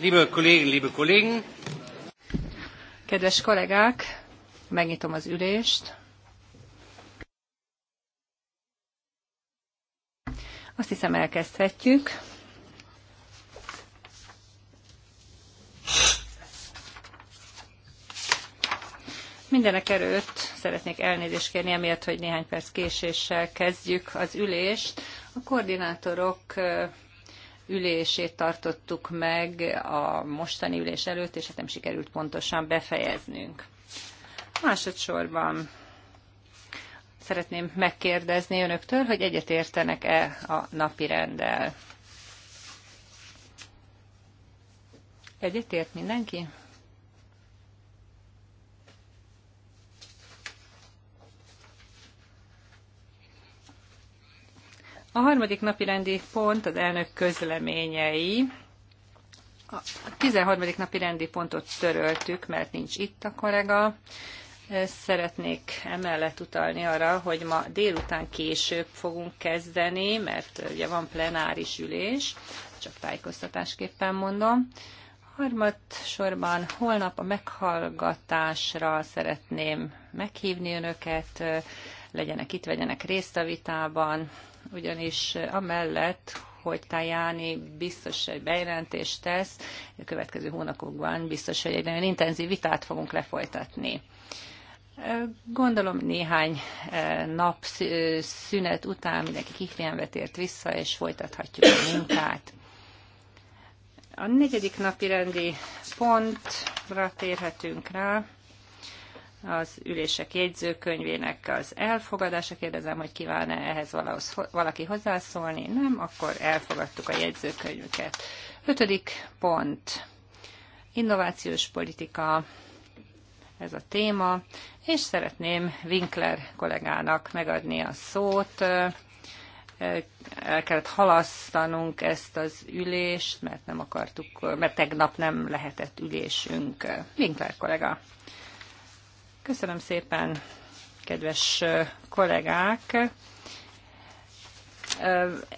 Liebe liebe Kollegen. Kedves kollégák, megnyitom az ülést. Azt hiszem elkezdhetjük. Mindenek előtt szeretnék elnézést kérni, amiatt, hogy néhány perc késéssel kezdjük az ülést. A koordinátorok ülését tartottuk meg a mostani ülés előtt, és hát nem sikerült pontosan befejeznünk. Másodszorban szeretném megkérdezni önöktől, hogy egyetértenek-e a napi rendel. Egyetért mindenki? A harmadik napi rendi pont az elnök közleményei. A 13. napi rendi pontot töröltük, mert nincs itt a korega. Szeretnék emellett utalni arra, hogy ma délután később fogunk kezdeni, mert ugye van plenáris ülés, csak tájékoztatásképpen mondom. Harmad sorban holnap a meghallgatásra szeretném meghívni önöket legyenek itt, vegyenek részt a vitában, ugyanis amellett, hogy Tajáni biztos, hogy bejelentést tesz, a következő hónapokban biztos, hogy egy nagyon intenzív vitát fogunk lefolytatni. Gondolom néhány eh, nap szünet után mindenki kifilmvet ért vissza, és folytathatjuk a munkát. A negyedik napi rendi pontra térhetünk rá az ülések jegyzőkönyvének az elfogadása. Kérdezem, hogy kíván-e ehhez valaki hozzászólni. Nem, akkor elfogadtuk a jegyzőkönyvüket. Ötödik pont. Innovációs politika ez a téma, és szeretném Winkler kollégának megadni a szót. El kellett halasztanunk ezt az ülést, mert nem akartuk, mert tegnap nem lehetett ülésünk. Winkler kollega. Köszönöm szépen, kedves kollégák!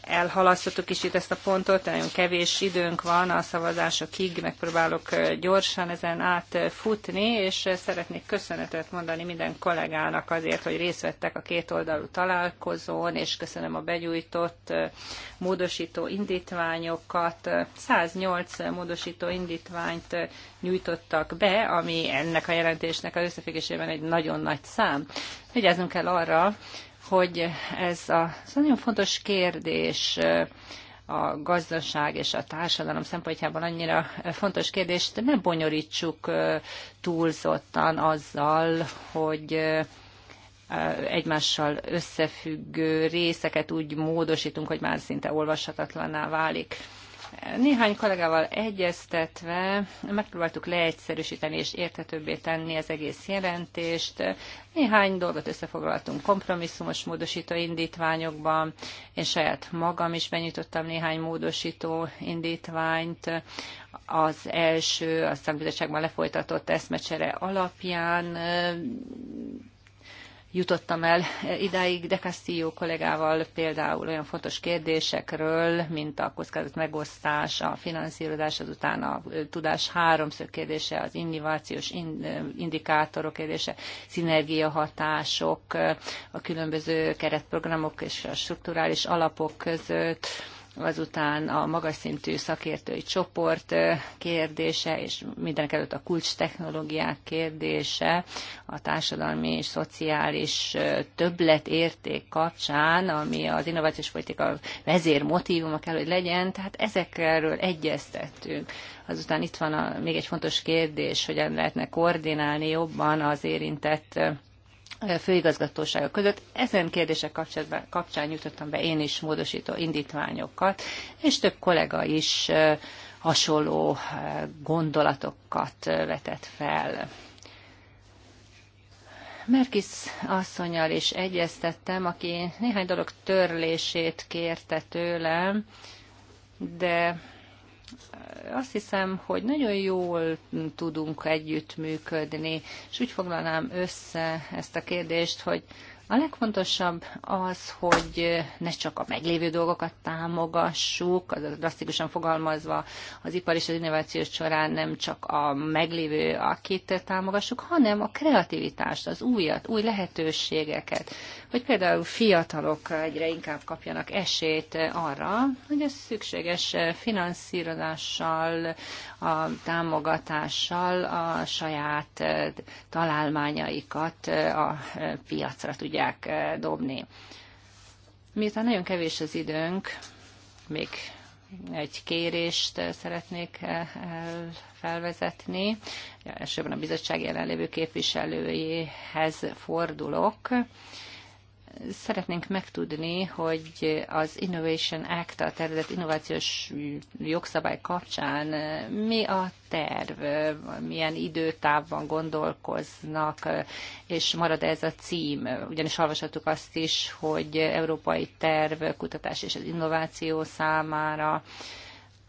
elhalasztottuk kicsit ezt a pontot, nagyon kevés időnk van a szavazásokig, megpróbálok gyorsan ezen átfutni, és szeretnék köszönetet mondani minden kollégának azért, hogy részt vettek a kétoldalú találkozón, és köszönöm a begyújtott módosító indítványokat. 108 módosító indítványt nyújtottak be, ami ennek a jelentésnek az összefüggésében egy nagyon nagy szám. Vigyázzunk kell arra, hogy ez a ez nagyon fontos kérdés a gazdaság és a társadalom szempontjából annyira fontos kérdést ne bonyolítsuk túlzottan azzal, hogy egymással összefüggő részeket úgy módosítunk, hogy már szinte olvashatatlanná válik. Néhány kollégával egyeztetve megpróbáltuk leegyszerűsíteni és érthetőbbé tenni az egész jelentést. Néhány dolgot összefoglaltunk kompromisszumos módosító indítványokban. Én saját magam is benyújtottam néhány módosító indítványt. Az első, a szakbizottságban lefolytatott eszmecsere alapján jutottam el idáig De Castillo kollégával például olyan fontos kérdésekről, mint a kockázat megosztás, a finanszírozás, azután a tudás háromszög kérdése, az innovációs indikátorok kérdése, szinergiahatások, a különböző keretprogramok és a strukturális alapok között, azután a magas szintű szakértői csoport kérdése, és mindenek előtt a kulcs technológiák kérdése, a társadalmi és szociális többletérték kapcsán, ami az innovációs politika motivuma kell, hogy legyen, tehát ezekről egyeztettünk. Azután itt van a, még egy fontos kérdés, hogyan lehetne koordinálni jobban az érintett főigazgatósága között. Ezen kérdések kapcsán nyújtottam be én is módosító indítványokat, és több kollega is hasonló gondolatokat vetett fel. Merkis asszonyal is egyeztettem, aki néhány dolog törlését kérte tőlem, de azt hiszem, hogy nagyon jól tudunk együttműködni, és úgy foglalnám össze ezt a kérdést, hogy a legfontosabb az, hogy ne csak a meglévő dolgokat támogassuk, az drasztikusan fogalmazva az ipar és az innováció során nem csak a meglévő akit támogassuk, hanem a kreativitást, az újat, új lehetőségeket, hogy például fiatalok egyre inkább kapjanak esélyt arra, hogy ez szükséges finanszírozással, a támogatással a saját eh, találmányaikat eh, a eh, piacra tudják dobni. Miután nagyon kevés az időnk, még egy kérést szeretnék felvezetni. Elsőben a bizottság jelenlévő képviselőjéhez fordulok szeretnénk megtudni, hogy az Innovation Act, a tervezett innovációs jogszabály kapcsán eh, mi a terv, milyen időtávban gondolkoznak, eh, és marad ez a cím. Ugyanis olvashattuk azt is, hogy európai terv, kutatás és az innováció számára,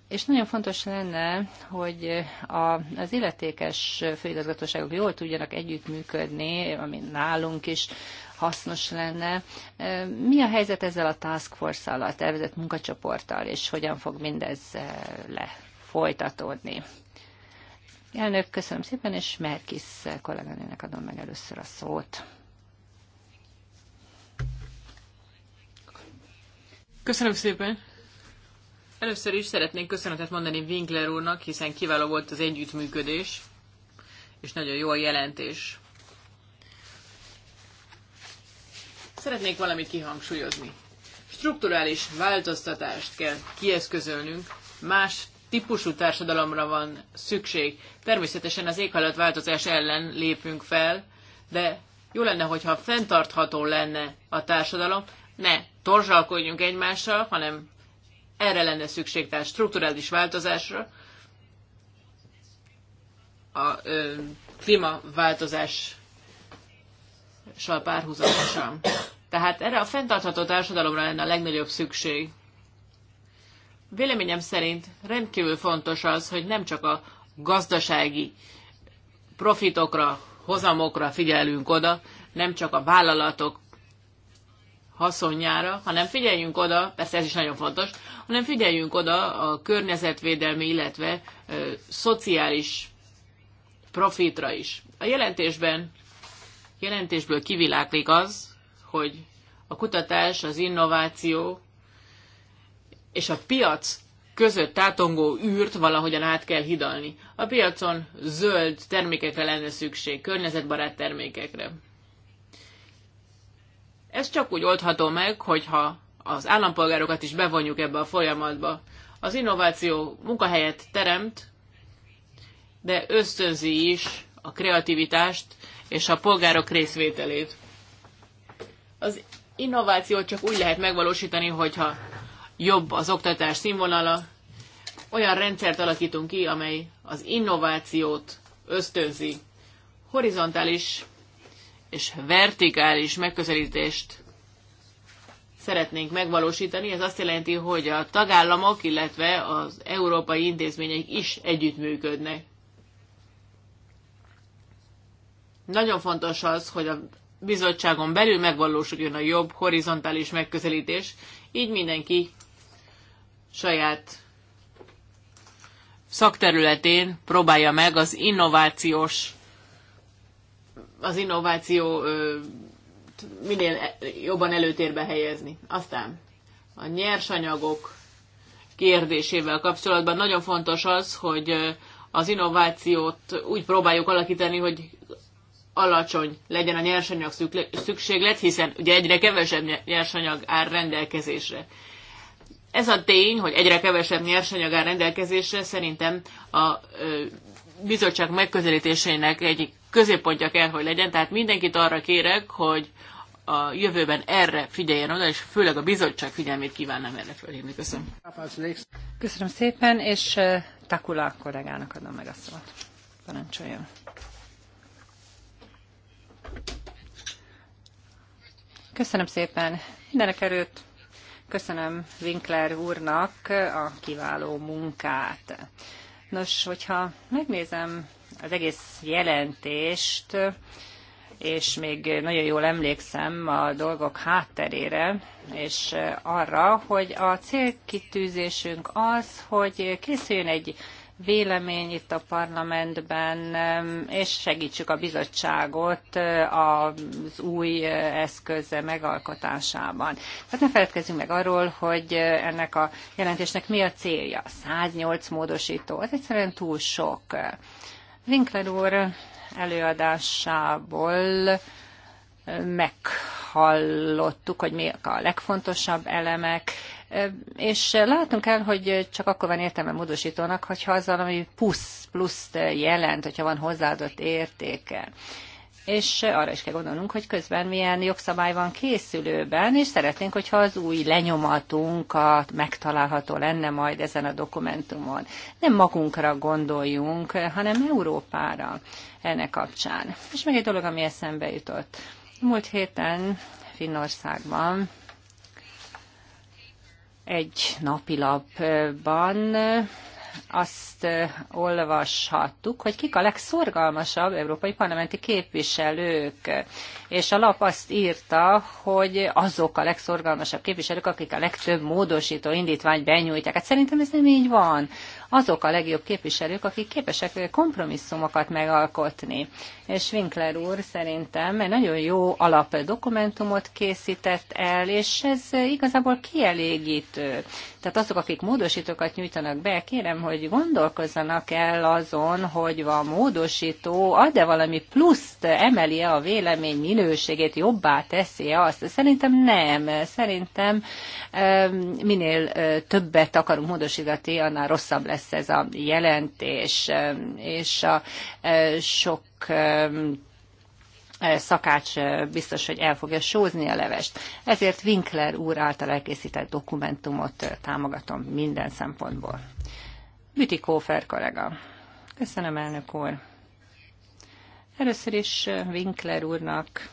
és nagyon fontos lenne, hogy eh, a, az illetékes főigazgatóságok jól tudjanak együttműködni, ami nálunk is, hasznos lenne. Mi a helyzet ezzel a task force-al, a tervezett munkacsoporttal, és hogyan fog mindez lefolytatódni? Elnök, köszönöm szépen, és Merkis kolléganőnek adom meg először a szót. Köszönöm szépen. Először is szeretnék köszönetet mondani Winkler úrnak, hiszen kiváló volt az együttműködés, és nagyon jó a jelentés. Szeretnék valamit kihangsúlyozni. Strukturális változtatást kell kieszközölnünk, más típusú társadalomra van szükség. Természetesen az éghajlatváltozás ellen lépünk fel, de jó lenne, hogyha fenntartható lenne a társadalom, ne torzsalkodjunk egymással, hanem erre lenne szükség, tehát strukturális változásra, a ö, klímaváltozással párhuzamosan. Tehát erre a fenntartható társadalomra lenne a legnagyobb szükség. Véleményem szerint rendkívül fontos az, hogy nem csak a gazdasági profitokra, hozamokra figyelünk oda, nem csak a vállalatok haszonjára, hanem figyeljünk oda, persze ez is nagyon fontos, hanem figyeljünk oda a környezetvédelmi, illetve ö, szociális profitra is. A jelentésben, jelentésből kiviláklik az, hogy a kutatás, az innováció és a piac között tátongó űrt valahogyan át kell hidalni. A piacon zöld termékekre lenne szükség, környezetbarát termékekre. Ez csak úgy oldható meg, hogyha az állampolgárokat is bevonjuk ebbe a folyamatba. Az innováció munkahelyet teremt, de ösztönzi is a kreativitást és a polgárok részvételét. Az innovációt csak úgy lehet megvalósítani, hogyha jobb az oktatás színvonala. Olyan rendszert alakítunk ki, amely az innovációt ösztönzi. Horizontális és vertikális megközelítést szeretnénk megvalósítani. Ez azt jelenti, hogy a tagállamok, illetve az európai intézmények is együttműködnek. Nagyon fontos az, hogy a bizottságon belül megvalósuljon a jobb horizontális megközelítés, így mindenki saját szakterületén próbálja meg az innovációs, az innováció minél e, jobban előtérbe helyezni. Aztán a nyersanyagok kérdésével kapcsolatban nagyon fontos az, hogy az innovációt úgy próbáljuk alakítani, hogy alacsony legyen a nyersanyag szükséglet, hiszen ugye egyre kevesebb nyersanyag áll rendelkezésre. Ez a tény, hogy egyre kevesebb nyersanyag áll rendelkezésre, szerintem a bizottság megközelítésének egyik középpontja kell, hogy legyen, tehát mindenkit arra kérek, hogy a jövőben erre figyeljen oda, és főleg a bizottság figyelmét kívánnám erre fölhívni. Köszönöm. Köszönöm szépen, és Takula kollégának adom meg a szót. Parancsoljon. Köszönöm szépen. Mindenek előtt köszönöm Winkler úrnak a kiváló munkát. Nos, hogyha megnézem az egész jelentést, és még nagyon jól emlékszem a dolgok hátterére, és arra, hogy a célkitűzésünk az, hogy készüljön egy vélemény itt a parlamentben, és segítsük a bizottságot az új eszköz megalkotásában. Tehát ne feledkezzünk meg arról, hogy ennek a jelentésnek mi a célja. 108 módosító, ez egyszerűen túl sok. Winkler úr előadásából meghallottuk, hogy mi a legfontosabb elemek, és látunk el, hogy csak akkor van értelme módosítónak, hogyha az valami plusz, pluszt jelent, hogyha van hozzáadott értéke. És arra is kell gondolnunk, hogy közben milyen jogszabály van készülőben, és szeretnénk, hogyha az új lenyomatunk a, megtalálható lenne majd ezen a dokumentumon. Nem magunkra gondoljunk, hanem Európára ennek kapcsán. És még egy dolog, ami eszembe jutott Múlt héten Finnországban egy napilapban azt olvashattuk, hogy kik a legszorgalmasabb európai parlamenti képviselők. És a lap azt írta, hogy azok a legszorgalmasabb képviselők, akik a legtöbb módosító indítványt benyújtják. Hát szerintem ez nem így van. Azok a legjobb képviselők, akik képesek kompromisszumokat megalkotni és Winkler úr szerintem egy nagyon jó alapdokumentumot készített el, és ez igazából kielégítő. Tehát azok, akik módosítókat nyújtanak be, kérem, hogy gondolkozzanak el azon, hogy a módosító ad-e valami pluszt, emeli -e a vélemény minőségét, jobbá teszi -e azt. Szerintem nem. Szerintem minél többet akarunk módosítani, annál rosszabb lesz ez a jelentés, és a sok E, szakács e, biztos, hogy el fogja sózni a levest. Ezért Winkler úr által elkészített dokumentumot e, támogatom minden szempontból. Kófer kollega. Köszönöm, elnök úr. Először is Winkler úrnak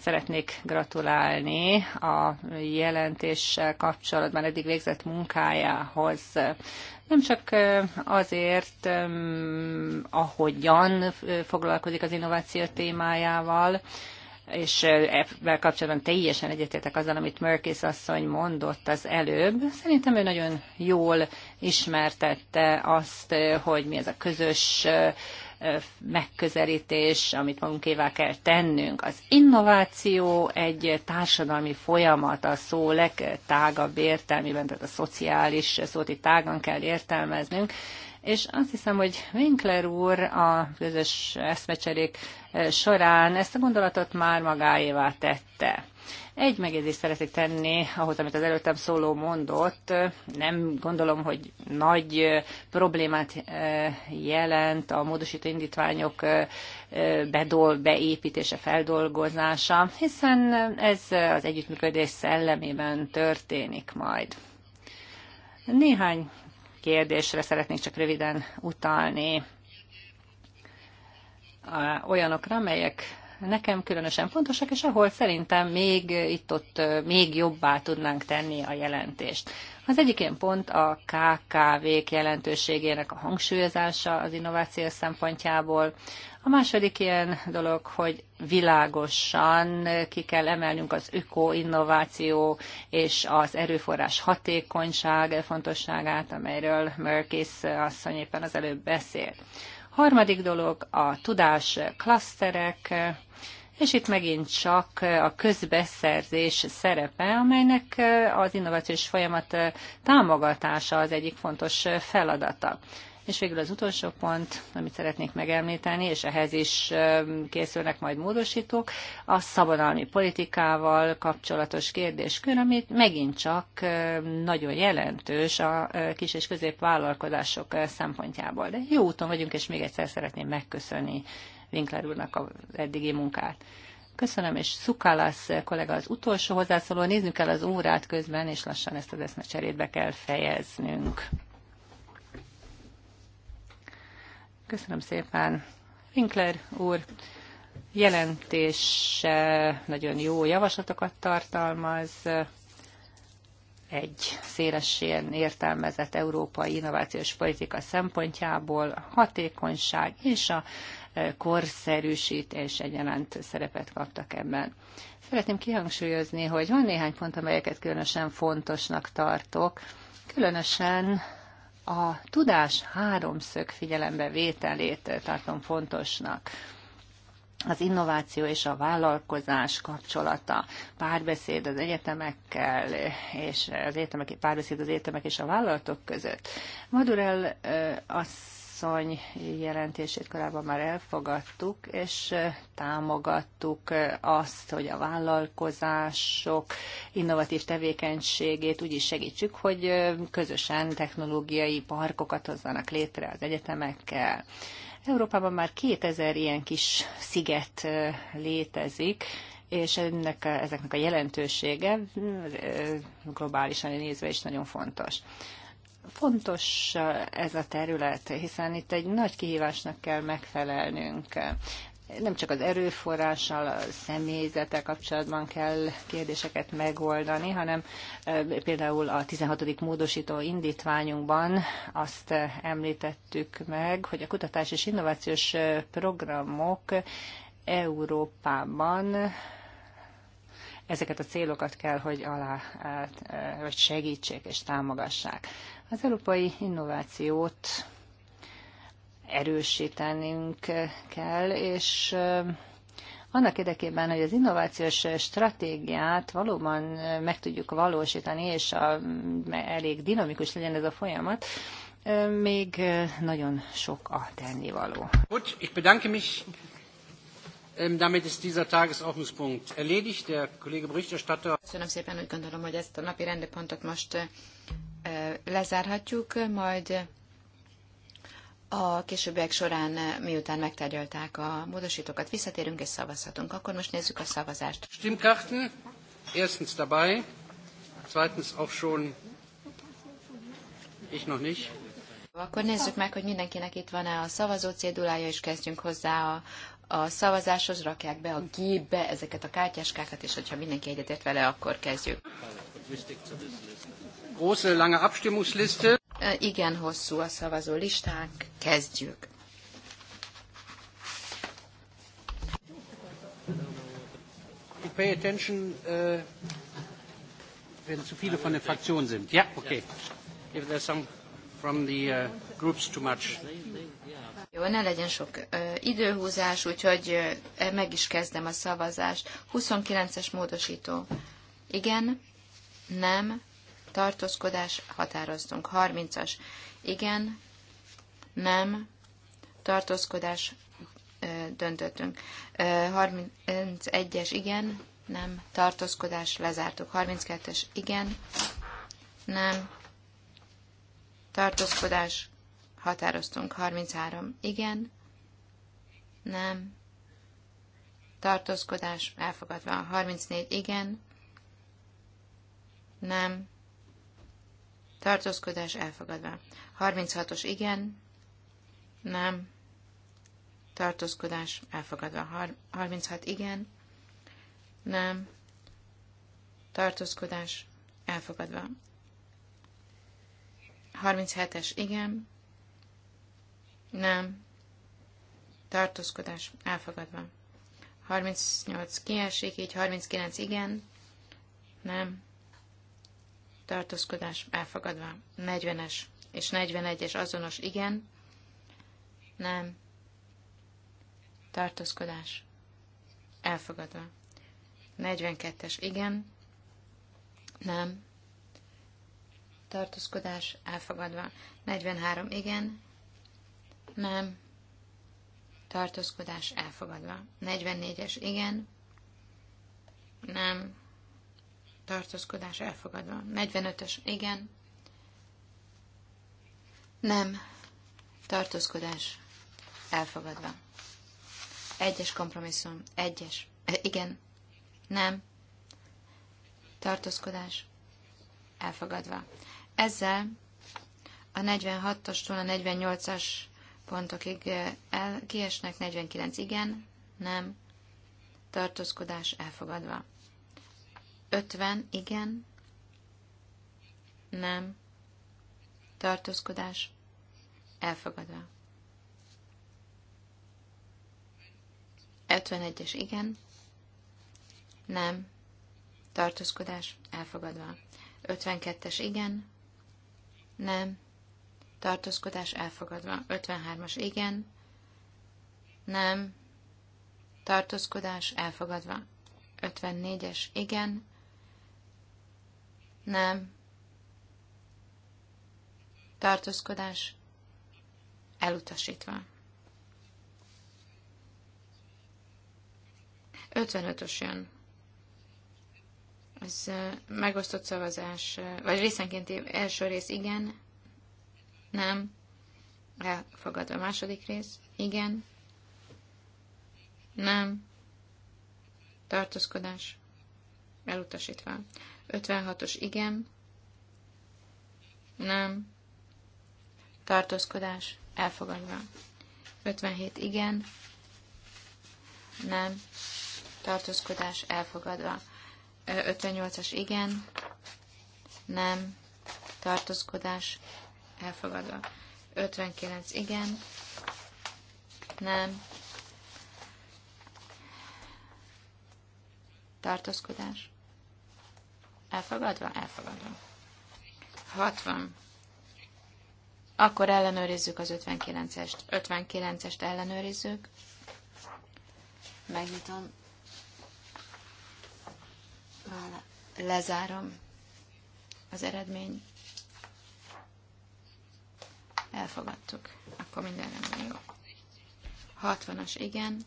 szeretnék gratulálni a jelentéssel kapcsolatban eddig végzett munkájához nem csak azért, ahogyan foglalkozik az innováció témájával, és ebben kapcsolatban teljesen egyetértek azzal, amit Merkis asszony mondott az előbb. Szerintem ő nagyon jól ismertette azt, hogy mi ez a közös megközelítés, amit magunkévá kell tennünk. Az innováció egy társadalmi folyamat a szó legtágabb értelmében, tehát a szociális szót itt tágan kell értelmeznünk, és azt hiszem, hogy Winkler úr a közös eszmecserék során ezt a gondolatot már magáévá tette. Egy megjegyzést szeretnék tenni ahhoz, amit az előttem szóló mondott. Nem gondolom, hogy nagy problémát jelent a módosító indítványok bedol, beépítése, feldolgozása, hiszen ez az együttműködés szellemében történik majd. Néhány kérdésre szeretnék csak röviden utalni olyanokra, amelyek nekem különösen fontosak, és ahol szerintem még itt-ott még jobbá tudnánk tenni a jelentést. Az egyik ilyen pont a KKV-k jelentőségének a hangsúlyozása az innováció szempontjából. A második ilyen dolog, hogy világosan ki kell emelnünk az öko-innováció és az erőforrás hatékonyság fontosságát, amelyről Merkis asszony éppen az előbb beszélt. Harmadik dolog a tudás klaszterek, és itt megint csak a közbeszerzés szerepe, amelynek az innovációs folyamat támogatása az egyik fontos feladata. És végül az utolsó pont, amit szeretnék megemlíteni, és ehhez is készülnek majd módosítók, a szabadalmi politikával kapcsolatos kérdéskör, amit megint csak nagyon jelentős a kis és középvállalkozások szempontjából. De jó úton vagyunk, és még egyszer szeretném megköszönni Winkler úrnak az eddigi munkát. Köszönöm, és Szukálász kollega az utolsó hozzászóló. Néznünk el az órát közben, és lassan ezt az eszmecserét be kell fejeznünk. Köszönöm szépen. Winkler úr, jelentés nagyon jó javaslatokat tartalmaz. Egy szélesen értelmezett európai innovációs politika szempontjából a hatékonyság és a korszerűsítés egyaránt szerepet kaptak ebben. Szeretném kihangsúlyozni, hogy van néhány pont, amelyeket különösen fontosnak tartok, különösen a tudás háromszög figyelembe vételét tartom fontosnak az innováció és a vállalkozás kapcsolata, párbeszéd az egyetemekkel, és az egyetemek, párbeszéd az egyetemek és a vállalatok között. Madurell azt asszony jelentését korábban már elfogadtuk, és támogattuk azt, hogy a vállalkozások innovatív tevékenységét úgy is segítsük, hogy közösen technológiai parkokat hozzanak létre az egyetemekkel. Európában már 2000 ilyen kis sziget létezik, és ennek, ezeknek a jelentősége globálisan nézve is nagyon fontos. Fontos eh, ez a terület, hiszen itt egy nagy kihívásnak kell megfelelnünk nem csak az erőforrással, a személyzetel kapcsolatban kell kérdéseket megoldani, hanem eh, például a 16. módosító indítványunkban azt eh, említettük meg, hogy a kutatás és innovációs programok Európában ezeket a célokat kell, hogy alá, vagy segítsék és támogassák. Az európai innovációt erősítenünk kell, és annak érdekében, hogy az innovációs stratégiát valóban meg tudjuk valósítani, és a, elég dinamikus legyen ez a folyamat, még nagyon sok a tennivaló. Gut, ich bedanke mich. Ähm, damit ist dieser Tagesordnungspunkt erledigt. Der Kollege Berichterstatter. Köszönöm szépen, úgy gondolom, hogy ezt a napi rendepontot most lezárhatjuk, majd a későbbiek során, miután megtárgyalták a módosítókat, visszatérünk és szavazhatunk. Akkor most nézzük a szavazást. Stimmkarten, erstens dabei, zweitens auch schon, ich noch nicht. Akkor nézzük meg, hogy mindenkinek itt van-e a szavazó cédulája, és kezdjünk hozzá a, a szavazáshoz, rakják be a gépbe ezeket a kártyáskákat, és hogyha mindenki egyetért vele, akkor kezdjük große, lange Abstimmungsliste. Igen, hosszú a szavazó listánk. Kezdjük. You pay attention, uh, wenn zu viele von den Fraktionen sind. Ja, yeah, okay. If there's some from the uh, groups too much. Jó, ne legyen sok ö, időhúzás, úgyhogy ö, meg is kezdem a szavazást. 29-es módosító. Igen, nem, tartózkodás, határoztunk. 30-as, igen, nem, tartózkodás, döntöttünk. 31-es, igen, nem, tartózkodás, lezártuk. 32-es, igen, nem, tartózkodás, határoztunk. 33, igen, nem, tartózkodás, elfogadva. 34, igen, nem, tartózkodás elfogadva. 36-os igen, nem, tartózkodás elfogadva. 36 igen, nem, tartózkodás elfogadva. 37-es igen, nem, tartózkodás elfogadva. 38 kiesik, így 39 igen, nem, tartózkodás elfogadva. 40-es és 41-es azonos igen, nem, tartózkodás elfogadva. 42-es igen, nem, tartózkodás elfogadva. 43 igen, nem, tartózkodás elfogadva. 44-es igen, nem, tartózkodás elfogadva. 45-ös, igen. Nem, tartózkodás elfogadva. Egyes kompromisszum, egyes, e, igen. Nem, tartózkodás elfogadva. Ezzel a 46 tól a 48-as pontokig e, el, kiesnek, 49 igen, nem, tartózkodás elfogadva. 50, igen. Nem. Tartózkodás. Elfogadva. 51-es, igen. Nem. Tartózkodás. Elfogadva. 52-es, igen. Nem. Tartózkodás elfogadva. 53-as igen. Nem. Tartózkodás elfogadva. 54-es igen. Nem. Tartózkodás. Elutasítva. 55-ös jön. Ez megosztott szavazás, vagy részenként első rész igen, nem, elfogadva második rész, igen, nem, tartózkodás, elutasítva. 56-os igen. Nem. Tartózkodás elfogadva. 57 igen. Nem. Tartózkodás elfogadva. 58-as igen. Nem. Tartózkodás elfogadva. 59 igen. Nem. Tartózkodás Elfogadva? Elfogadva. 60. Akkor ellenőrizzük az 59-est. 59-est ellenőrizzük. Megnyitom. Lezárom az eredmény. Elfogadtuk. Akkor minden rendben jó. 60-as igen.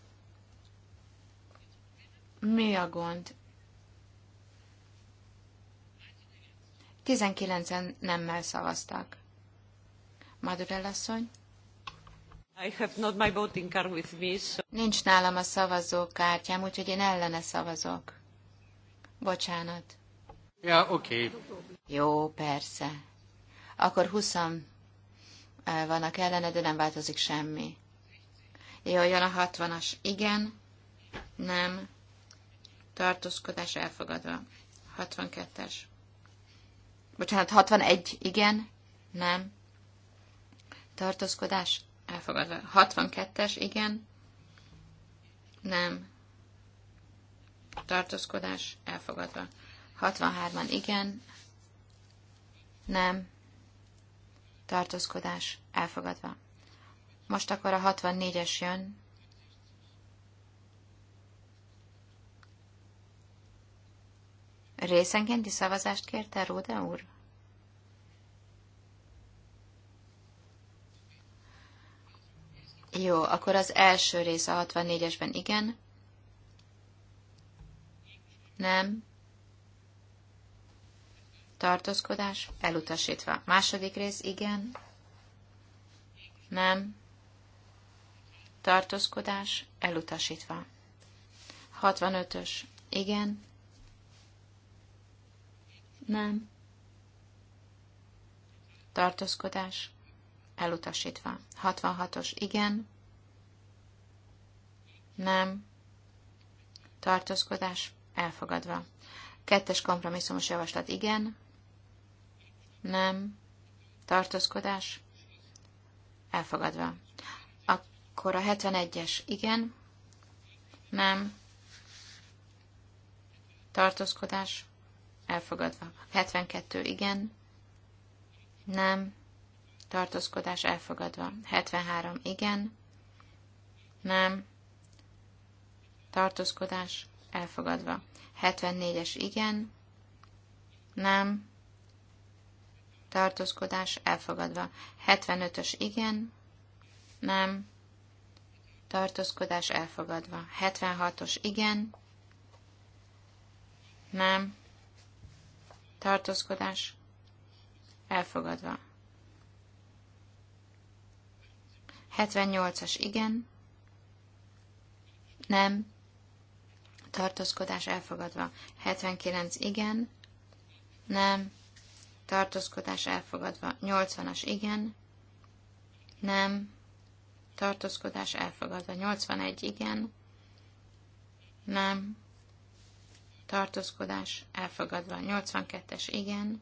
Mi a gond? 19 nemmel szavaztak. Madurell asszony? I have not my voting card with me, so... Nincs nálam a szavazókártyám, úgyhogy én ellene szavazok. Bocsánat. Ja, oké. Okay. Jó, persze. Akkor 20 vannak ellene, de nem változik semmi. Jó, jön a 60-as. Igen, nem, tartózkodás elfogadva. 62-es. Bocsánat, 61, igen, nem. Tartózkodás, elfogadva. 62-es, igen, nem. Tartózkodás, elfogadva. 63-an, igen, nem. Tartózkodás, elfogadva. Most akkor a 64-es jön, Részenkénti szavazást kérte Róde úr? Jó, akkor az első rész a 64-esben igen. Nem. Tartózkodás elutasítva. Második rész igen. Nem. Tartózkodás elutasítva. 65-ös. Igen. Nem. Tartózkodás. Elutasítva. 66-os. Igen. Nem. Tartózkodás. Elfogadva. Kettes kompromisszumos javaslat. Igen. Nem. Tartózkodás. Elfogadva. Akkor a 71-es. Igen. Nem. Tartózkodás elfogadva. 72 igen, nem, tartózkodás elfogadva. 73 igen, nem, tartózkodás elfogadva. 74-es igen, nem, tartózkodás elfogadva. 75-ös igen, nem, tartózkodás elfogadva. 76-os igen, nem, tartózkodás elfogadva. 78-as igen, nem, tartózkodás elfogadva. 79 igen, nem, tartózkodás elfogadva. 80-as igen, nem, tartózkodás elfogadva. 81 igen, nem, tartózkodás elfogadva. 82-es igen,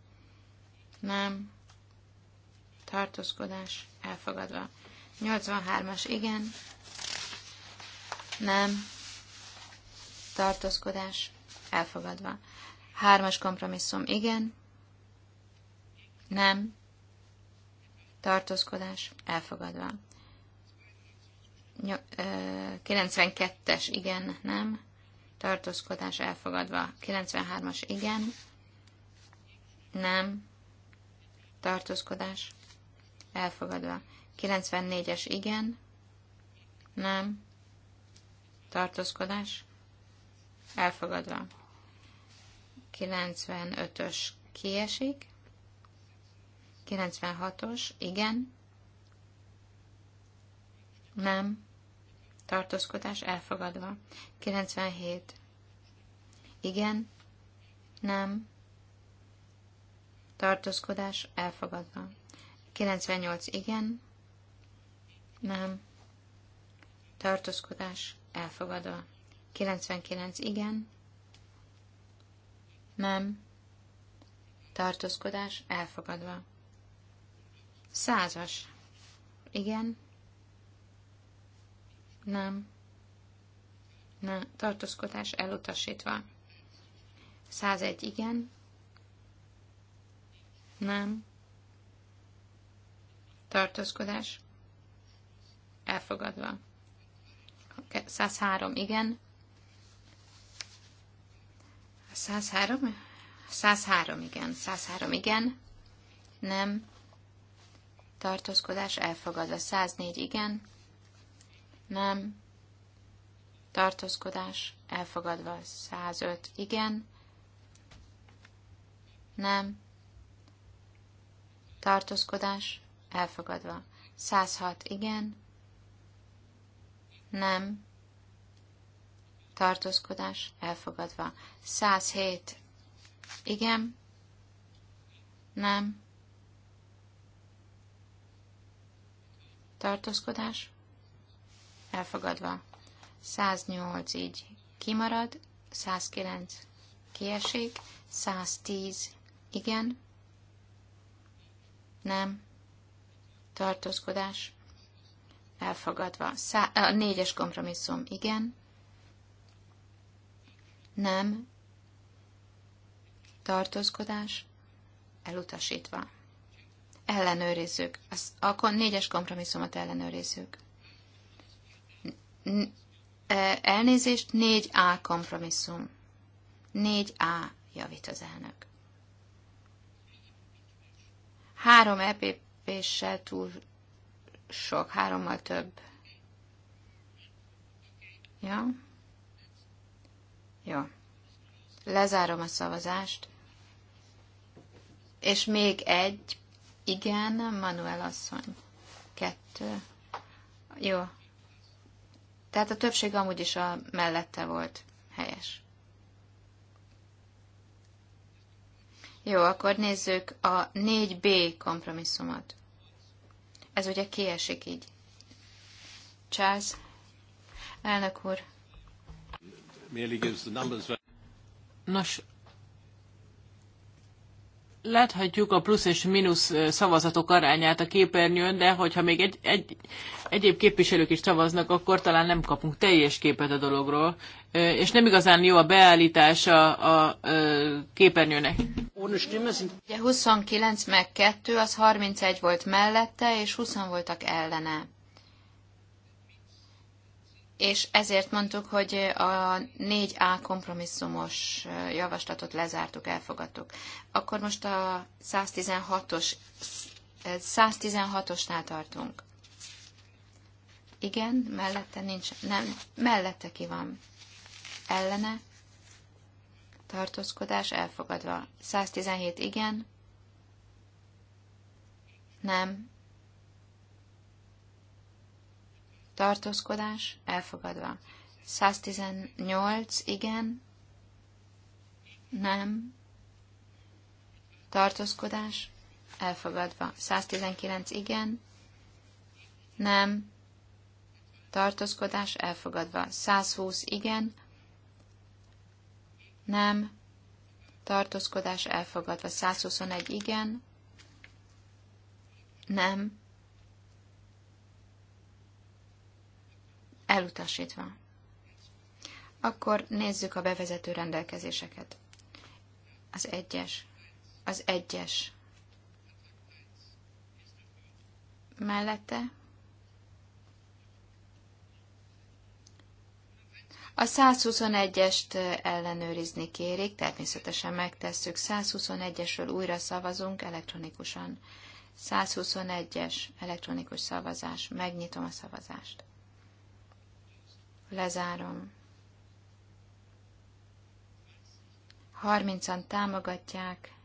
nem, tartózkodás elfogadva. 83-as igen, nem, tartózkodás elfogadva. Hármas kompromisszum igen, nem, tartózkodás elfogadva. 92-es igen, nem, tartózkodás elfogadva. 93-as igen, nem, tartózkodás elfogadva. 94-es igen, nem, tartózkodás elfogadva. 95-ös kiesik, 96-os igen, nem, tartózkodás elfogadva. 97. Igen, nem, tartózkodás elfogadva. 98. Igen, nem, tartózkodás elfogadva. 99. Igen, nem, tartózkodás elfogadva. Százas. Igen, nem, Nem. tartózkodás elutasítva. 101 igen, nem, tartózkodás elfogadva. 103 igen, 103? 103 igen, 103 igen, nem, tartózkodás elfogadva. 104 igen, nem, tartózkodás, elfogadva 105, igen, nem, tartózkodás, elfogadva 106, igen, nem, tartózkodás, elfogadva 107, igen, nem, tartózkodás, elfogadva. 108 így kimarad, 109 kiesik, 110 igen, nem, tartózkodás, elfogadva. Szá- a négyes kompromisszum igen, nem, tartózkodás, elutasítva. Ellenőrizzük. Az, akkor négyes kompromisszumot ellenőrizzük. E, elnézést, 4A kompromisszum. 4A javít az elnök. Három EPP-ssel túl sok, hárommal több. Ja? Jó. Lezárom a szavazást. És még egy. Igen, Manuel asszony. Kettő. Jó, tehát a többség amúgy is a mellette volt. Helyes. Jó, akkor nézzük a 4B kompromisszumot. Ez ugye kiesik így. Charles, elnök úr. Nos, Láthatjuk a plusz és mínusz szavazatok arányát a képernyőn, de hogyha még egy, egy, egyéb képviselők is szavaznak, akkor talán nem kapunk teljes képet a dologról, és nem igazán jó a beállítása a képernyőnek. Ugye 29 meg 2, az 31 volt mellette, és 20 voltak ellene és ezért mondtuk, hogy a 4A kompromisszumos javaslatot lezártuk, elfogadtuk. Akkor most a 116-os 116-osnál tartunk. Igen, mellette nincs, nem, mellette ki van. Ellene, tartózkodás elfogadva. 117 igen, nem, tartózkodás elfogadva. 118 igen, nem, tartózkodás elfogadva. 119 igen, nem, tartózkodás elfogadva. 120 igen, nem, tartózkodás elfogadva. 121 igen, nem, Elutasítva. Akkor nézzük a bevezető rendelkezéseket. Az egyes. Az egyes. Mellette. A 121-est ellenőrizni kérik, természetesen megtesszük. 121-esről újra szavazunk elektronikusan. 121-es elektronikus szavazás. Megnyitom a szavazást. Lezárom. Harmincan an támogatják,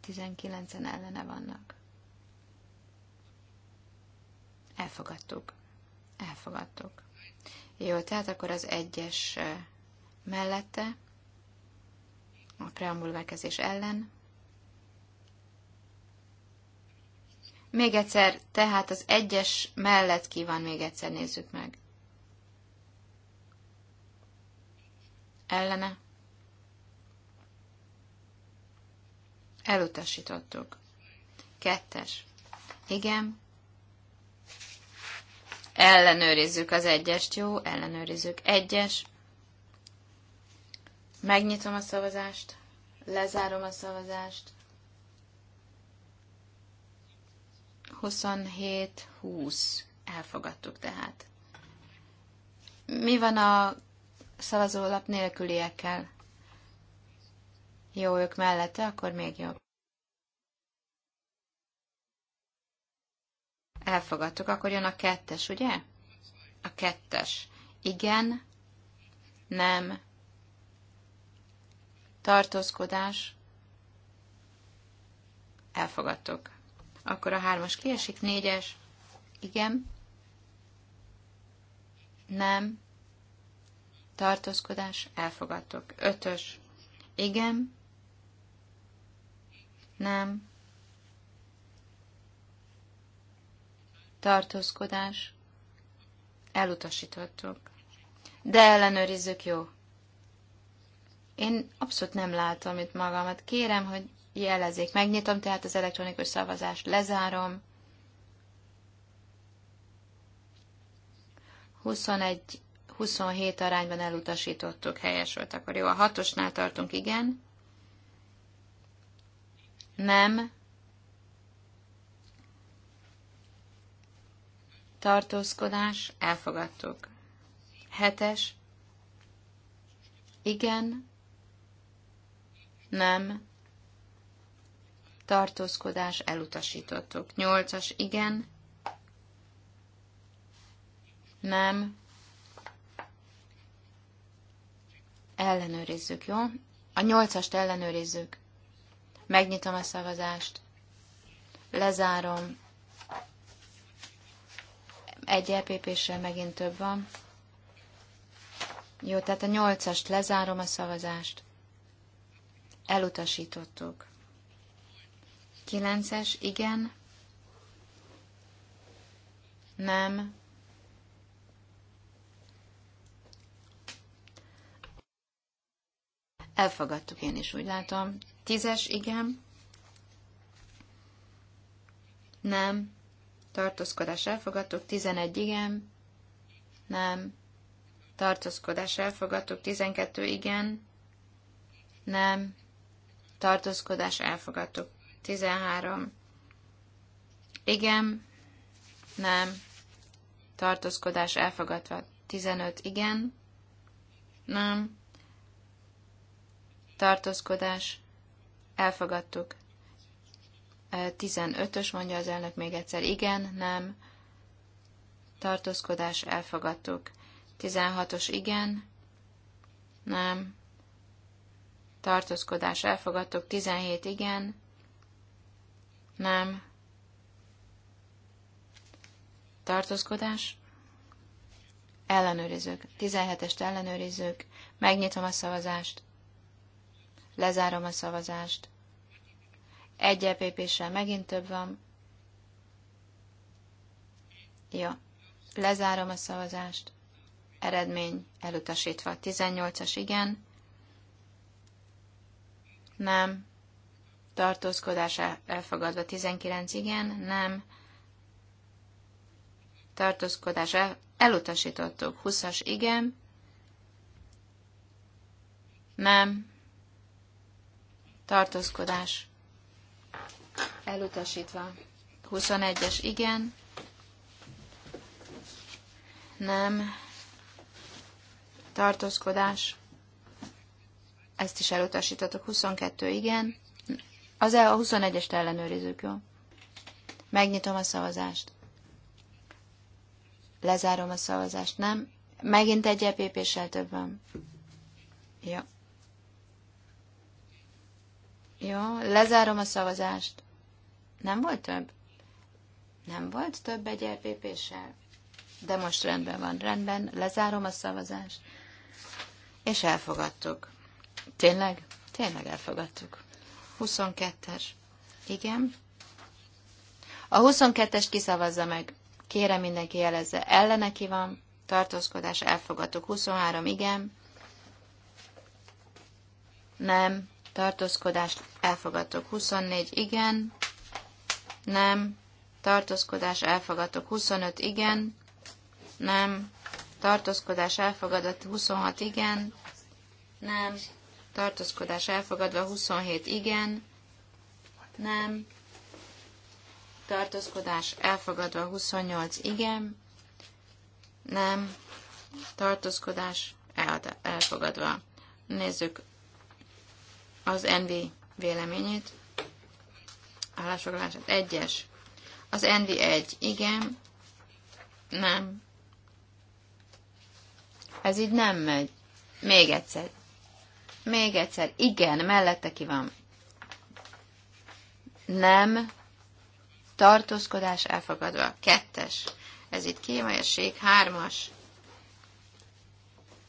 tizenkilencen ellene vannak. Elfogadtuk. Elfogadtuk. Jó, tehát akkor az egyes mellette, a preambulverkezés ellen. Még egyszer, tehát az egyes mellett ki van, még egyszer nézzük meg. ellene elutasítottuk. Kettes. Igen. Ellenőrizzük az egyest, jó? Ellenőrizzük. Egyes. Megnyitom a szavazást. Lezárom a szavazást. 27-20. Elfogadtuk tehát. Mi van a szavazólap nélküliekkel. Jó, ők mellette, akkor még jobb. Elfogadtuk, akkor jön a kettes, ugye? A kettes. Igen, nem, tartózkodás, elfogadtuk. Akkor a hármas kiesik, négyes, igen, nem, tartózkodás, elfogadtok. Ötös, igen, nem, tartózkodás, elutasítottuk. De ellenőrizzük, jó. Én abszolút nem látom itt magamat. Kérem, hogy jelezzék. Megnyitom tehát az elektronikus szavazást, lezárom. 21 27 arányban elutasítottuk, helyes volt, akkor jó, a hatosnál tartunk, igen. Nem. Tartózkodás, elfogadtuk. Hetes. Igen. Nem. Tartózkodás, elutasítottuk. Nyolcas, igen. Nem ellenőrizzük, jó? A nyolcast ellenőrizzük. Megnyitom a szavazást. Lezárom. Egy epp megint több van. Jó, tehát a nyolcast lezárom a szavazást. Elutasítottuk. Kilences, igen. Nem. Elfogadtuk, én is úgy látom. Tízes, igen. Nem. Tartózkodás elfogadtuk. Tizenegy, igen. Nem. Tartózkodás elfogadtuk. Tizenkettő, igen. Nem. Tartózkodás elfogadtuk. Tizenhárom. Igen. Nem. Tartózkodás elfogadva. Tizenöt, igen. Nem tartózkodás, elfogadtuk. 15-ös, mondja az elnök még egyszer, igen, nem, tartózkodás, elfogadtuk. 16-os, igen, nem, tartózkodás, elfogadtuk. 17, igen, nem, tartózkodás, ellenőrizők, 17-est ellenőrizők, megnyitom a szavazást, Lezárom a szavazást. Egy EPP-sel megint több van. Ja. Lezárom a szavazást. Eredmény elutasítva. 18-as igen. Nem. Tartózkodás elfogadva. 19 igen. Nem. Tartózkodás el, elutasítottuk. 20-as igen. Nem tartózkodás elutasítva. 21-es igen, nem, tartózkodás, ezt is elutasítatok 22 igen, az e- a 21-est ellenőrizzük, jó? Megnyitom a szavazást. Lezárom a szavazást, nem? Megint egy epp több van. Jó. Ja. Jó, lezárom a szavazást. Nem volt több? Nem volt több egy LPP-sel. E De most rendben van, rendben, lezárom a szavazást. És elfogadtuk. Tényleg? Tényleg elfogadtuk. 22-es. Igen. A 22-es kiszavazza meg. Kérem mindenki jelezze. Ellene ki van. Tartózkodás elfogadtuk. 23, igen. Nem tartózkodást elfogadtok 24, igen, nem, tartózkodás, elfogadtok 25, igen, nem, tartózkodás, elfogadott 26, igen, nem, tartózkodás, elfogadva 27, igen, nem, tartózkodás, elfogadva 28, igen, nem, tartózkodás, elfogadva. Nézzük az NV véleményét, állásfoglalását. Egyes. Az NV egy. Igen. Nem. Ez így nem megy. Még egyszer. Még egyszer. Igen, mellette ki van. Nem. Tartózkodás elfogadva. Kettes. Ez itt kémajesség. Hármas.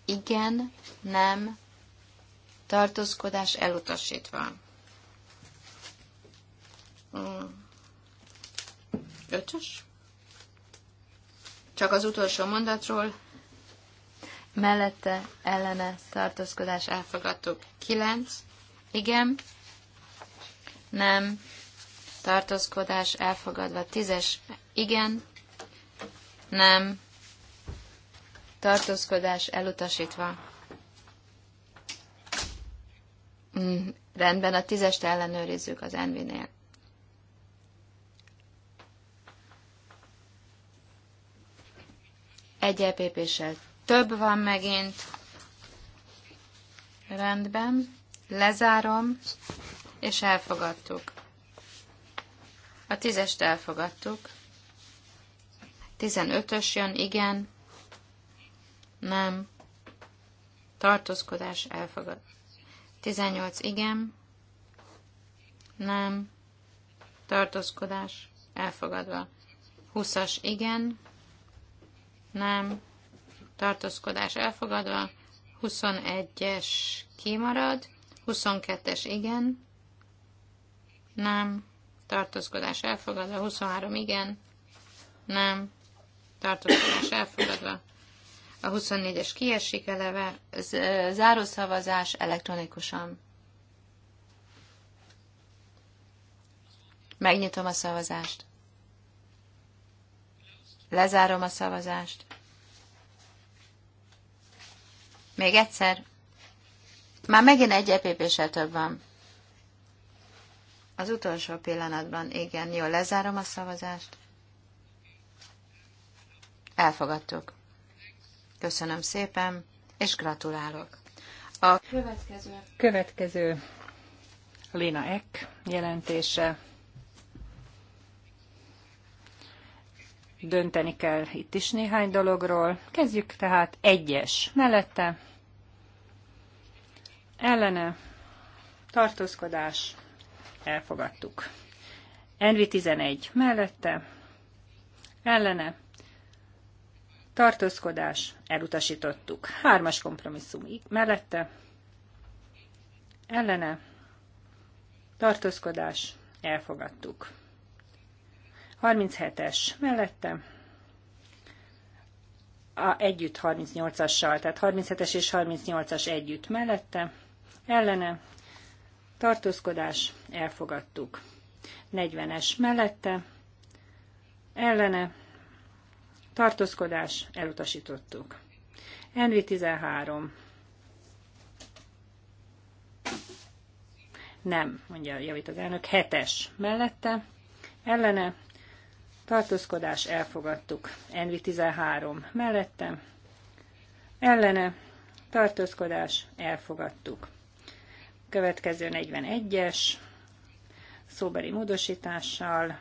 Igen, nem, tartózkodás elutasítva. Hmm. Ötös? Csak az utolsó mondatról. Mellette ellene tartózkodás elfogadtuk. Kilenc. Igen. Nem. Tartózkodás elfogadva. Tízes. Igen. Nem. Tartózkodás elutasítva. Mm, rendben, a tízest ellenőrizzük az Envinél. Egy EPP-sel több van megint. Rendben. Lezárom, és elfogadtuk. A tízest elfogadtuk. 15-ös jön, igen. Nem. Tartózkodás elfogadtuk. 18 igen, nem, tartózkodás, elfogadva. 20-as igen, nem, tartózkodás elfogadva. 21-es kimarad, 22-es igen, nem, tartózkodás elfogadva. 23 igen, nem, tartózkodás elfogadva. A 24-es kiesik eleve, zárószavazás elektronikusan. Megnyitom a szavazást. Lezárom a szavazást. Még egyszer. Már megint egy epp több van. Az utolsó pillanatban, igen, jó, lezárom a szavazást. Elfogadtuk. Köszönöm szépen, és gratulálok. A következő, következő Lina Eck jelentése. Dönteni kell itt is néhány dologról. Kezdjük tehát egyes mellette. Ellene tartózkodás elfogadtuk. Envi 11 mellette. Ellene tartózkodás, elutasítottuk. Hármas kompromisszum mellette, ellene, tartózkodás, elfogadtuk. 37-es mellette, a, együtt 38-assal, tehát 37-es és 38-as együtt mellette, ellene, tartózkodás, elfogadtuk. 40-es mellette, ellene, tartózkodás, elutasítottuk. Envi 13. Nem, mondja, javít az elnök, hetes mellette, ellene, tartózkodás, elfogadtuk. Envi 13 mellette, ellene, tartózkodás, elfogadtuk. Következő 41-es, szóbeli módosítással,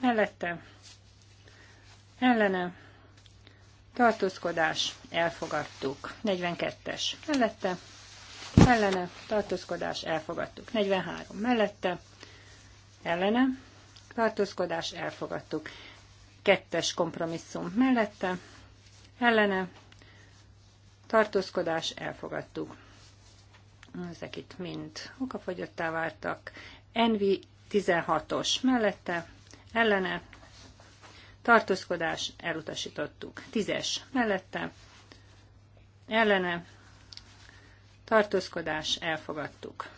mellette, ellene, tartózkodás, elfogadtuk. 42-es mellette, ellene, tartózkodás, elfogadtuk. 43 mellette, ellene, tartózkodás, elfogadtuk. Kettes kompromisszum mellette, ellene, tartózkodás, elfogadtuk. Ezek itt mind okafogyottá váltak. Envi 16-os mellette, ellene, tartózkodás, elutasítottuk. Tízes mellette, ellene, tartózkodás, elfogadtuk.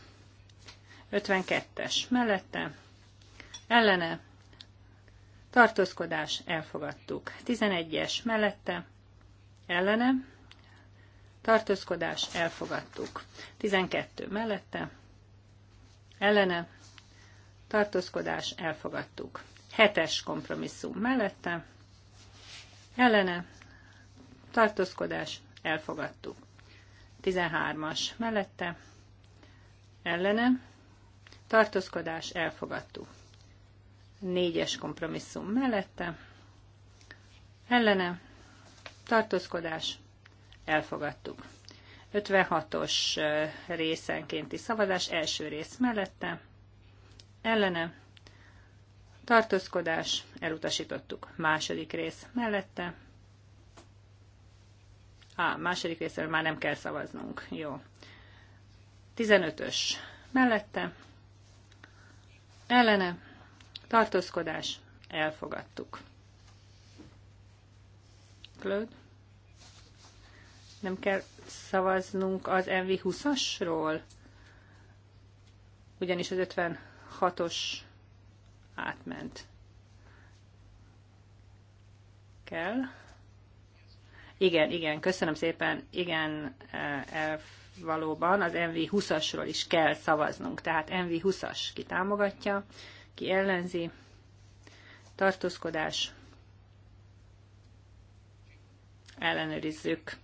52-es mellette, ellene, tartózkodás, elfogadtuk. 11-es mellette, ellene, tartózkodás, elfogadtuk. 12 mellette, ellene, tartózkodás, elfogadtuk. Hetes kompromisszum mellette, ellene, tartózkodás, elfogadtuk. 13-as mellette, ellene, tartózkodás, elfogadtuk. 4-es kompromisszum mellette, ellene, tartózkodás, elfogadtuk. 56-os részenkénti szavazás első rész mellette, ellene, tartózkodás, elutasítottuk. Második rész mellette. Ah, második részről már nem kell szavaznunk. Jó. 15-ös mellette. Ellene, tartózkodás, elfogadtuk. Claude? Nem kell szavaznunk az MV20-asról? Ugyanis az 56-os ment. Kell. Igen, igen, köszönöm szépen. Igen, elf, eh, eh, valóban az MV 20-asról is kell szavaznunk. Tehát MV 20-as ki támogatja, ki ellenzi. Tartózkodás. Ellenőrizzük.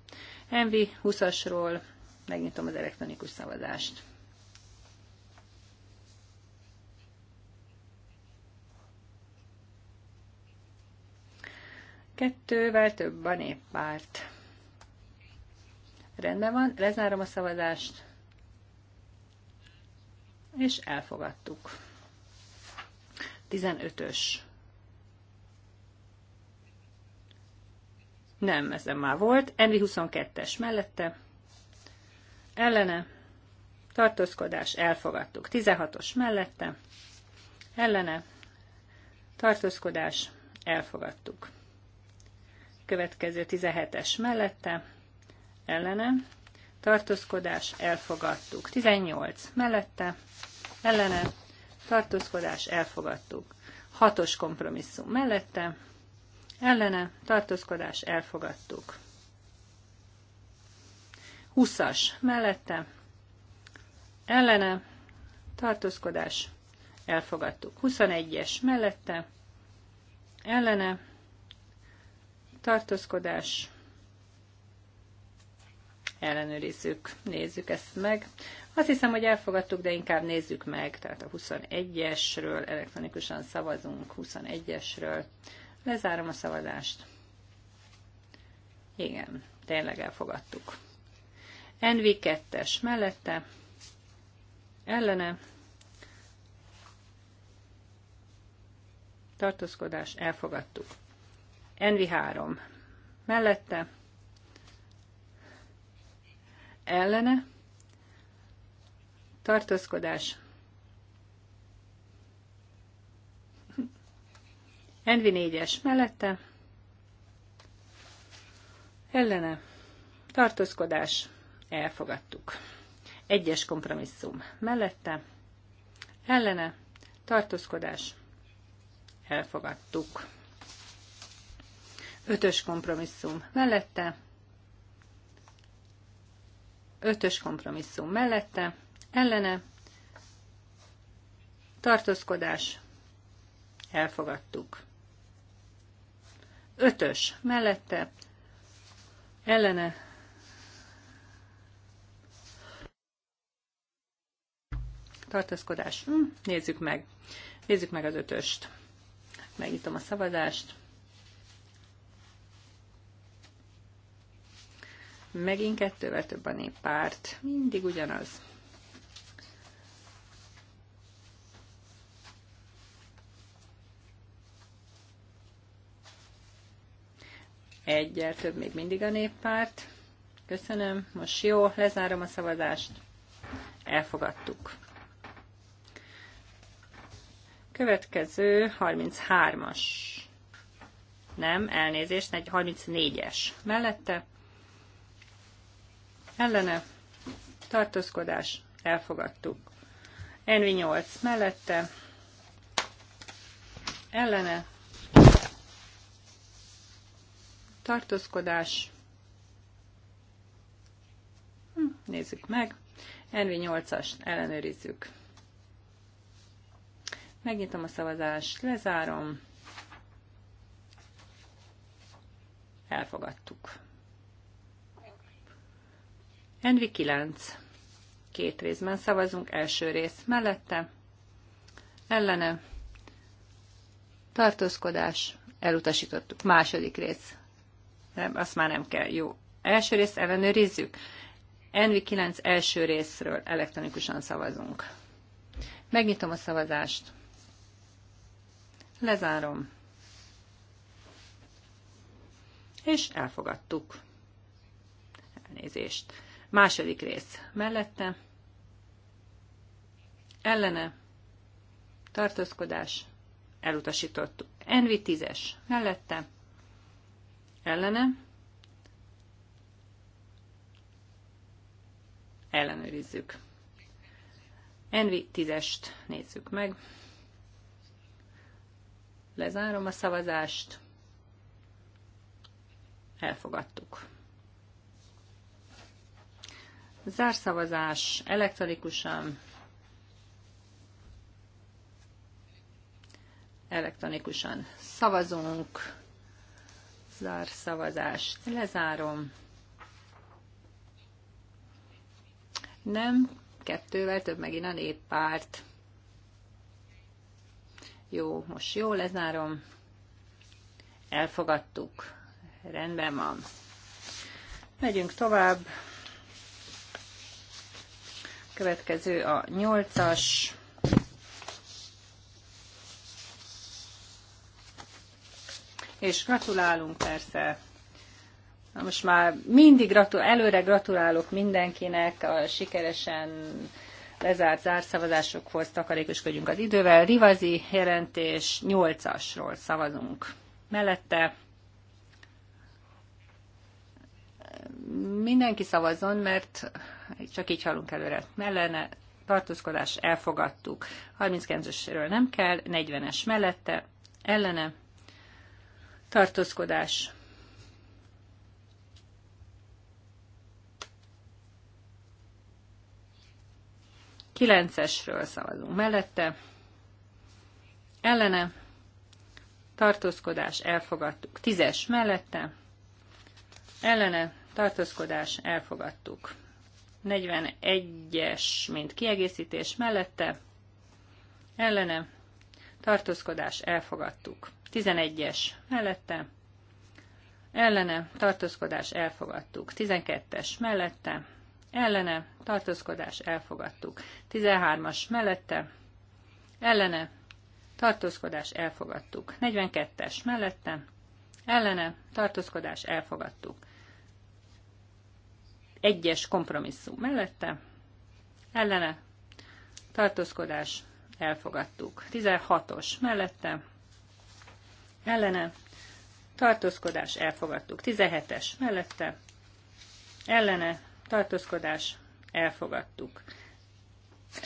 MV 20-asról megnyitom az elektronikus szavazást. Kettővel több a néppárt. Rendben van, lezárom a szavazást, és elfogadtuk. 15-ös. Nem, ez nem már volt. Envi 22-es mellette. Ellene. Tartózkodás. Elfogadtuk. 16-os mellette. Ellene. Tartózkodás. Elfogadtuk. Következő 17-es mellette, ellene, tartózkodás, elfogadtuk. 18 mellette, ellene, tartózkodás, elfogadtuk. 6-os kompromisszum mellette, ellene, tartózkodás, elfogadtuk. 20-as mellette, ellene, tartózkodás, elfogadtuk. 21-es mellette, ellene, tartózkodás, ellenőrizzük, nézzük ezt meg. Azt hiszem, hogy elfogadtuk, de inkább nézzük meg, tehát a 21-esről elektronikusan szavazunk, 21-esről. Lezárom a szavazást. Igen, tényleg elfogadtuk. NV2-es mellette, ellene, tartózkodás, elfogadtuk. NV3 mellette, ellene, tartózkodás, NV4-es mellette, ellene, tartózkodás, elfogadtuk. Egyes kompromisszum mellette, ellene, tartózkodás, elfogadtuk. Ötös kompromisszum mellette, ötös kompromisszum mellette, ellene, tartózkodás, elfogadtuk. Ötös mellette, ellene, tartózkodás. Hm, nézzük meg. Nézzük meg az ötöst. Megnyitom a szavazást. megint kettővel több a néppárt. Mindig ugyanaz. Egyel több még mindig a néppárt. Köszönöm. Most jó, lezárom a szavazást. Elfogadtuk. Következő 33-as. Nem, elnézést, egy 34-es. Mellette ellene, tartózkodás, elfogadtuk. Envi 8 mellette, ellene, tartózkodás, hm, nézzük meg, Envi 8 as ellenőrizzük. Megnyitom a szavazást, lezárom. Elfogadtuk. Envi 9. Két részben szavazunk. Első rész mellette. Ellene. Tartózkodás. Elutasítottuk. Második rész. Nem, azt már nem kell. Jó. Első rész ellenőrizzük. Envi 9 első részről elektronikusan szavazunk. Megnyitom a szavazást. Lezárom. És elfogadtuk. Elnézést. Második rész. Mellette. Ellene. Tartózkodás. Elutasítottuk. Envi tízes Mellette. Ellene. Ellenőrizzük. Envi tízest nézzük meg. Lezárom a szavazást. Elfogadtuk. Zárszavazás elektronikusan. Elektronikusan szavazunk. Zárszavazás. lezárom. Nem, kettővel több megint a néppárt. Jó, most jó, lezárom. Elfogadtuk. Rendben van. Megyünk tovább. Következő a nyolcas. És gratulálunk persze. Na most már mindig gratul, előre gratulálok mindenkinek a sikeresen lezárt zárszavazásokhoz takarékoskodjunk az idővel. Rivazi jelentés 8-asról szavazunk. Mellette mindenki szavazzon, mert csak így halunk előre. Mellene tartózkodás elfogadtuk. 39 esről nem kell, 40-es mellette, ellene tartózkodás Kilencesről szavazunk mellette, ellene, tartózkodás, elfogadtuk. Tízes mellette, ellene, tartózkodás, elfogadtuk. 41-es, mint kiegészítés mellette, ellene, tartózkodás, elfogadtuk. 11-es mellette, ellene, tartózkodás, elfogadtuk. 12-es mellette, ellene, tartózkodás, elfogadtuk. 13-as mellette, ellene, tartózkodás, elfogadtuk. 42-es mellette, ellene, tartózkodás, elfogadtuk egyes kompromisszum mellette, ellene, tartózkodás, elfogadtuk. 16-os mellette, ellene, tartózkodás, elfogadtuk. 17-es mellette, ellene, tartózkodás, elfogadtuk.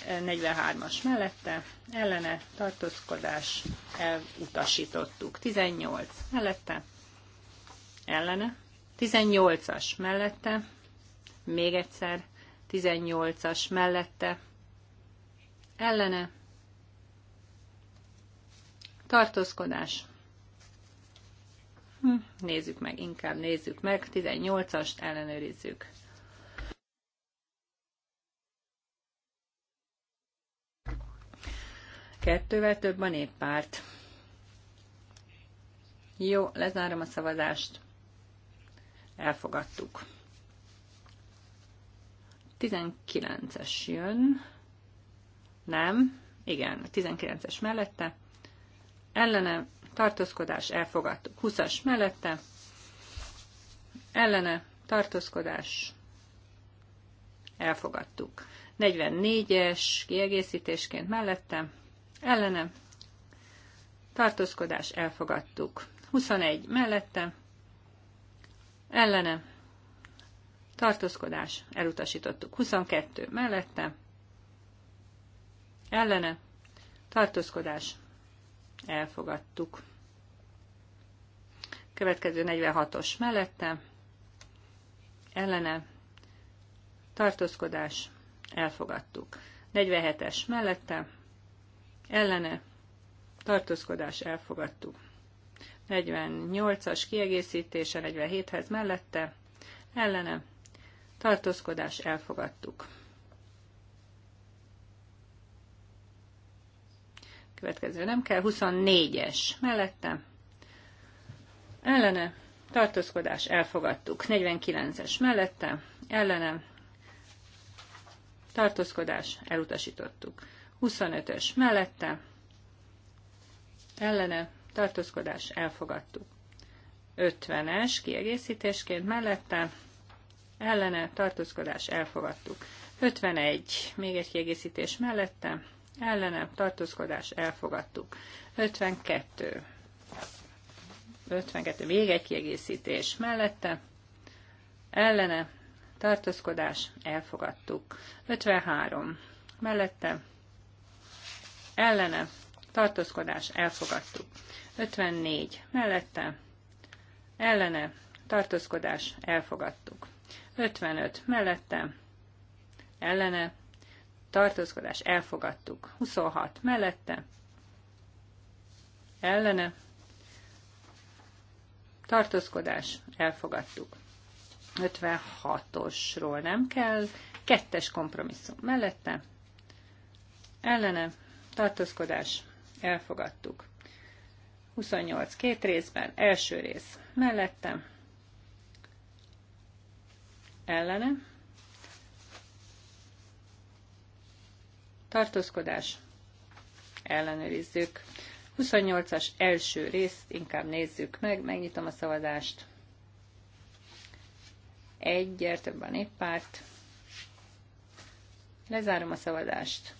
43-as mellette, ellene, tartózkodás, elutasítottuk. 18 mellette, ellene, 18-as mellette, még egyszer, 18-as mellette, ellene, tartózkodás, hm, nézzük meg, inkább nézzük meg, 18-ast ellenőrizzük. Kettővel több a néppárt. Jó, lezárom a szavazást. Elfogadtuk. 19-es jön. Nem. Igen, a 19-es mellette. Ellene tartózkodás elfogadtuk. 20-as mellette. Ellene tartózkodás elfogadtuk. 44-es kiegészítésként mellette. Ellene tartózkodás elfogadtuk. 21 mellette. Ellene tartózkodás, elutasítottuk. 22 mellette, ellene, tartózkodás, elfogadtuk. Következő 46-os mellette, ellene, tartózkodás, elfogadtuk. 47-es mellette, ellene, tartózkodás, elfogadtuk. 48-as kiegészítése 47-hez mellette, ellene, tartózkodás elfogadtuk. Következő nem kell, 24-es mellette, ellene, tartózkodás elfogadtuk. 49-es mellette, ellene, tartózkodás elutasítottuk. 25-ös mellette, ellene, tartózkodás elfogadtuk. 50-es kiegészítésként mellette, ellene tartózkodás elfogadtuk. 51, még egy kiegészítés mellette, ellene tartózkodás elfogadtuk. 52, 52, még egy kiegészítés mellette, ellene tartózkodás elfogadtuk. 53, mellette, ellene tartózkodás elfogadtuk. 54, mellette, ellene tartózkodás elfogadtuk. 55 mellette, ellene, tartózkodás elfogadtuk. 26 mellette, ellene, tartózkodás elfogadtuk. 56-osról nem kell, kettes kompromisszum mellette, ellene, tartózkodás elfogadtuk. 28 két részben, első rész mellette, ellene. Tartózkodás. Ellenőrizzük. 28-as első részt inkább nézzük meg, megnyitom a szavazást. Egyért több a néppárt. Lezárom a szavazást.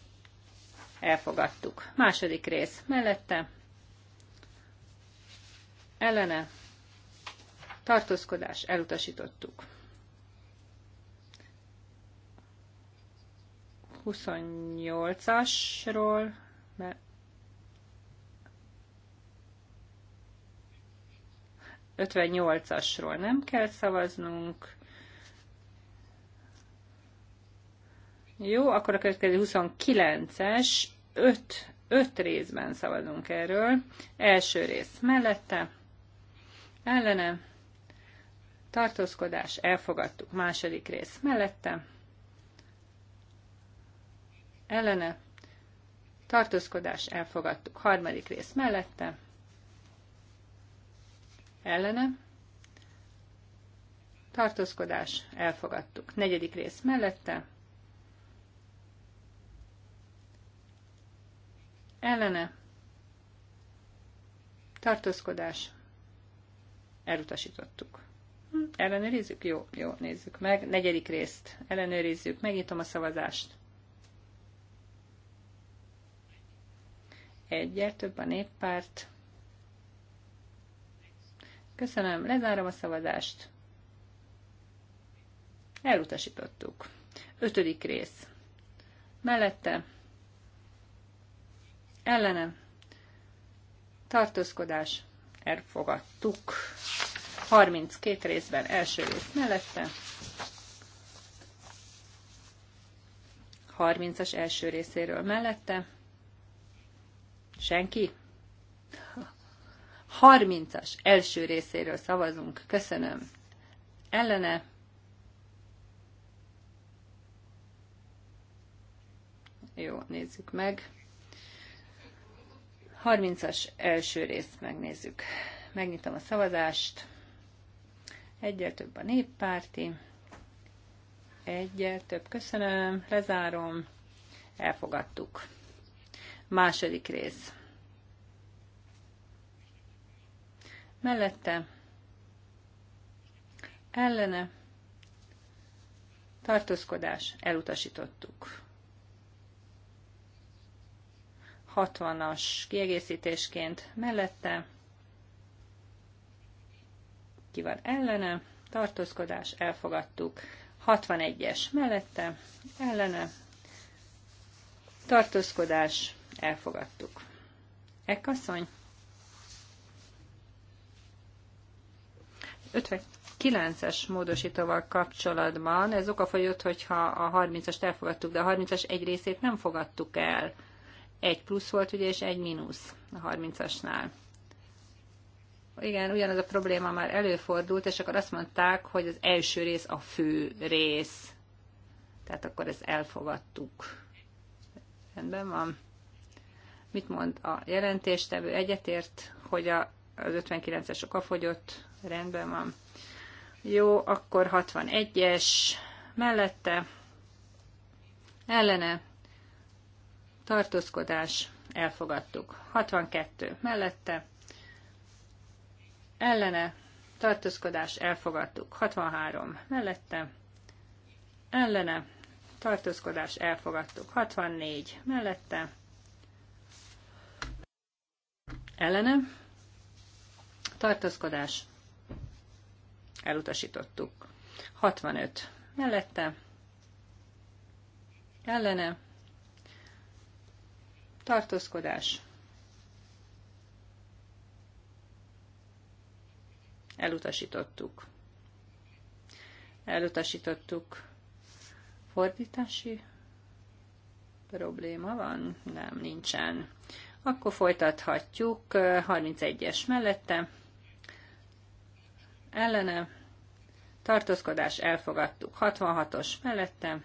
Elfogadtuk. Második rész mellette. Ellene. Tartózkodás. Elutasítottuk. 28-asról, mert asról nem kell szavaznunk. Jó, akkor a következő 29-es, 5, 5 részben szavazunk erről. Első rész mellette, ellene, tartózkodás, elfogadtuk. Második rész mellette, ellene, tartózkodás elfogadtuk. Harmadik rész mellette, ellene, tartózkodás elfogadtuk. Negyedik rész mellette, ellene, tartózkodás elutasítottuk. Hm, ellenőrizzük? Jó, jó, nézzük meg. Negyedik részt ellenőrizzük. Megnyitom a szavazást. egyet, több a néppárt. Köszönöm, lezárom a szavazást. Elutasítottuk. Ötödik rész. Mellette. Ellene. Tartózkodás. Elfogadtuk. 32 részben első rész mellette. 30-as első részéről mellette Senki? 30-as első részéről szavazunk. Köszönöm. Ellene. Jó, nézzük meg. 30-as első részt megnézzük. Megnyitom a szavazást. Egyel több a néppárti. Egyel több. Köszönöm. Lezárom. Elfogadtuk. Második rész. Mellette. Ellene. Tartózkodás. Elutasítottuk. 60-as kiegészítésként mellette. Ki van ellene? Tartózkodás. Elfogadtuk. 61-es mellette. Ellene. Tartózkodás Elfogadtuk. Ekkasszony? 59-es módosítóval kapcsolatban ez oka folyott, hogyha a 30-ast elfogadtuk, de a 30-as egy részét nem fogadtuk el. Egy plusz volt ugye, és egy mínusz a 30-asnál. Igen, ugyanaz a probléma már előfordult, és akkor azt mondták, hogy az első rész a fő rész. Tehát akkor ezt elfogadtuk. Rendben van. Mit mond a jelentéstevő? Egyetért, hogy a, az 59-es fogyott, rendben van. Jó, akkor 61-es mellette, ellene, tartózkodás, elfogadtuk. 62 mellette, ellene, tartózkodás, elfogadtuk. 63 mellette, ellene, tartózkodás, elfogadtuk. 64 mellette, ellene, tartózkodás, elutasítottuk. 65 mellette, ellene, tartózkodás, elutasítottuk. Elutasítottuk. Fordítási probléma van? Nem, nincsen. Akkor folytathatjuk 31-es mellette. Ellene. Tartózkodás elfogadtuk 66-os mellette.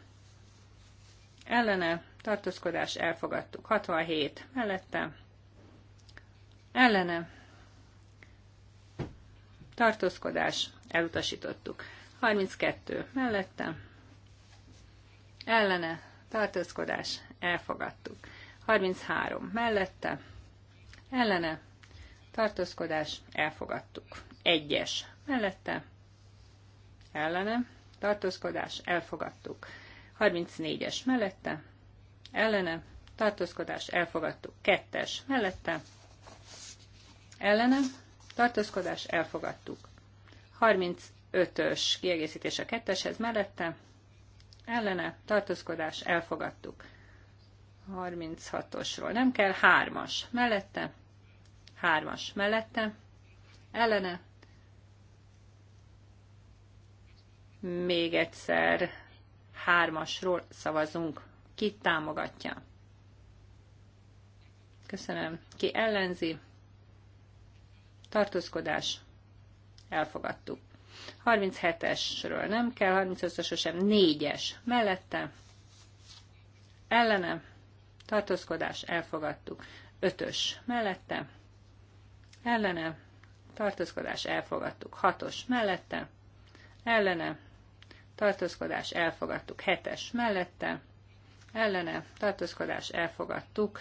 Ellene. Tartózkodás elfogadtuk 67 mellette. Ellene. Tartózkodás elutasítottuk 32 mellette. Ellene. Tartózkodás elfogadtuk 33 mellette, ellene, tartózkodás, elfogadtuk. es mellette, ellene, tartózkodás, elfogadtuk. 34-es mellette, ellene, tartózkodás, elfogadtuk. Kettes mellette, ellene, tartózkodás, elfogadtuk. 35-ös kiegészítés a 2-eshez mellette, ellene, tartózkodás, elfogadtuk. 36-osról. Nem kell, hármas mellette, hármas mellette, ellene. Még egyszer hármasról szavazunk. Ki támogatja? Köszönöm. Ki ellenzi? Tartózkodás. Elfogadtuk. 37-esről nem kell, 38-asról sem, 4-es mellette, Ellenem tartózkodás, elfogadtuk. Ötös mellette, ellene, tartózkodás, elfogadtuk. Hatos mellette, ellene, tartózkodás, elfogadtuk. Hetes mellette, ellene, tartózkodás, elfogadtuk.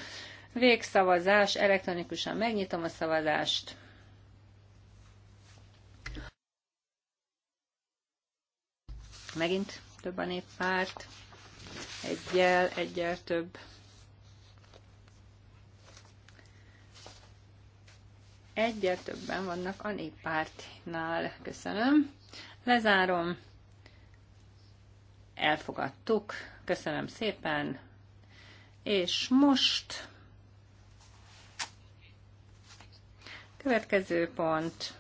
Végszavazás, elektronikusan megnyitom a szavazást. Megint több a néppárt. Egyel, egyel több. egyre többen vannak a néppártnál. Köszönöm. Lezárom. Elfogadtuk. Köszönöm szépen. És most következő pont.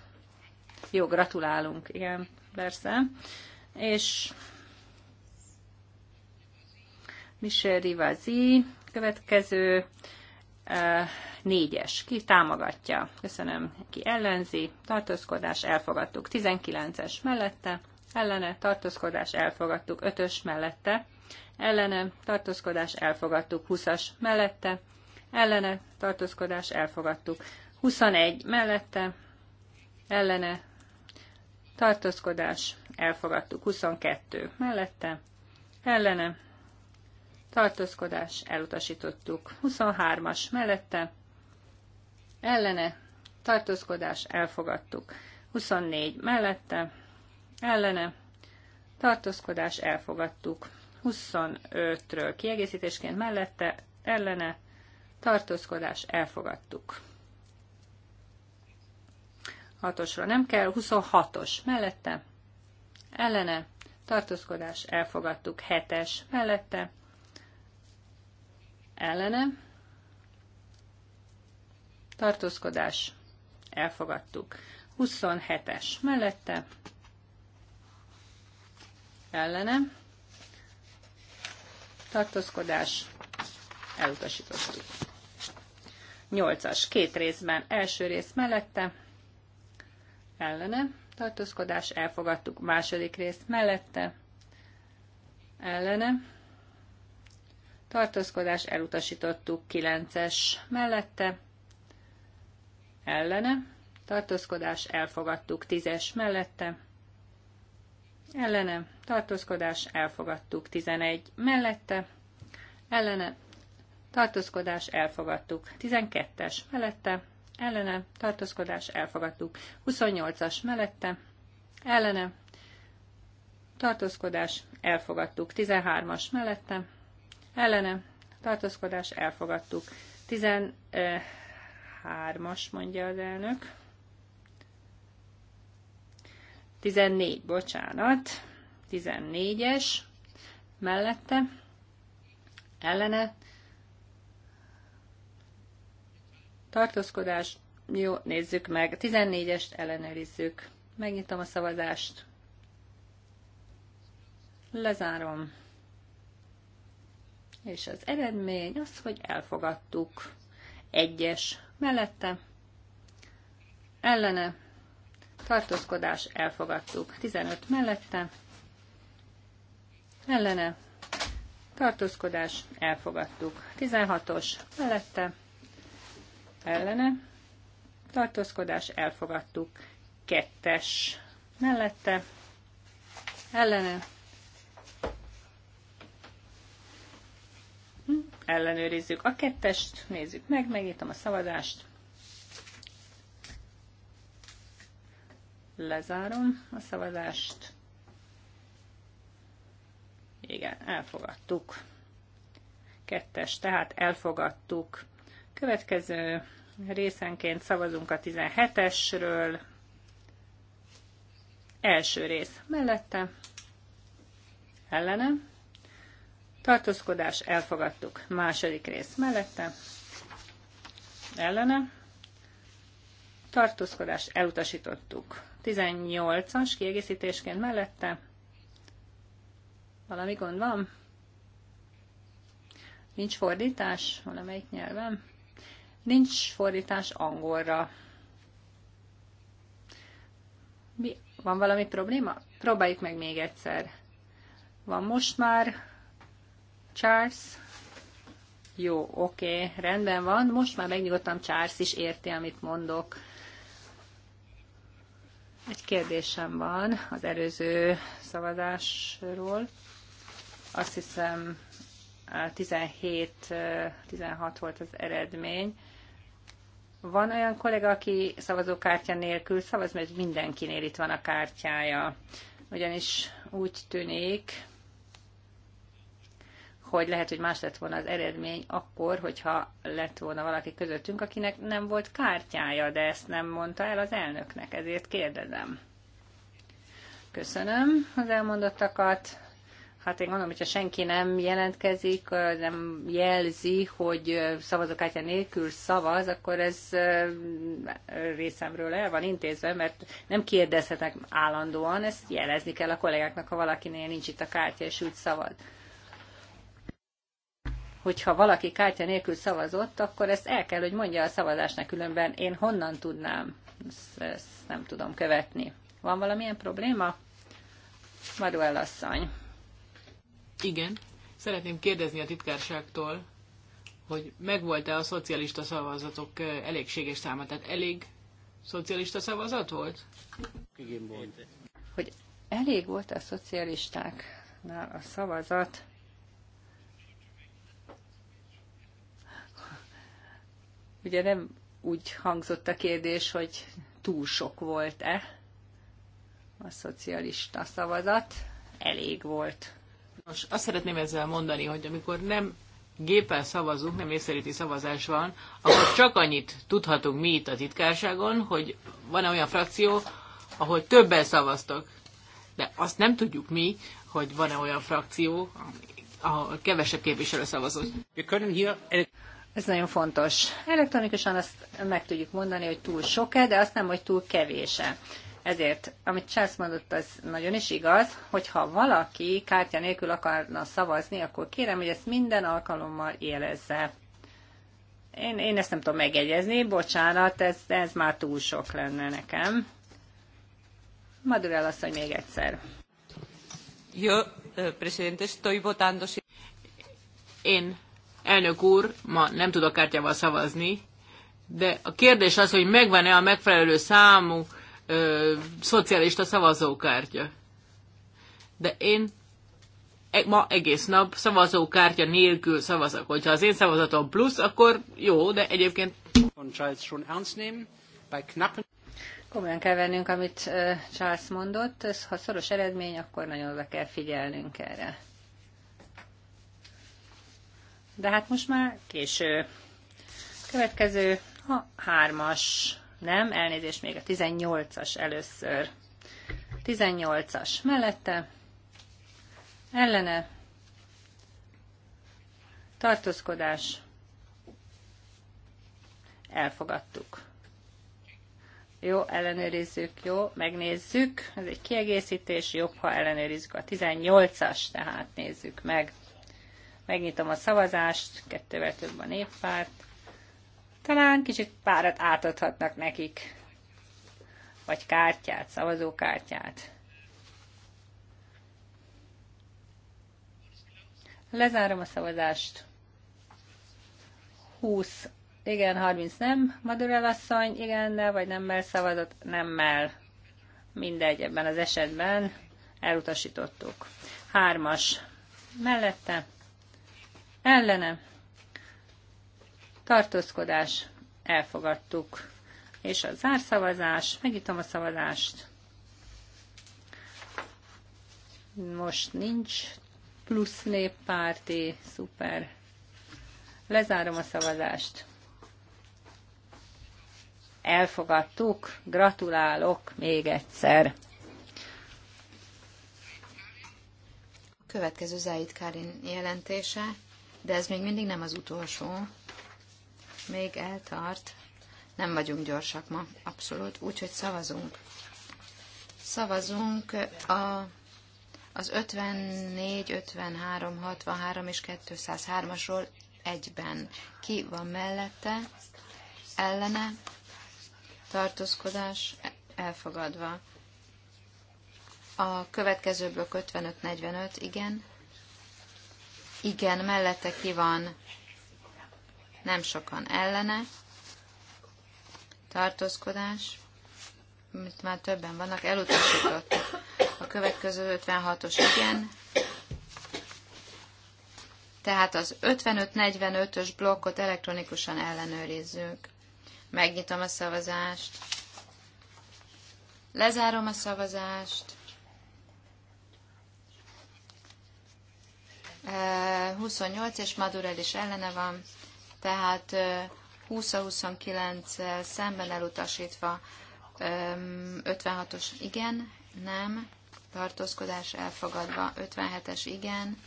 Jó, gratulálunk, igen, persze. És Michel Rivazi, következő négyes. Ki támogatja? Köszönöm. Ki ellenzi? Tartózkodás elfogadtuk. 19-es mellette. Ellene tartózkodás elfogadtuk. 5-ös mellette. Ellene tartózkodás elfogadtuk. 20-as mellette. Ellene tartózkodás elfogadtuk. 21 mellette. Ellene tartózkodás elfogadtuk. 22 mellette. Ellene tartózkodás, elutasítottuk. 23-as mellette, ellene, tartózkodás, elfogadtuk. 24 mellette, ellene, tartózkodás, elfogadtuk. 25-ről kiegészítésként mellette, ellene, tartózkodás, elfogadtuk. 6-osra nem kell, 26-os mellette, ellene, tartózkodás, elfogadtuk. 7-es mellette, ellene, tartózkodás, elfogadtuk. 27-es mellette, ellene, tartózkodás, elutasítottuk. 8-as, két részben, első rész mellette, ellene, tartózkodás, elfogadtuk, második rész mellette, ellene, tartózkodás, elutasítottuk 9-es mellette, ellene, tartózkodás, elfogadtuk 10-es mellette, ellene, tartózkodás, elfogadtuk 11 mellette, ellene, tartózkodás, elfogadtuk 12-es mellette, ellene, tartózkodás, elfogadtuk 28-as mellette, ellene, tartózkodás, elfogadtuk 13-as mellette, ellene tartózkodás elfogadtuk. 13-as mondja az elnök. 14, bocsánat. 14-es mellette ellene tartózkodás. Jó, nézzük meg. 14-est ellenőrizzük. Megnyitom a szavazást. Lezárom és az eredmény az, hogy elfogadtuk. Egyes mellette, ellene, tartózkodás, elfogadtuk. 15 mellette, ellene, tartózkodás, elfogadtuk. 16-os mellette, ellene, tartózkodás, elfogadtuk. Kettes mellette, ellene, Ellenőrizzük a kettest, nézzük meg, megnyitom a szavazást. Lezárom a szavazást. Igen, elfogadtuk. Kettes, tehát elfogadtuk. Következő részenként szavazunk a 17-esről. Első rész mellette, Ellenem tartózkodás, elfogadtuk. Második rész mellette, ellene, tartózkodás, elutasítottuk. 18-as kiegészítésként mellette, valami gond van? Nincs fordítás valamelyik nyelven? Nincs fordítás angolra. Mi? Van valami probléma? Próbáljuk meg még egyszer. Van most már Charles? Jó, oké, okay, rendben van. Most már megnyugodtam, Charles is érti, amit mondok. Egy kérdésem van az előző szavazásról. Azt hiszem 17-16 volt az eredmény. Van olyan kollega, aki szavazókártya nélkül szavaz, mert mindenkinél itt van a kártyája. Ugyanis úgy tűnik, hogy lehet, hogy más lett volna az eredmény akkor, hogyha lett volna valaki közöttünk, akinek nem volt kártyája, de ezt nem mondta el az elnöknek, ezért kérdezem. Köszönöm az elmondottakat. Hát én gondolom, hogyha senki nem jelentkezik, nem jelzi, hogy szavazókártya nélkül szavaz, akkor ez részemről el van intézve, mert nem kérdezhetek állandóan, ezt jelezni kell a kollégáknak, ha valakinél nincs itt a kártya, és úgy szavaz hogyha valaki kártya nélkül szavazott, akkor ezt el kell, hogy mondja a szavazásnak, különben én honnan tudnám, ezt, ezt nem tudom követni. Van valamilyen probléma? Maruel asszony. Igen. Szeretném kérdezni a titkárságtól, hogy megvolt-e a szocialista szavazatok elégséges száma? Tehát elég szocialista szavazat volt? Igen, volt. Hogy elég volt a szocialistáknál a szavazat, Ugye nem úgy hangzott a kérdés, hogy túl sok volt-e a szocialista szavazat, elég volt. Nos, azt szeretném ezzel mondani, hogy amikor nem géppel szavazunk, nem észszerűti szavazás van, akkor csak annyit tudhatunk mi itt a titkárságon, hogy van -e olyan frakció, ahol többen szavaztak. De azt nem tudjuk mi, hogy van-e olyan frakció, ahol kevesebb képviselő szavazott. Ez nagyon fontos. Elektronikusan azt meg tudjuk mondani, hogy túl sok-e, de azt nem, hogy túl kevése. Ezért, amit Charles mondott, az nagyon is igaz, hogyha valaki kártya nélkül akarna szavazni, akkor kérem, hogy ezt minden alkalommal jelezze. Én, én ezt nem tudom megegyezni, bocsánat, ez, ez már túl sok lenne nekem. Madurell asszony még egyszer. Jó, eh, presidente, estoy votando. Én elnök úr, ma nem tudok kártyával szavazni, de a kérdés az, hogy megvan-e a megfelelő számú ö, szocialista szavazókártya. De én e, ma egész nap szavazókártya nélkül szavazok. Hogyha az én szavazatom plusz, akkor jó, de egyébként... Komolyan kell vennünk, amit Charles mondott, ha szoros eredmény, akkor nagyon be kell figyelnünk erre. De hát most már késő. Következő a hármas. Nem, elnézést még a 18-as először. 18-as mellette. Ellene. Tartózkodás. Elfogadtuk. Jó, ellenőrizzük, jó, megnézzük. Ez egy kiegészítés, jobb, ha ellenőrizzük a 18-as, tehát nézzük meg. Megnyitom a szavazást, kettővel több a néppárt. Talán kicsit párat átadhatnak nekik. Vagy kártyát, szavazókártyát. Lezárom a szavazást. 20, igen, 30 nem. Madurell asszony, igen, de vagy nemmel szavazott, nemmel. Mindegy, ebben az esetben elutasítottuk. Hármas mellette, ellene tartózkodás elfogadtuk. És a zárszavazás, megnyitom a szavazást. Most nincs plusz néppárti, szuper. Lezárom a szavazást. Elfogadtuk, gratulálok még egyszer. a Következő Zaid Karin jelentése de ez még mindig nem az utolsó. Még eltart. Nem vagyunk gyorsak ma, abszolút. Úgyhogy szavazunk. Szavazunk a, az 54, 53, 63 és 203-asról egyben. Ki van mellette? Ellene? Tartózkodás? Elfogadva. A következő blokk 55-45, igen. Igen, mellette ki van. Nem sokan ellene. Tartózkodás. mint már többen vannak. Elutasított. A következő 56-os igen. Tehát az 55-45-ös blokkot elektronikusan ellenőrizzük. Megnyitom a szavazást. Lezárom a szavazást. 28, és Madurel is ellene van, tehát 20-29 szemben elutasítva 56-os igen, nem, tartózkodás elfogadva, 57-es igen,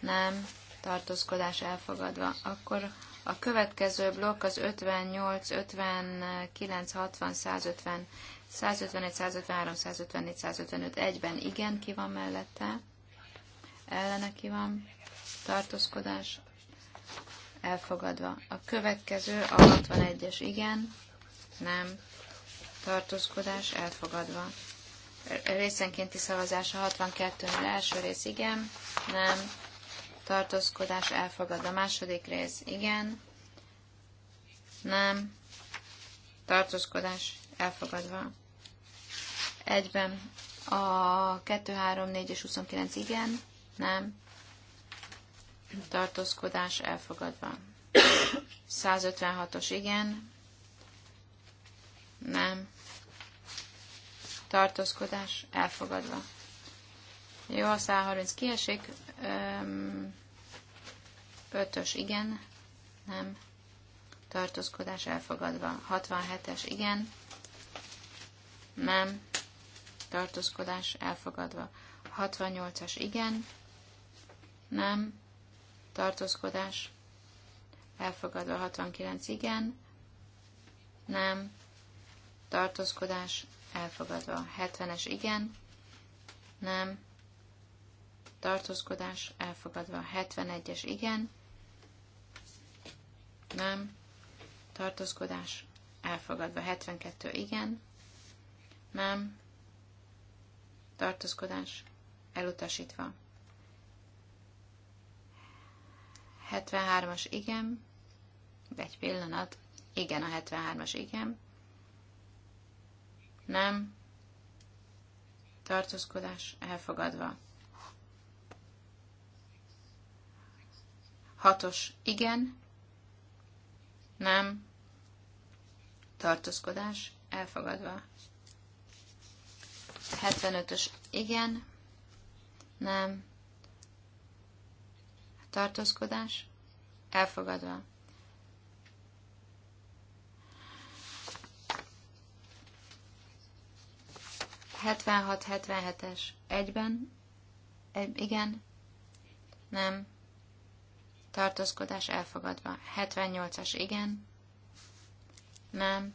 nem, tartózkodás elfogadva. Akkor a következő blokk az 58, 59, 60, 150, 151, 153, 154, 155, egyben igen, ki van mellette, ellene ki van, tartózkodás elfogadva. A következő a 61-es igen, nem, tartózkodás elfogadva. Részenkénti szavazás a 62-nél első rész igen, nem, tartózkodás elfogadva. Második rész igen, nem, tartózkodás elfogadva. Egyben a 2, 3, 4 és 29 igen, nem, tartózkodás elfogadva. 156-os igen, nem, tartózkodás elfogadva. Jó, a 130 kiesik, 5-ös igen, nem, tartózkodás elfogadva. 67-es igen, nem, tartózkodás elfogadva. 68-as igen, nem, tartózkodás, elfogadva 69 igen, nem, tartózkodás, elfogadva 70-es igen, nem, tartózkodás, elfogadva 71-es igen, nem, tartózkodás, elfogadva 72 igen, nem, tartózkodás, elutasítva 73-as igen. Egy pillanat. Igen, a 73-as igen. Nem. Tartózkodás elfogadva. Hatos. Igen. Nem. Tartózkodás elfogadva. 75-ös. Igen. Nem tartózkodás, elfogadva. Hetvenhat, hetvenhetes, egyben, egy, igen, nem, tartózkodás elfogadva. 78-as igen, nem,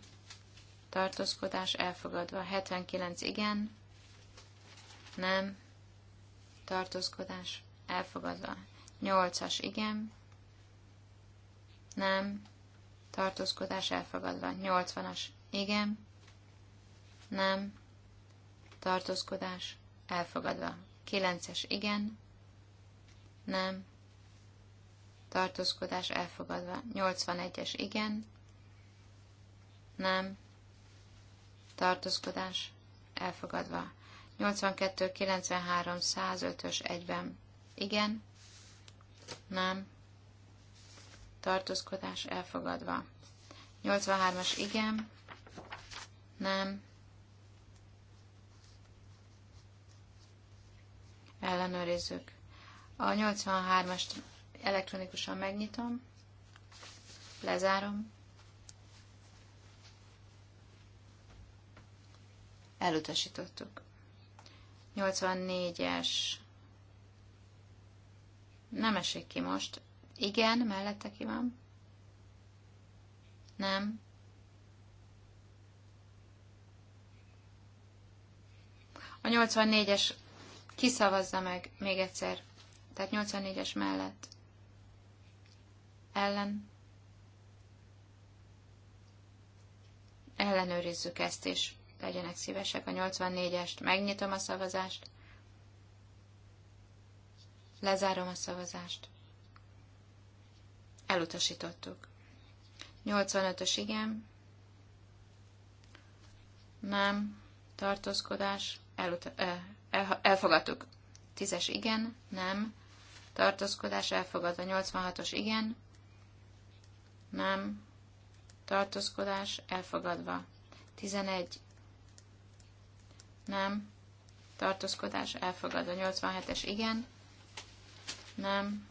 tartózkodás elfogadva. 79 igen, nem, tartózkodás elfogadva. Nyolcas, igen. Nem. Tartózkodás elfogadva. nyolcvanas igen. Nem. Tartózkodás elfogadva. Kilences, igen. Nem. Tartózkodás elfogadva. nyolcvanegyes igen. Nem. Tartózkodás elfogadva. 82-93-105-ös egyben. Igen nem, tartózkodás elfogadva. 83-as igen, nem, ellenőrizzük. A 83-ast elektronikusan megnyitom, lezárom, elutasítottuk. 84-es nem esik ki most. Igen, mellette ki van. Nem. A 84-es kiszavazza meg még egyszer. Tehát 84-es mellett. Ellen. Ellenőrizzük ezt is. Legyenek szívesek a 84-est. Megnyitom a szavazást. Lezárom a szavazást. Elutasítottuk. 85-ös igen. Nem. Tartózkodás. Eluta- el- eh, eh, elfogadtuk. 10-es igen. Nem. Tartózkodás elfogadva. 86-os igen. Nem. Tartózkodás elfogadva. 11. Nem. Tartózkodás elfogadva. 87-es igen nem,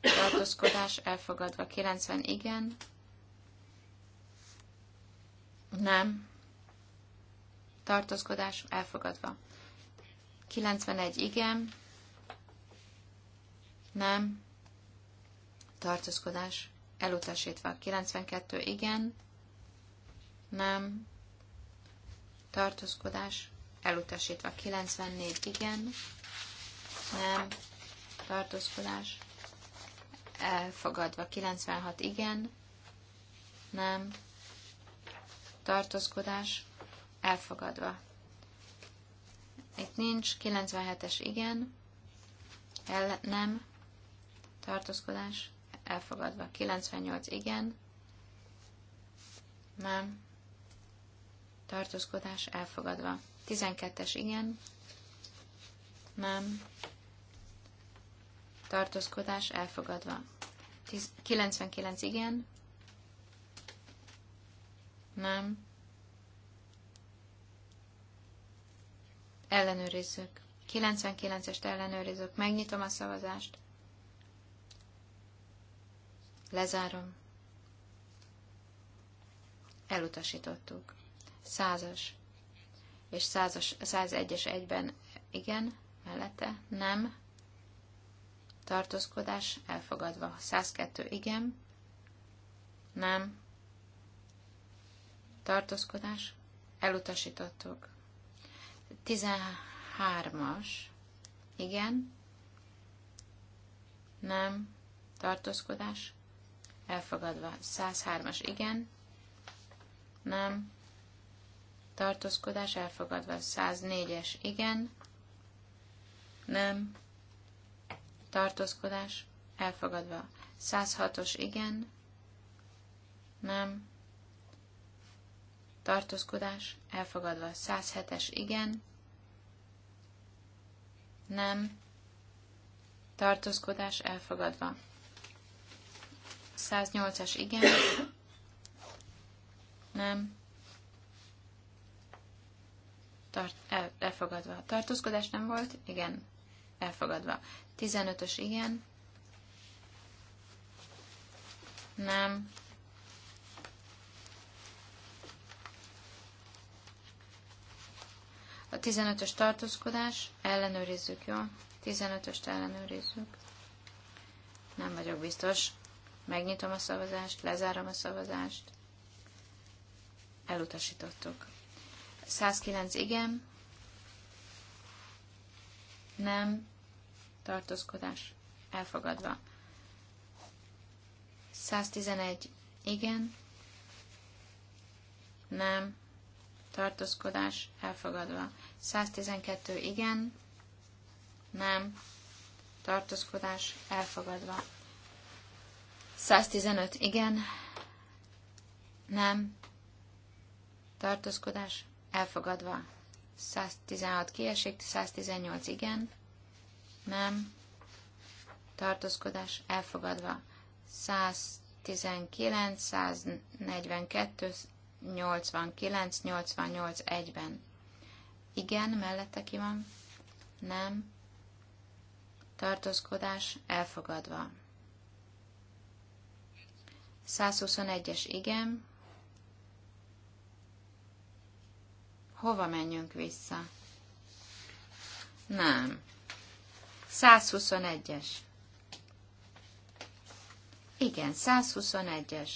tartózkodás elfogadva. 90 igen, nem, tartózkodás elfogadva. 91 igen, nem, tartózkodás elutasítva. 92 igen, nem, tartózkodás elutasítva. 94 igen, nem, tartózkodás elfogadva. 96 igen, nem, tartózkodás elfogadva. Itt nincs, 97-es igen, el, nem, tartózkodás elfogadva. 98 igen, nem, tartózkodás elfogadva. 12-es igen, nem, tartózkodás elfogadva. 99 igen, nem, ellenőrizzük. 99-est ellenőrizzük. Megnyitom a szavazást. Lezárom. Elutasítottuk. Százas. És százas, 101-es egyben igen, mellette nem, tartózkodás elfogadva. 102 igen, nem, tartózkodás elutasítottuk. 13-as, igen, nem, tartózkodás elfogadva. 103-as, igen, nem, tartózkodás elfogadva. 104-es, igen, nem, tartózkodás, elfogadva. 106-os igen, nem, tartózkodás, elfogadva. 107-es igen, nem, tartózkodás, elfogadva. 108-as igen, nem, tart, el, elfogadva. Tartózkodás nem volt? Igen elfogadva. 15-ös igen, nem, A 15-ös tartózkodás, ellenőrizzük, jó? 15-öst ellenőrizzük. Nem vagyok biztos. Megnyitom a szavazást, lezárom a szavazást. Elutasítottuk. 109 igen, nem, tartózkodás elfogadva. 111. Igen, nem, tartózkodás elfogadva. 112. Igen, nem, tartózkodás elfogadva. 115. Igen, nem, tartózkodás elfogadva. 116 kiesik, 118 igen, nem, tartózkodás elfogadva. 119, 142, 89, 88, 1-ben. Igen, mellette ki van, nem, tartózkodás elfogadva. 121-es igen, Hova menjünk vissza? Nem. 121-es. Igen, 121-es.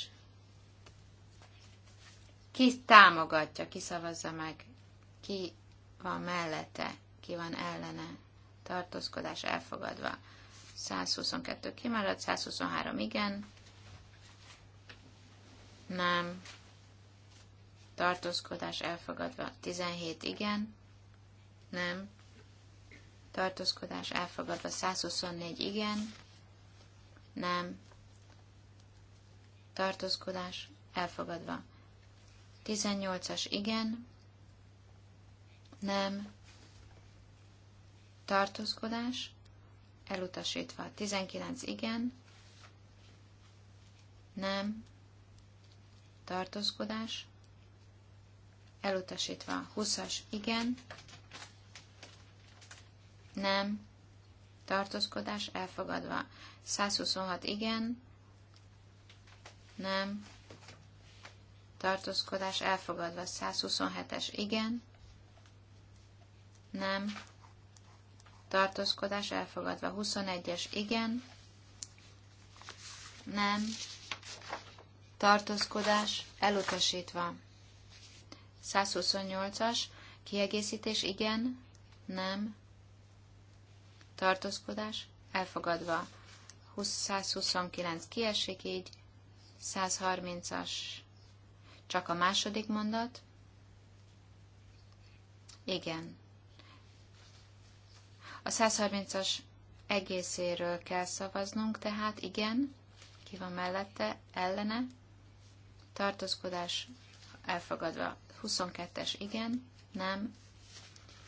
Ki támogatja, ki szavazza meg, ki van mellette, ki van ellene. Tartózkodás elfogadva. 122 kimaradt, 123 igen. Nem tartózkodás elfogadva. 17 igen, nem, tartózkodás elfogadva. 124 igen, nem, tartózkodás elfogadva. 18-as igen, nem, tartózkodás elutasítva. 19 igen, nem, tartózkodás elutasítva. 20-as igen, nem, tartózkodás elfogadva. 126 igen, nem, tartózkodás elfogadva. 127-es igen, nem, tartózkodás elfogadva. 21-es igen, nem, tartózkodás elutasítva. 128-as, kiegészítés, igen, nem, tartózkodás, elfogadva. 129 kiesik, így 130-as csak a második mondat. Igen. A 130-as egészéről kell szavaznunk, tehát igen, ki van mellette, ellene, tartózkodás elfogadva. 22-es igen, nem,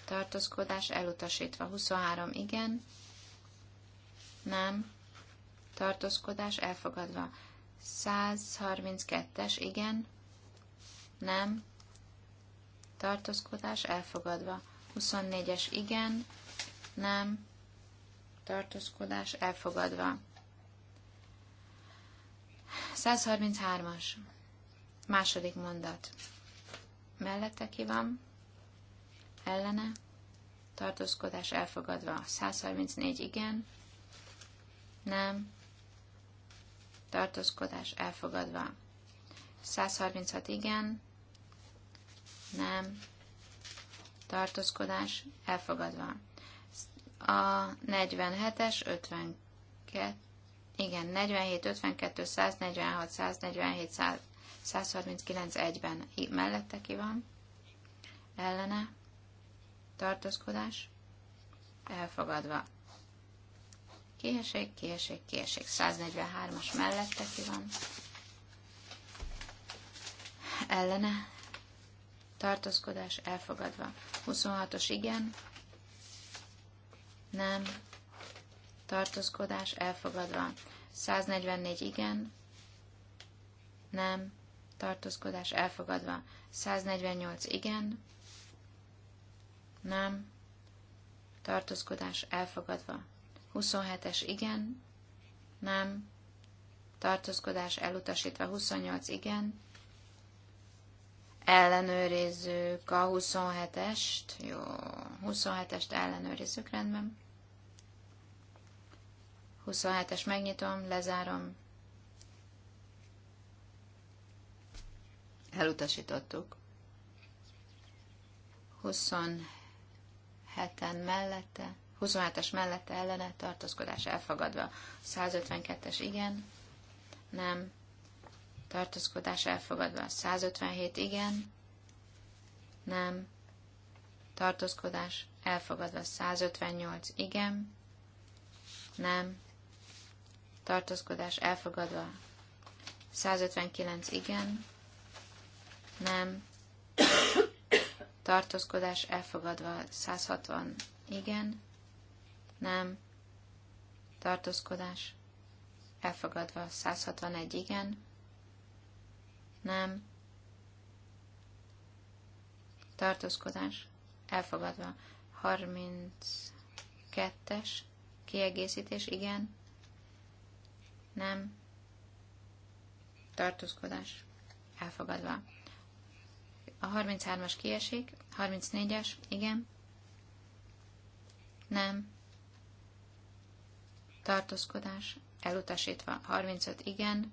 tartózkodás elutasítva. 23 igen, nem, tartózkodás elfogadva. 132-es igen, nem, tartózkodás elfogadva. 24-es igen, nem, tartózkodás elfogadva. 133-as. Második mondat mellette ki van, ellene, tartózkodás elfogadva. 134 igen, nem, tartózkodás elfogadva. 136 igen, nem, tartózkodás elfogadva. A 47-es 52, igen, 47, 52, 146, 147, 100, 139.1-ben mellette ki van, ellene, tartózkodás, elfogadva. Kieség, kieség, kieség. 143-as mellette ki van, ellene, tartózkodás, elfogadva. 26-os igen, nem, tartózkodás, elfogadva. 144 igen, nem, tartózkodás elfogadva. 148 igen, nem, tartózkodás elfogadva. 27-es igen, nem, tartózkodás elutasítva. 28 igen, ellenőrizzük a 27-est, jó, 27-est ellenőrizzük, rendben. 27-es megnyitom, lezárom, Elutasítottuk. 27-en mellette, 27-es mellette ellene tartózkodás elfogadva. 152-es igen, nem, tartózkodás elfogadva. 157 igen, nem, tartózkodás elfogadva. 158 igen, nem, tartózkodás elfogadva. 159 igen, nem, tartózkodás elfogadva 160, igen, nem, tartózkodás elfogadva 161, igen, nem, tartózkodás elfogadva 32-es, kiegészítés, igen, nem, tartózkodás elfogadva a 33-as kiesik, 34-es, igen. Nem. Tartózkodás, elutasítva. 35, igen.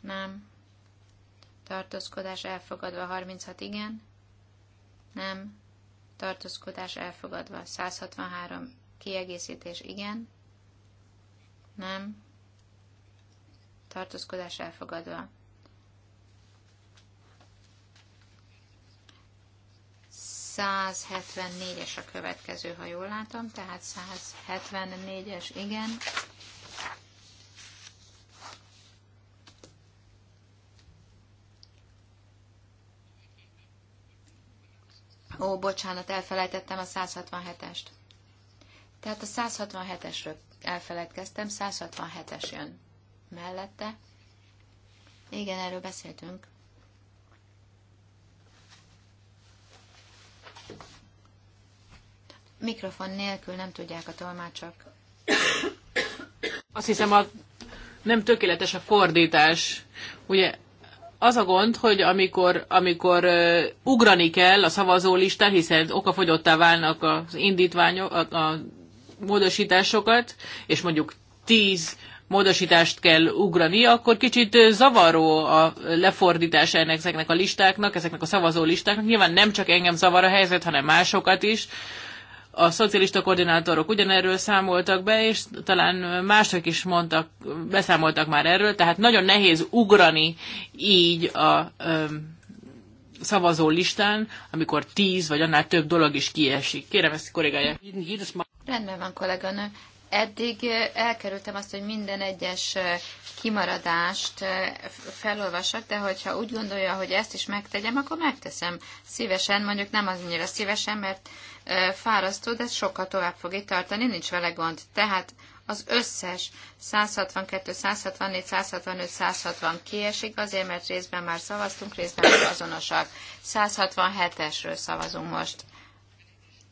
Nem. Tartózkodás elfogadva, 36, igen. Nem. Tartózkodás elfogadva, 163, kiegészítés, igen. Nem. Tartózkodás elfogadva, 174-es a következő, ha jól látom, tehát 174-es, igen. Ó, bocsánat, elfelejtettem a 167-est. Tehát a 167-esről elfeledkeztem, 167-es jön mellette. Igen, erről beszéltünk. Mikrofon nélkül nem tudják a tolmácsok. Azt hiszem, a, nem tökéletes a fordítás. Ugye az a gond, hogy amikor, amikor uh, ugrani kell a szavazólistán, hiszen okafogyottá válnak az indítványok, a, a módosításokat, és mondjuk tíz módosítást kell ugrani, akkor kicsit zavaró a lefordítás ennek, ezeknek a listáknak, ezeknek a szavazó listáknak. Nyilván nem csak engem zavar a helyzet, hanem másokat is. Uh, a szocialista koordinátorok ugyanerről számoltak be, és talán mások is mondtak, beszámoltak már erről, tehát nagyon nehéz ugrani így a ö, szavazó listán, amikor tíz vagy annál több dolog is kiesik. Kérem ezt korrigálják. Rendben van, kolléganő. Eddig elkerültem azt, hogy minden egyes kimaradást felolvasok, de hogyha úgy gondolja, hogy ezt is megtegyem, akkor megteszem szívesen, mondjuk nem az annyira szívesen, mert fárasztó, de sokkal tovább fog itt tartani, nincs vele gond. Tehát az összes 162, 164, 165, 160 kiesik, azért mert részben már szavaztunk, részben már azonosak. 167-esről szavazunk most,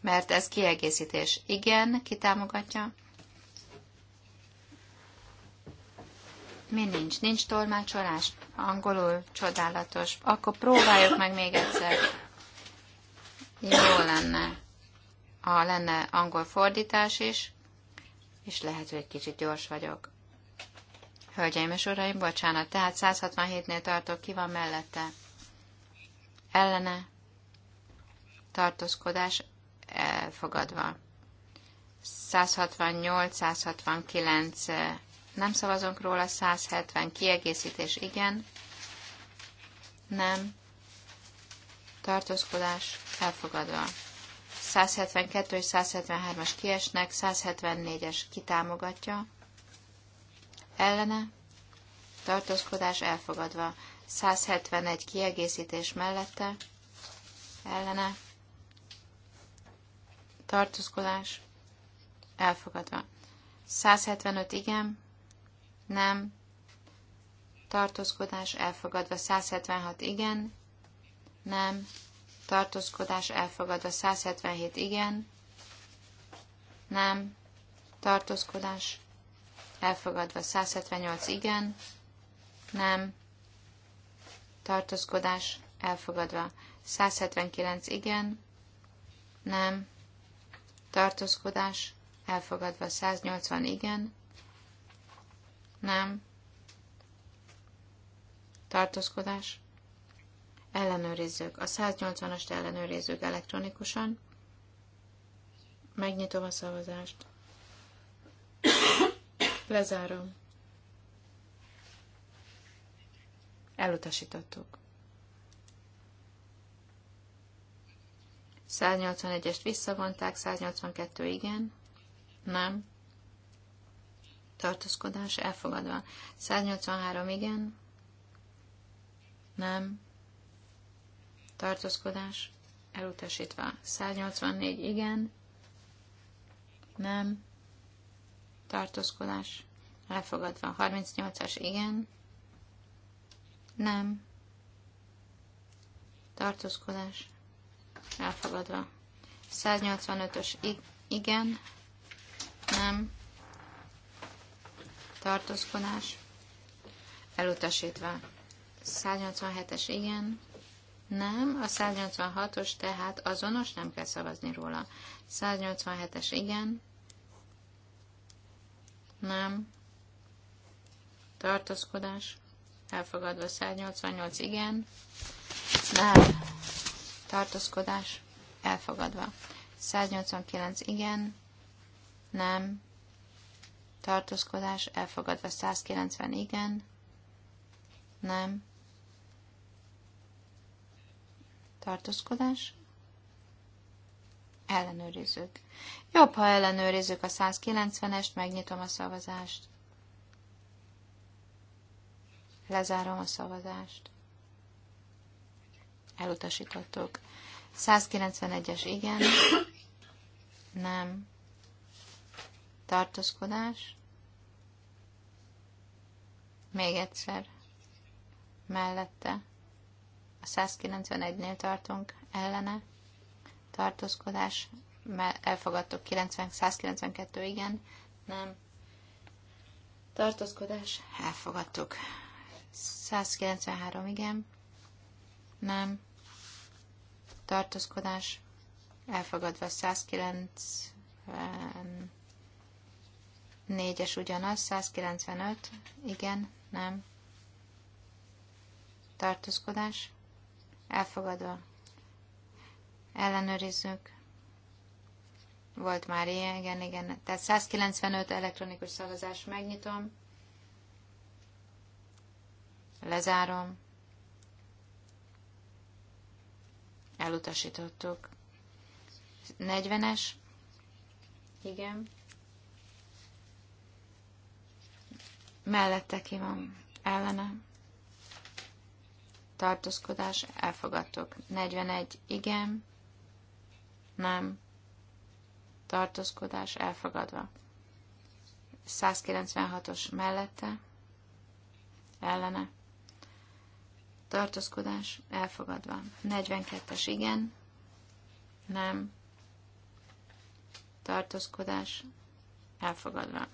mert ez kiegészítés. Igen, ki támogatja? Mi nincs? Nincs tolmácsolás? Angolul csodálatos. Akkor próbáljuk meg még egyszer. Jó lenne, ha lenne angol fordítás is, és lehet, hogy egy kicsit gyors vagyok. Hölgyeim és uraim, bocsánat, tehát 167-nél tartok, ki van mellette? Ellene tartózkodás elfogadva. 168-169 nem szavazunk róla, 170 kiegészítés, igen, nem, tartózkodás, elfogadva. 172 és 173-as kiesnek, 174-es kitámogatja, ellene, tartózkodás elfogadva, 171 kiegészítés mellette, ellene, tartózkodás elfogadva. 175 igen, nem, tartózkodás elfogadva 176 igen, nem, tartózkodás elfogadva 177 igen, nem, tartózkodás elfogadva 178 igen, nem, tartózkodás elfogadva 179 igen, nem, tartózkodás elfogadva 180 igen, nem. Tartózkodás. Ellenőrizzük. A 180-ast ellenőrizzük elektronikusan. Megnyitom a szavazást. Lezárom. Elutasítottuk. 181-est visszavonták, 182 igen, nem, tartózkodás elfogadva. 183 igen, nem, tartózkodás elutasítva. 184 igen, nem, tartózkodás elfogadva. 38-as igen, nem, tartózkodás elfogadva. 185-ös igen, nem, tartózkodás, elutasítva. 187-es igen, nem, a 186-os tehát azonos, nem kell szavazni róla. 187-es igen, nem, tartózkodás, elfogadva 188 igen, nem, tartózkodás, elfogadva. 189 igen, nem, tartózkodás elfogadva 190 igen, nem, tartózkodás, ellenőrizzük. Jobb, ha ellenőrizzük a 190-est, megnyitom a szavazást. Lezárom a szavazást. Elutasítottuk. 191-es igen. Nem tartózkodás, még egyszer, mellette, a 191-nél tartunk, ellene, tartózkodás, elfogadtuk 90, 192, igen, nem, tartózkodás, elfogadtuk. 193, igen, nem, tartózkodás, elfogadva 190, Négyes ugyanaz, 195, igen, nem. Tartózkodás, elfogadva. Ellenőrizzük. Volt már ilyen, igen, igen. Tehát 195 elektronikus szavazás megnyitom. Lezárom. Elutasítottuk. 40-es. Igen. mellette ki van ellene, tartózkodás, elfogadtok. 41, igen, nem, tartózkodás, elfogadva. 196-os mellette, ellene, tartózkodás, elfogadva. 42-es, igen, nem, tartózkodás, elfogadva.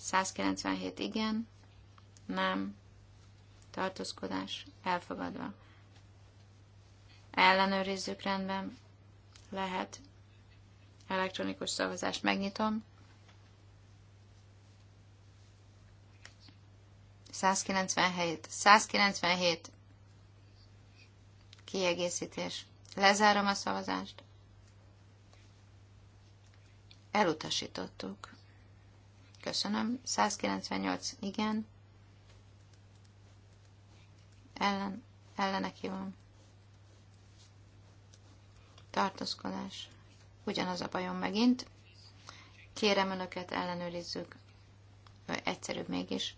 197 igen, nem, tartózkodás elfogadva. Ellenőrizzük rendben, lehet. Elektronikus szavazást megnyitom. 197. 197. Kiegészítés. Lezárom a szavazást. Elutasítottuk. Köszönöm. 198. Igen. Ellen. Ellenek van. Tartózkodás. Ugyanaz a bajom megint. Kérem önöket, ellenőrizzük. Egyszerűbb mégis.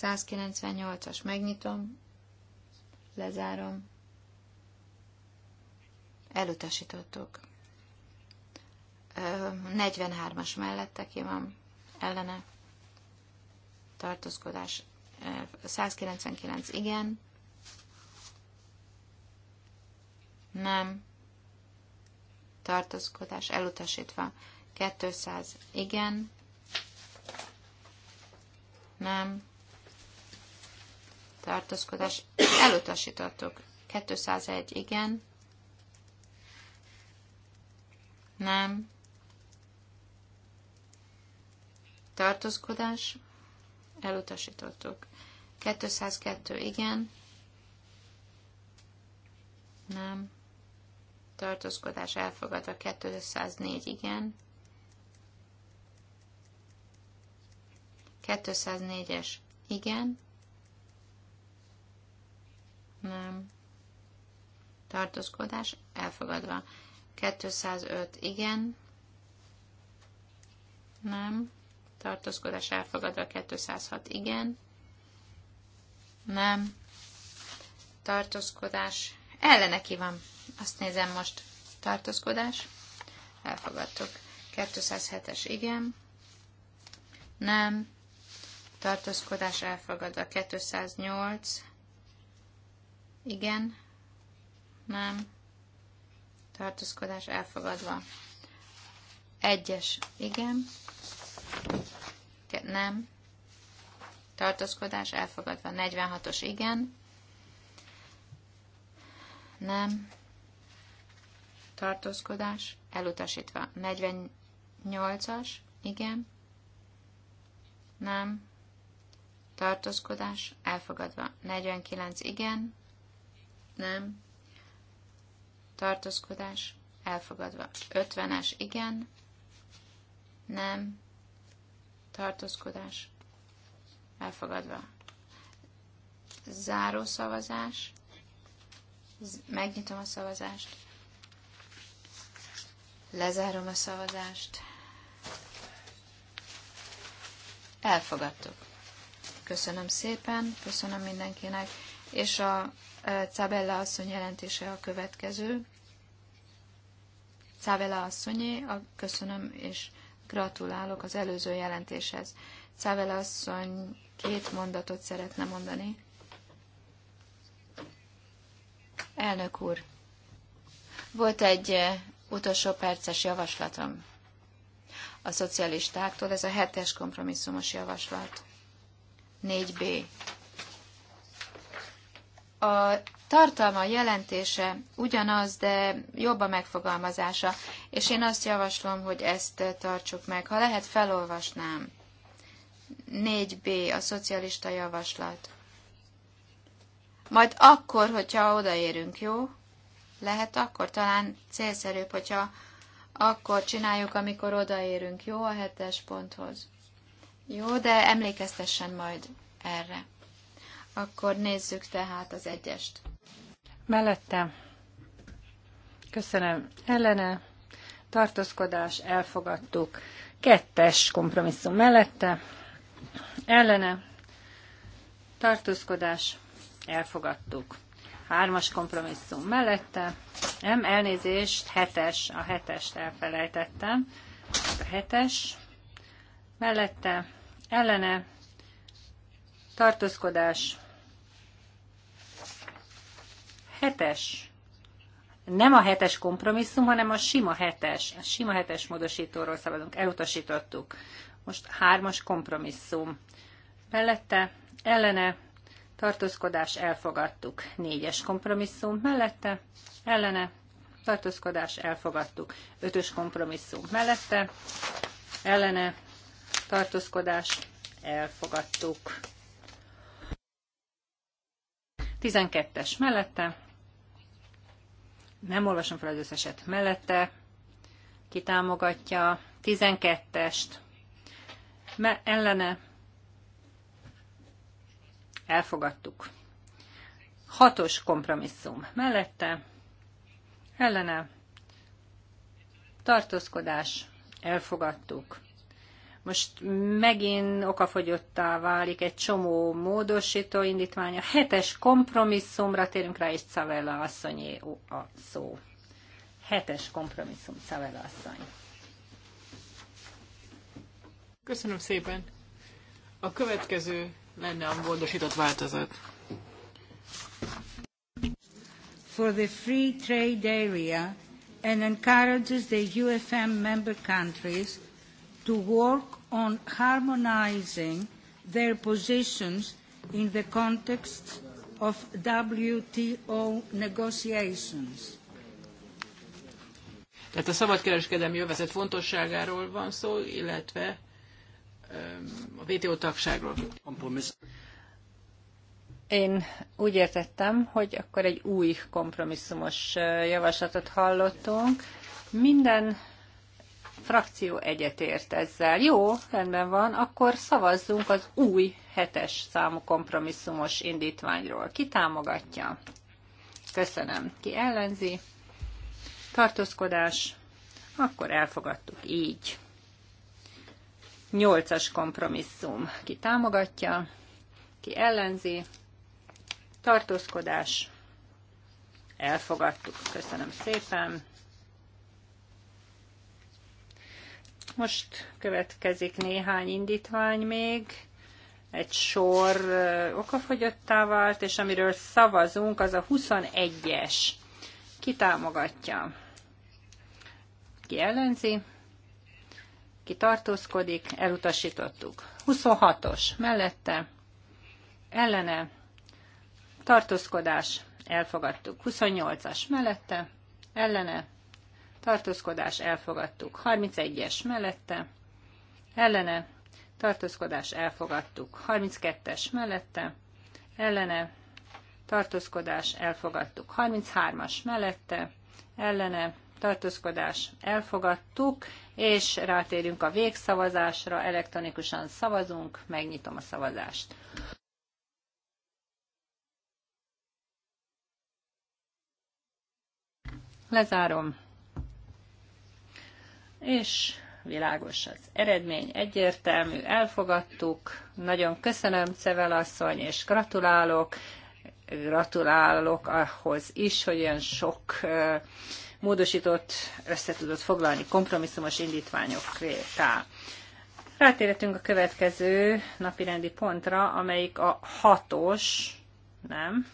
198-as megnyitom. Lezárom. Elutasítottuk. 43-as mellett, aki van ellene tartózkodás. 199 igen. Nem. Tartózkodás elutasítva. 200 igen. Nem. Tartózkodás elutasítottuk. 201 igen. Nem tartózkodás, elutasítottuk. 202 igen, nem, tartózkodás elfogadva, 204 igen, 204-es igen, nem, tartózkodás elfogadva, 205 igen, nem, tartózkodás elfogadva 206 igen, nem, tartózkodás, ellene ki van, azt nézem most, tartózkodás, elfogadtuk, 207-es igen, nem, tartózkodás elfogadva, 208, igen, nem, tartózkodás elfogadva, egyes, igen, nem, tartózkodás elfogadva, 46-os igen, nem, tartózkodás elutasítva, 48-as igen, nem, tartózkodás elfogadva, 49 igen, nem, tartózkodás elfogadva, 50-es igen, nem, tartózkodás elfogadva. Záró szavazás, megnyitom a szavazást, lezárom a szavazást, elfogadtuk. Köszönöm szépen, köszönöm mindenkinek, és a Cabella e, asszony jelentése a következő. Cabella asszonyé, a köszönöm és Gratulálok az előző jelentéshez. Cável asszony két mondatot szeretne mondani. Elnök úr, volt egy eh, utolsó perces javaslatom a szocialistáktól, ez a hetes kompromisszumos javaslat. 4B a tartalma, jelentése ugyanaz, de jobb a megfogalmazása, és én azt javaslom, hogy ezt tartsuk meg. Ha lehet, felolvasnám. 4b, a szocialista javaslat. Majd akkor, hogyha odaérünk, jó? Lehet akkor, talán célszerűbb, hogyha akkor csináljuk, amikor odaérünk, jó, a hetes ponthoz. Jó, de emlékeztessen majd erre. Akkor nézzük tehát az egyest. Mellette. Köszönöm. Ellene. Tartózkodás. Elfogadtuk. Kettes kompromisszum mellette. Ellene. Tartózkodás. Elfogadtuk. Hármas kompromisszum mellette. Nem, elnézést, hetes. A hetest elfelejtettem. A hetes. Mellette. Ellene tartózkodás, hetes, nem a hetes kompromisszum, hanem a sima hetes, a sima hetes módosítóról szabadunk, elutasítottuk. Most hármas kompromisszum. Mellette, ellene, tartózkodás, elfogadtuk. Négyes kompromisszum, mellette, ellene, tartózkodás, elfogadtuk. Ötös kompromisszum, mellette, ellene, tartózkodás, elfogadtuk. 12-es mellette, nem olvasom fel az összeset mellette, ki támogatja 12-est, ellene elfogadtuk. Hatos kompromisszum mellette, ellene tartózkodás elfogadtuk. Most megint okafogyottá válik egy csomó módosító indítványa. Hetes kompromisszumra térünk rá, és Cavella asszonyé a szó. Hetes kompromisszum, Cavella asszony. Köszönöm szépen. A következő lenne a módosított változat. For the free trade area and encourages the UFM member countries to work on harmonising their positions in the context of WTO negotiations. Tehát a szabadkereskedelmi övezet fontosságáról van szó, illetve a WTO tagságról. Én úgy értettem, hogy akkor egy új kompromisszumos javaslatot hallottunk. Minden frakció egyetért ezzel. Jó, rendben van, akkor szavazzunk az új hetes számú kompromisszumos indítványról. Ki támogatja? Köszönöm. Ki ellenzi? Tartózkodás. Akkor elfogadtuk így. Nyolcas kompromisszum. Ki támogatja? Ki ellenzi? Tartózkodás. Elfogadtuk. Köszönöm szépen. Most következik néhány indítvány még, egy sor okafogyottá vált, és amiről szavazunk, az a 21-es. Ki támogatja? Ki ellenzi? Ki tartózkodik? Elutasítottuk. 26-os. Mellette? Ellene? Tartózkodás? Elfogadtuk. 28-as. Mellette? Ellene? tartózkodás elfogadtuk. 31-es mellette, ellene, tartózkodás elfogadtuk. 32-es mellette, ellene, tartózkodás elfogadtuk. 33-as mellette, ellene, tartózkodás elfogadtuk, és rátérünk a végszavazásra, elektronikusan szavazunk, megnyitom a szavazást. Lezárom és világos az eredmény, egyértelmű, elfogadtuk. Nagyon köszönöm, Cevel asszony, és gratulálok. Gratulálok ahhoz is, hogy olyan sok módosított, összetudott foglalni kompromisszumos indítványokká. Rátérhetünk a következő napirendi pontra, amelyik a hatos, nem,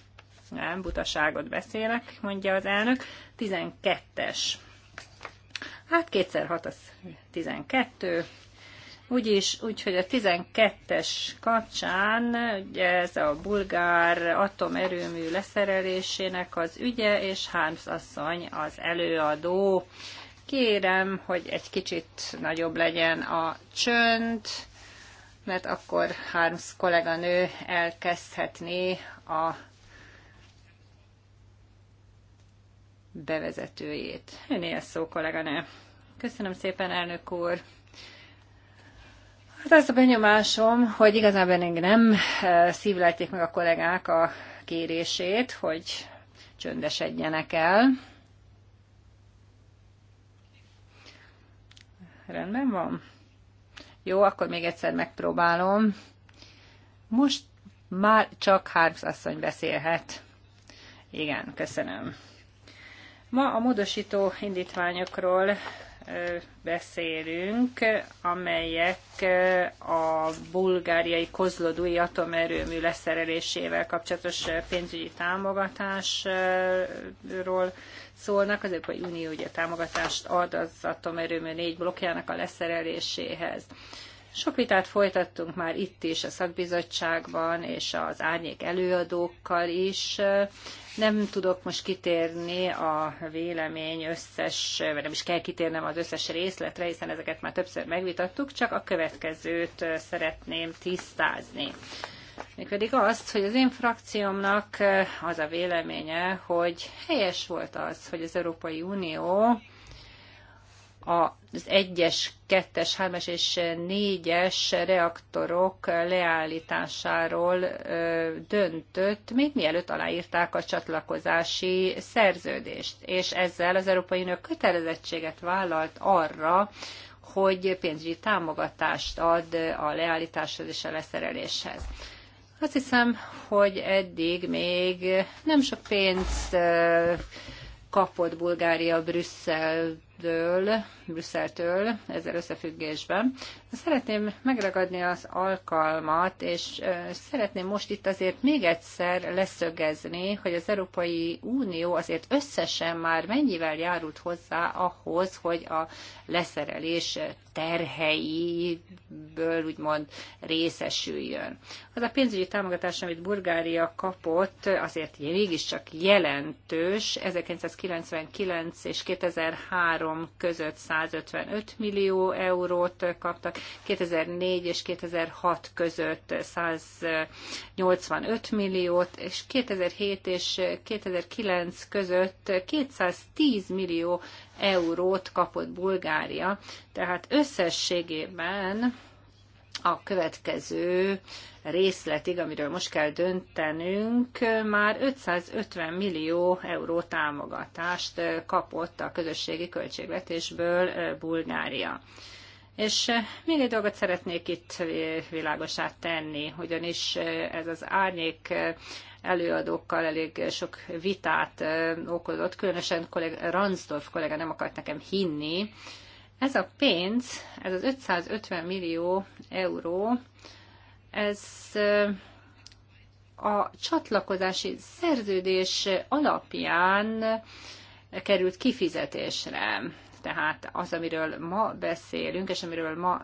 nem, butaságot beszélek, mondja az elnök, 12-es Hát kétszer hat az 12. Úgyis, úgyhogy a 12-es kapcsán, ugye ez a bulgár atomerőmű leszerelésének az ügye, és Harms asszony az előadó. Kérem, hogy egy kicsit nagyobb legyen a csönd, mert akkor Harms kolléganő elkezdhetné a bevezetőjét. Önél szó, kolléganő. Köszönöm szépen, elnök úr. Hát az a benyomásom, hogy igazából még nem e, szívlelték meg a kollégák a kérését, hogy csöndesedjenek el. Rendben van? Jó, akkor még egyszer megpróbálom. Most már csak Harms asszony beszélhet. Igen, köszönöm. Ma a módosító indítványokról beszélünk, amelyek a bulgáriai kozlodúi atomerőmű leszerelésével kapcsolatos pénzügyi támogatásról szólnak. Az Európai Unió ugye támogatást ad az atomerőmű négy blokkjának a leszereléséhez. Sok vitát folytattunk már itt is, a szakbizottságban, és az árnyék előadókkal is. Nem tudok most kitérni a vélemény összes, vagy nem is kell kitérnem az összes részletre, hiszen ezeket már többször megvitattuk, csak a következőt szeretném tisztázni. Mégpedig azt, hogy az én frakciómnak az a véleménye, hogy helyes volt az, hogy az Európai Unió az egyes, kettes, hármas és négyes reaktorok leállításáról döntött, még mielőtt aláírták a csatlakozási szerződést. És ezzel az Európai Unió kötelezettséget vállalt arra, hogy pénzügyi támogatást ad a leállításhoz és a leszereléshez. Azt hiszem, hogy eddig még nem sok pénzt kapott Bulgária Brüsszel Brüsszeltől, Brüsszeltől ezzel összefüggésben. Szeretném megragadni az alkalmat, és szeretném most itt azért még egyszer leszögezni, hogy az Európai Unió azért összesen már mennyivel járult hozzá ahhoz, hogy a leszerelés terheiből úgymond részesüljön. Az a pénzügyi támogatás, amit Bulgária kapott, azért mégiscsak jelentős, 1999 és 2003 2003 között 155 millió eurót kaptak, 2004 és 2006 között 185 milliót, és 2007 és 2009 között 210 millió eurót kapott Bulgária. Tehát összességében a következő részletig, amiről most kell döntenünk, már 550 millió euró támogatást kapott a közösségi költségvetésből Bulgária. És még egy dolgot szeretnék itt világosát tenni, ugyanis ez az árnyék előadókkal elég sok vitát okozott, különösen kollega, Ransdorf kollega nem akart nekem hinni, ez a pénz, ez az 550 millió euró, ez a csatlakozási szerződés alapján került kifizetésre. Tehát az, amiről ma beszélünk, és amiről ma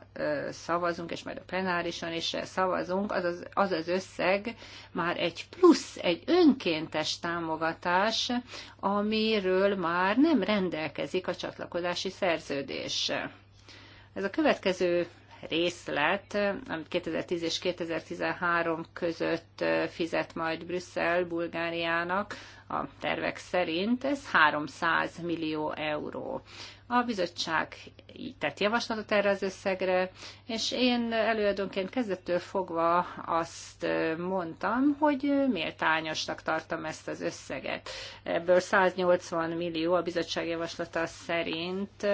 szavazunk, és majd a plenárison is szavazunk, az az, az az összeg már egy plusz, egy önkéntes támogatás, amiről már nem rendelkezik a csatlakozási szerződés. Ez a következő részlet, amit 2010 és 2013 között fizet majd Brüsszel Bulgáriának a tervek szerint, ez 300 millió euró. A bizottság így tett javaslatot erre az összegre, és én előadónként kezdettől fogva azt mondtam, hogy méltányosnak tartom ezt az összeget. Ebből 180 millió a bizottság javaslata szerint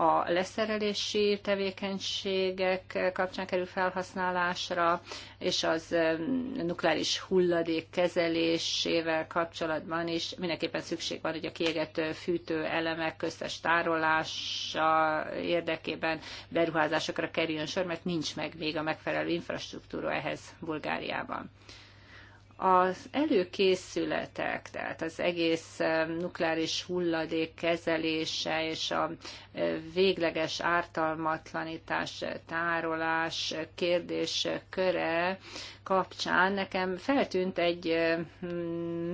a leszerelési tevékenységek kapcsán kerül felhasználásra, és az nukleáris hulladék kezelésével kapcsolatban is mindenképpen szükség van, hogy a kiégett fűtő elemek köztes tárolása érdekében beruházásokra kerüljön sor, mert nincs meg még a megfelelő infrastruktúra ehhez Bulgáriában. Az előkészületek, tehát az egész nukleáris hulladék kezelése és a végleges ártalmatlanítás, tárolás kérdésköre kapcsán nekem feltűnt egy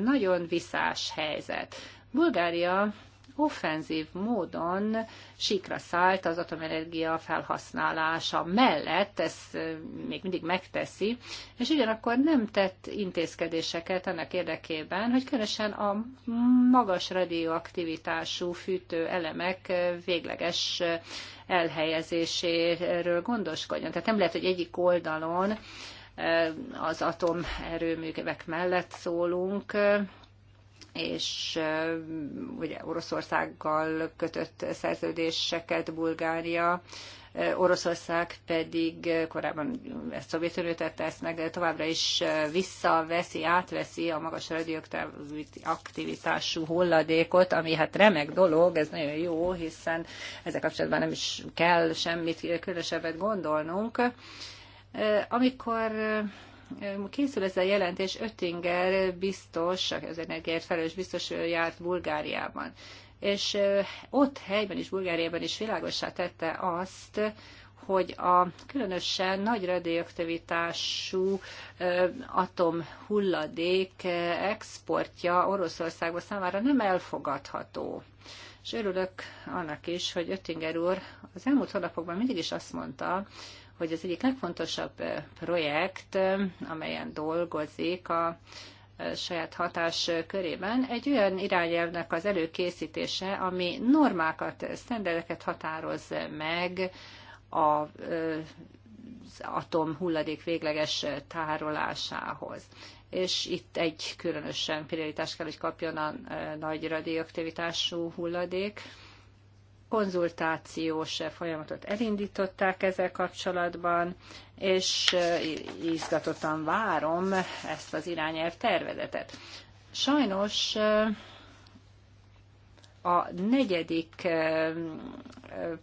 nagyon viszás helyzet. Bulgária offenzív módon síkra szállt az atomenergia felhasználása mellett, ezt még mindig megteszi, és ugyanakkor nem tett intézkedéseket annak érdekében, hogy különösen a magas radioaktivitású fűtő elemek végleges elhelyezéséről gondoskodjon. Tehát nem lehet, hogy egyik oldalon az atomerőművek mellett szólunk, és ugye Oroszországgal kötött szerződéseket Bulgária, Oroszország pedig korábban ezt Szovjetunió tette ezt meg, de továbbra is visszaveszi, átveszi a magas aktivitású hulladékot, ami hát remek dolog, ez nagyon jó, hiszen ezzel kapcsolatban nem is kell semmit különösebbet gondolnunk. Amikor készül ez a jelentés, Öttinger biztos, az energiáért felelős biztos járt Bulgáriában. És ott helyben is, Bulgáriában is világosá tette azt, hogy a különösen nagy radioaktivitású atomhulladék exportja Oroszországba számára nem elfogadható. És örülök annak is, hogy Öttinger úr az elmúlt hónapokban mindig is azt mondta, hogy az egyik legfontosabb projekt, amelyen dolgozik a saját hatás körében, egy olyan irányelvnek az előkészítése, ami normákat, sztendereket határoz meg a az atom hulladék végleges tárolásához. És itt egy különösen prioritást kell, hogy kapjon a nagy radioaktivitású hulladék, konzultációs folyamatot elindították ezzel kapcsolatban, és izgatottan várom ezt az irányelv tervezetet. Sajnos a negyedik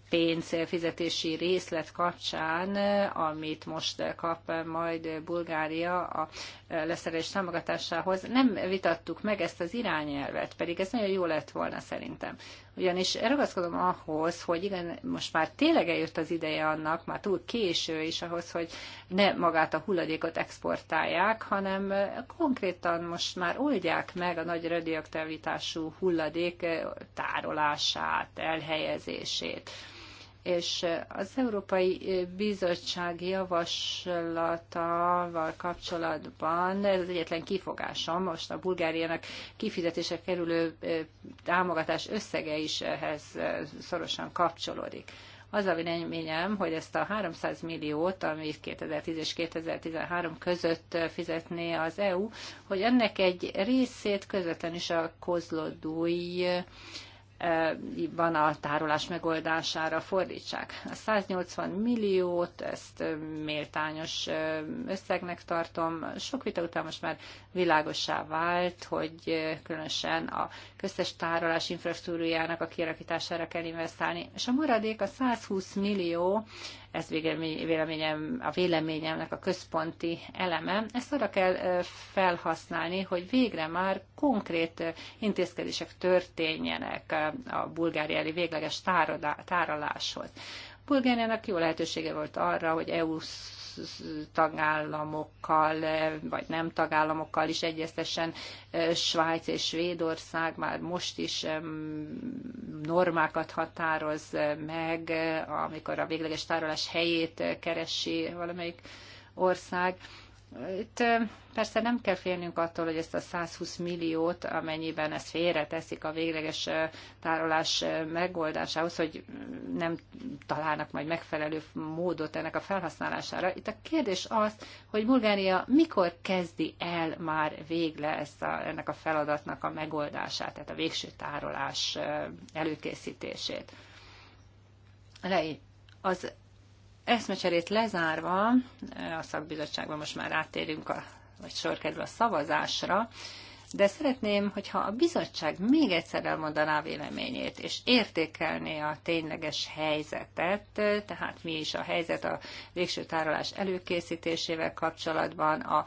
pénzfizetési részlet kapcsán, amit most kap majd Bulgária a leszerelés támogatásához nem vitattuk meg ezt az irányelvet, pedig ez nagyon jó lett volna szerintem. Ugyanis ragaszkodom ahhoz, hogy igen, most már tényleg eljött az ideje annak, már túl késő is ahhoz, hogy ne magát a hulladékot exportálják, hanem konkrétan most már oldják meg a nagy radioaktivitású hulladék tárolását, elhelyezését és az Európai Bizottság javaslatával kapcsolatban ez az egyetlen kifogásom, most a Bulgáriának kifizetése kerülő támogatás összege is ehhez szorosan kapcsolódik. Az a véleményem, hogy ezt a 300 milliót, amit 2010 és 2013 között fizetné az EU, hogy ennek egy részét közvetlenül is a kozlodói Eh, van a tárolás megoldására fordítsák. A 180 milliót, ezt eh, méltányos eh, összegnek tartom. Sok vita után most már világossá vált, hogy különösen a köztes tárolás infrastruktúrájának a kialakítására kell investálni. És a maradék a 120 millió, ez véleményem, a véleményemnek a központi eleme. Ezt arra kell felhasználni, hogy végre már konkrét intézkedések történjenek a bulgáriai végleges tároláshoz. Bulgáriának jó lehetősége volt arra, hogy EU tagállamokkal, vagy nem tagállamokkal is egyeztessen. Svájc és Svédország már most is normákat határoz meg, amikor a végleges tárolás helyét keresi valamelyik ország. Itt persze nem kell félnünk attól, hogy ezt a 120 milliót, amennyiben ezt félreteszik a végleges tárolás megoldásához, hogy nem találnak majd megfelelő módot ennek a felhasználására. Itt a kérdés az, hogy Bulgária mikor kezdi el már végle ezt a, ennek a feladatnak a megoldását, tehát a végső tárolás előkészítését. Lei, az eszmecserét lezárva, eh, a szakbizottságban most már rátérünk, a, vagy sor kerül a szavazásra, de szeretném, hogyha a bizottság még egyszer elmondaná véleményét, és értékelné a tényleges helyzetet, eh, tehát mi is a helyzet a végső tárolás előkészítésével kapcsolatban, a,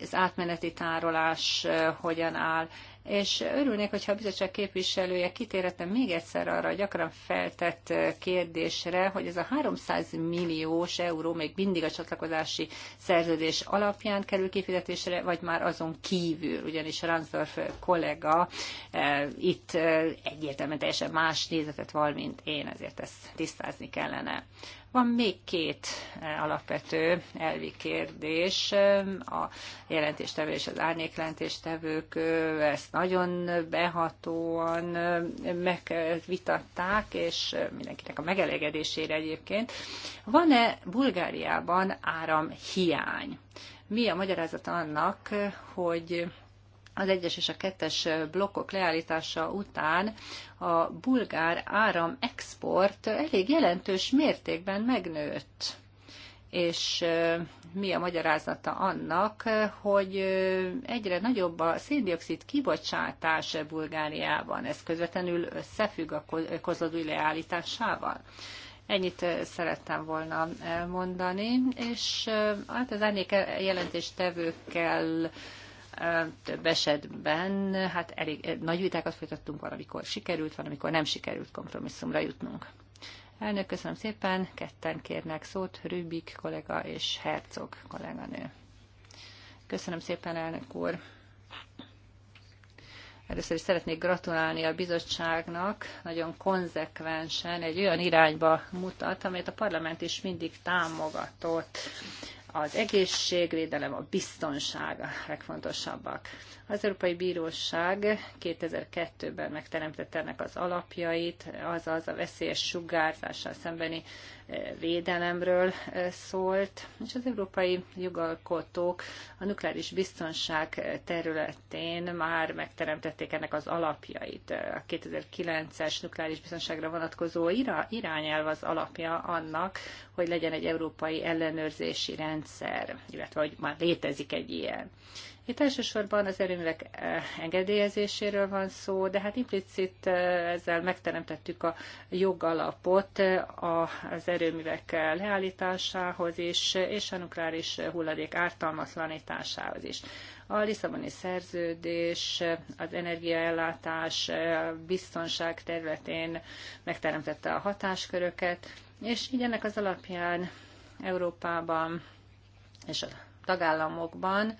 az átmeneti tárolás eh, hogyan áll, és örülnék, hogyha a bizottság képviselője kitérhetne még egyszer arra a gyakran feltett kérdésre, hogy ez a 300 milliós euró még mindig a csatlakozási szerződés alapján kerül kifizetésre, vagy már azon kívül, ugyanis Ransdorf kollega eh, itt eh, egyértelműen teljesen más nézetet val, mint én, ezért ezt tisztázni kellene. Van még két eh, alapvető elvi kérdés. Eh, a jelentéstevő és az árnyéklentéstevők eh, ezt nagyon behatóan megvitatták, és mindenkinek a megelégedésére egyébként. Van-e Bulgáriában áramhiány? Mi a magyarázat annak, hogy az egyes és a kettes blokkok leállítása után a bulgár áram export elég jelentős mértékben megnőtt. És mi a magyarázata annak, hogy egyre nagyobb a széndiokszid kibocsátás Bulgáriában. Ez közvetlenül összefügg a kozladúj leállításával. Ennyit szerettem volna mondani és hát az árnyék jelentéstevőkkel több esetben hát elég eh, nagy vitákat folytattunk, valamikor sikerült, valamikor nem sikerült kompromisszumra jutnunk. Elnök, köszönöm szépen, ketten kérnek szót, Rübik kollega és Herzog kolléganő. Köszönöm szépen, elnök úr. Először is szeretnék gratulálni a bizottságnak, nagyon konzekvensen egy olyan irányba mutat, amelyet a parlament is mindig támogatott az egészségvédelem, a biztonság a legfontosabbak. Az Európai Bíróság 2002-ben megteremtette ennek az alapjait, azaz a veszélyes sugárzással szembeni eh, védelemről eh, szólt, és az európai jogalkotók a nukleáris biztonság eh, területén már megteremtették ennek az alapjait. A 2009-es nukleáris biztonságra vonatkozó irányelv az alapja annak, hogy legyen egy európai ellenőrzési rendszer, illetve hogy már létezik egy ilyen. Itt elsősorban az erőművek eh, engedélyezéséről van szó, de hát implicit eh, ezzel megteremtettük a jogalapot eh, az erőművek leállításához is, és a nukleáris hulladék ártalmatlanításához is. A Lisszaboni szerződés az energiaellátás biztonság területén megteremtette a hatásköröket, és így ennek az alapján Európában és a tagállamokban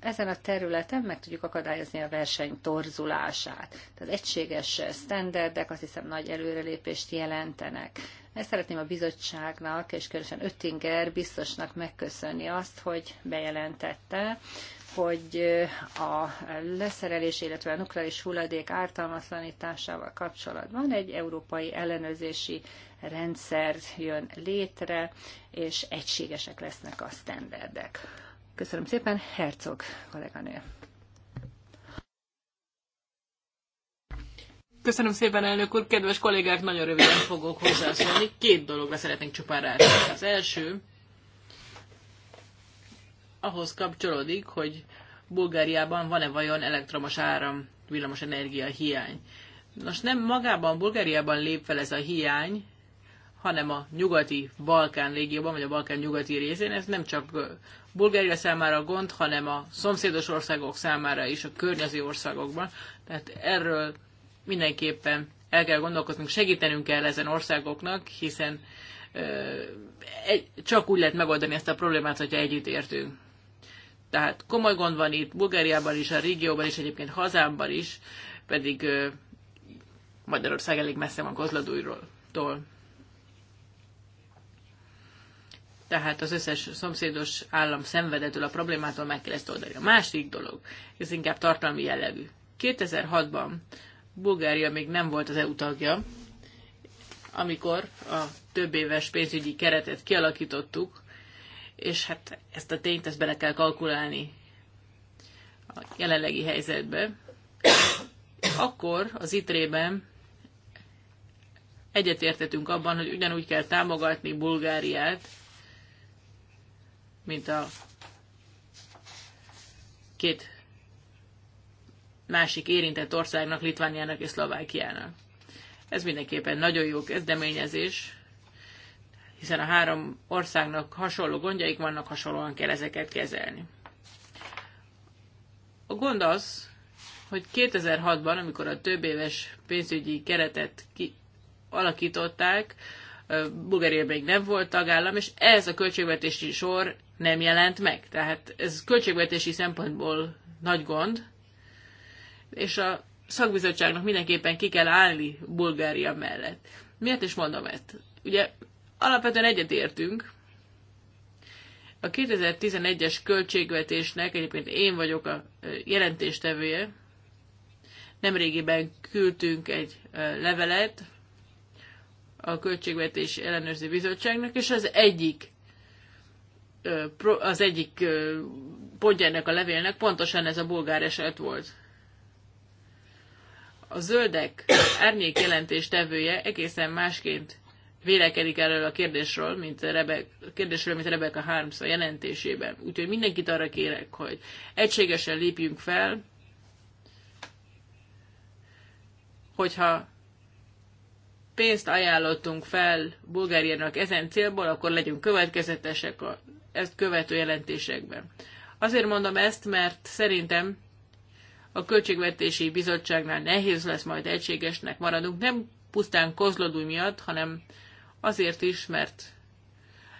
ezen a területen meg tudjuk akadályozni a verseny torzulását. Tehát egységes sztenderdek azt hiszem nagy előrelépést jelentenek. Ezt szeretném a bizottságnak, és különösen Öttinger biztosnak megköszönni azt, hogy bejelentette, hogy a leszerelés, illetve a nukleáris hulladék ártalmatlanításával kapcsolatban egy európai ellenőrzési rendszer jön létre, és egységesek lesznek a sztenderdek. Köszönöm szépen, Herzog kolléganő. Köszönöm szépen, elnök úr. Kedves kollégák, nagyon röviden fogok hozzászólni. Két dologra szeretnénk csupán rá. Az első, ahhoz kapcsolódik, hogy Bulgáriában van-e vajon elektromos áram, villamos energia hiány. Nos, nem magában Bulgáriában lép fel ez a hiány, hanem a nyugati Balkán légióban, vagy a Balkán nyugati részén, ez nem csak Bulgária számára gond, hanem a szomszédos országok számára is, a környező országokban. Tehát erről mindenképpen el kell gondolkoznunk, segítenünk kell ezen országoknak, hiszen csak úgy lehet megoldani ezt a problémát, hogyha együtt értünk. Tehát komoly gond van itt, Bulgáriában is, a régióban is, egyébként hazámban is, pedig Magyarország elég messze van Kozladújról. tehát az összes szomszédos állam szenvedetől a problémától meg kell ezt oldani. A másik dolog, ez inkább tartalmi jellegű. 2006-ban Bulgária még nem volt az EU tagja, amikor a több éves pénzügyi keretet kialakítottuk, és hát ezt a tényt ezt bele kell kalkulálni a jelenlegi helyzetbe. Akkor az ITRE-ben egyetértetünk abban, hogy ugyanúgy kell támogatni Bulgáriát, mint a két másik érintett országnak, Litvániának és Szlovákiának. Ez mindenképpen nagyon jó kezdeményezés, hiszen a három országnak hasonló gondjaik vannak, hasonlóan kell ezeket kezelni. A gond az, hogy 2006-ban, amikor a több éves pénzügyi keretet ki alakították, Bulgária még nem volt tagállam, és ez a költségvetési sor nem jelent meg. Tehát ez költségvetési szempontból nagy gond, és a szakbizottságnak mindenképpen ki kell állni Bulgária mellett. Miért is mondom ezt? Ugye alapvetően egyetértünk, a 2011-es költségvetésnek egyébként én vagyok a jelentéstevője. Nemrégiben küldtünk egy levelet a Költségvetés Ellenőrző Bizottságnak, és az egyik az egyik pontja ennek a levélnek pontosan ez a bulgár eset volt. A zöldek árnyék tevője egészen másként vélekedik erről a kérdésről, mint a Rebek, kérdésről, mint Rebecca Harms a jelentésében. Úgyhogy mindenkit arra kérek, hogy egységesen lépjünk fel, hogyha pénzt ajánlottunk fel Bulgáriának ezen célból, akkor legyünk következetesek a ezt követő jelentésekben. Azért mondom ezt, mert szerintem a Költségvetési Bizottságnál nehéz lesz majd egységesnek maradunk, nem pusztán kozlodú miatt, hanem azért is, mert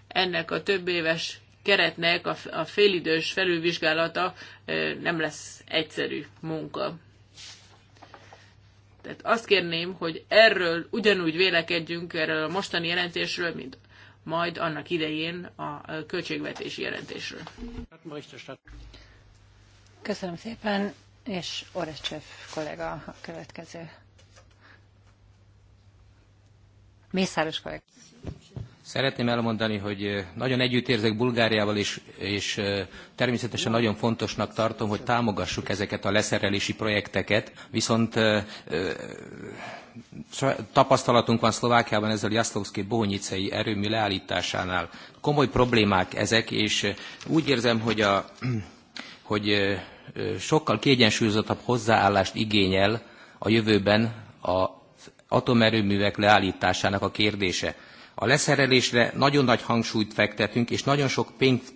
ennek a több éves keretnek a félidős felülvizsgálata nem lesz egyszerű munka. Tehát azt kérném, hogy erről ugyanúgy vélekedjünk, erről a mostani jelentésről, mint majd annak idején a költségvetési jelentésről. Köszönöm szépen, és Orecsev kollega a következő. Mészáros kollega. Szeretném elmondani, hogy nagyon együttérzek Bulgáriával, és, és természetesen nagyon fontosnak tartom, hogy támogassuk ezeket a leszerelési projekteket, viszont tapasztalatunk van Szlovákiában ezzel a Jaszlovszki Bónyicei erőmű leállításánál. Komoly problémák ezek, és úgy érzem, hogy, a, hogy sokkal kiegyensúlyozottabb hozzáállást igényel a jövőben az atomerőművek leállításának a kérdése. A leszerelésre nagyon nagy hangsúlyt fektetünk, és nagyon sok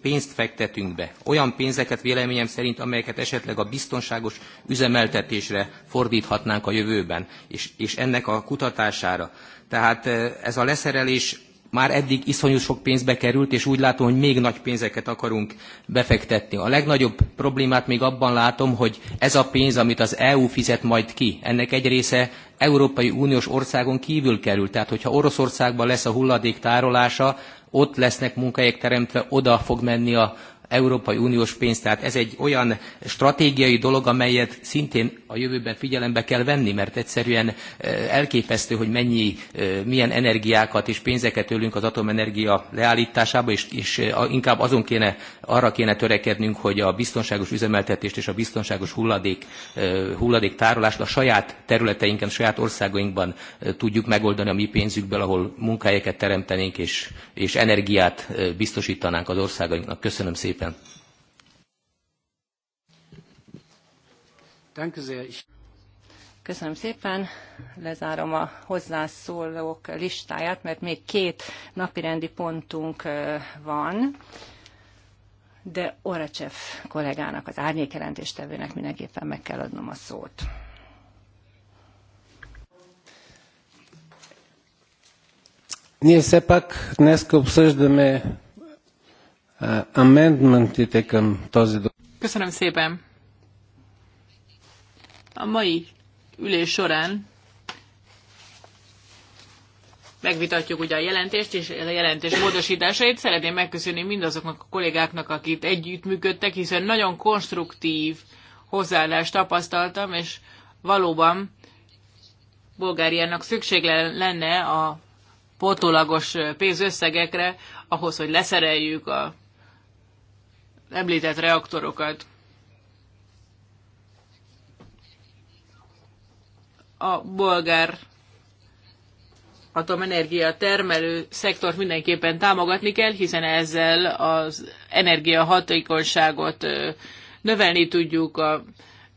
pénzt fektetünk be. Olyan pénzeket véleményem szerint, amelyeket esetleg a biztonságos üzemeltetésre fordíthatnánk a jövőben, és, és ennek a kutatására. Tehát eh, ez a leszerelés már eddig iszonyú sok pénzbe került, és úgy látom, hogy még nagy pénzeket akarunk befektetni. A legnagyobb problémát még abban látom, hogy ez a pénz, amit az EU fizet majd ki, ennek egy része Európai Uniós országon kívül kerül. Tehát, hogyha Oroszországban lesz a hulladék tárolása, ott lesznek munkahelyek teremtve, oda fog menni a Európai Uniós pénzt. Tehát ez egy olyan stratégiai dolog, amelyet szintén a jövőben figyelembe kell venni, mert egyszerűen e, elképesztő, hogy mennyi, e, milyen energiákat és pénzeket ölünk az atomenergia leállításába, és, és e, inkább azon kéne, arra kéne törekednünk, hogy a biztonságos üzemeltetést és a biztonságos hulladék, hulladék tárolást a saját területeinken, a saját országainkban tudjuk megoldani a mi pénzükből, ahol munkahelyeket teremtenénk és, és energiát biztosítanánk az országainknak. Köszönöm szépen szépen. Köszönöm szépen. Lezárom a hozzászólók listáját, mert még két napirendi pontunk van, de Oracsev kollégának, az árnyékjelentéstevőnek mindenképpen meg kell adnom a szót. Ние все пак днес обсъждаме Uh, Köszönöm szépen. A mai ülés során megvitatjuk ugye a jelentést és a jelentés módosításait. Szeretném megköszönni mindazoknak a kollégáknak, akik együttműködtek, hiszen nagyon konstruktív hozzáállást tapasztaltam, és valóban Bulgáriának szükség lenne a potolagos pénzösszegekre ahhoz, hogy leszereljük a említett reaktorokat. A bolgár atomenergia termelő szektort mindenképpen támogatni kell, hiszen ezzel az energiahatékonyságot növelni tudjuk a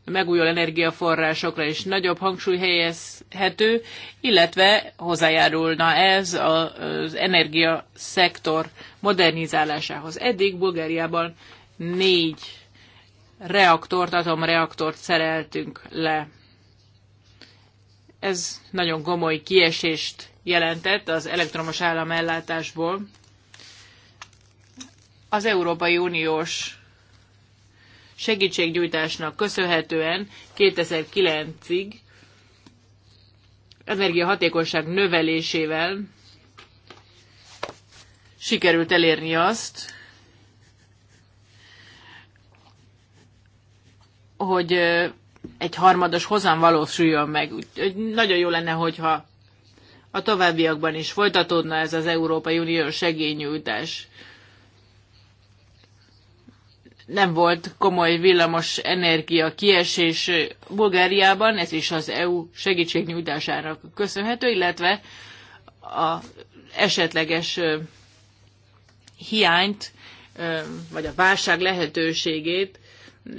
megújuló energiaforrásokra is nagyobb hangsúly helyezhető, illetve hozzájárulna ez az energiaszektor modernizálásához. Eddig Bulgáriában négy reaktort, atomreaktort szereltünk le. Ez nagyon komoly kiesést jelentett az elektromos államellátásból. Az Európai Uniós segítséggyújtásnak köszönhetően 2009-ig energiahatékonyság növelésével sikerült elérni azt, hogy egy harmados hozam valósuljon meg. Úgy, nagyon jó lenne, hogyha a továbbiakban is folytatódna ez az Európai Unió segélynyújtás. Nem volt komoly villamos energia kiesés Bulgáriában, ez is az EU segítségnyújtásának köszönhető, illetve a esetleges hiányt, vagy a válság lehetőségét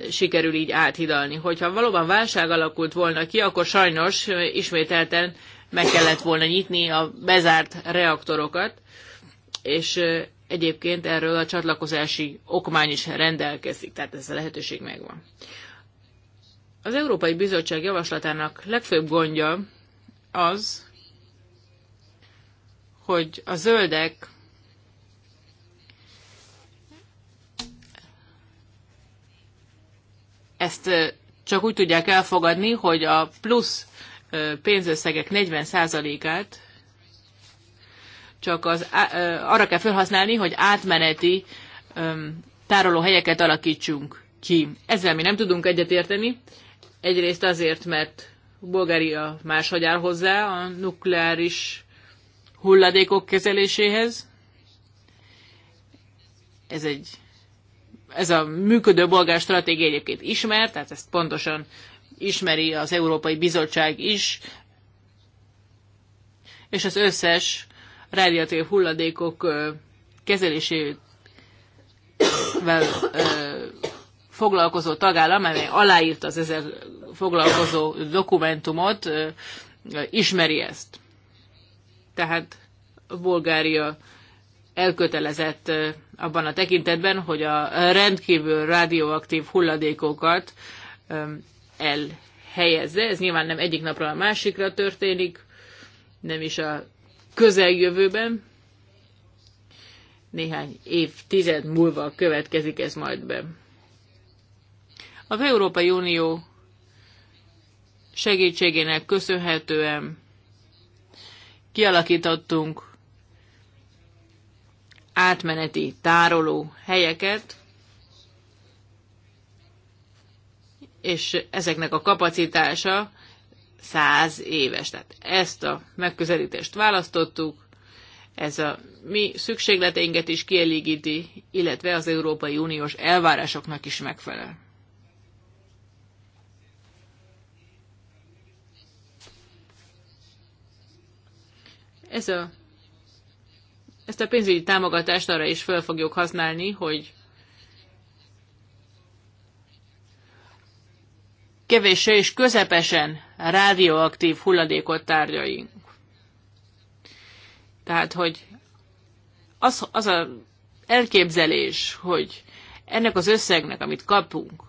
sikerül így áthidalni. Hogyha valóban válság alakult volna ki, akkor sajnos ismételten meg kellett volna nyitni a bezárt reaktorokat, és egyébként erről a csatlakozási okmány is rendelkezik, tehát ez a lehetőség megvan. Az Európai Bizottság javaslatának legfőbb gondja az, hogy a zöldek Ezt csak úgy tudják elfogadni, hogy a plusz pénzösszegek 40%-át csak az, arra kell felhasználni, hogy átmeneti tárolóhelyeket alakítsunk ki. Ezzel mi nem tudunk egyetérteni. Egyrészt azért, mert Bulgária máshogy áll hozzá a nukleáris hulladékok kezeléséhez. Ez egy ez a működő bolgár stratégia egyébként ismer, tehát ezt pontosan ismeri az Európai Bizottság is, és az összes rádiatív hulladékok kezelésével foglalkozó tagállam, amely aláírta az ezzel foglalkozó dokumentumot, ismeri ezt. Tehát Bulgária elkötelezett abban a tekintetben, hogy a rendkívül radioaktív hulladékokat elhelyezze. Ez nyilván nem egyik napra a másikra történik, nem is a közeljövőben. Néhány évtized múlva következik ez majd be. Az Európai Unió segítségének köszönhetően kialakítottunk átmeneti tároló helyeket, és ezeknek a kapacitása 100 éves. Tehát ezt a megközelítést választottuk, ez a mi szükségleteinket is kielégíti, illetve az Európai Uniós elvárásoknak is megfelel. Ez a ezt a pénzügyi támogatást arra is fel fogjuk használni, hogy kevéssé és közepesen rádióaktív hulladékot tárgyaljunk. Tehát, hogy az, az a elképzelés, hogy ennek az összegnek, amit kapunk,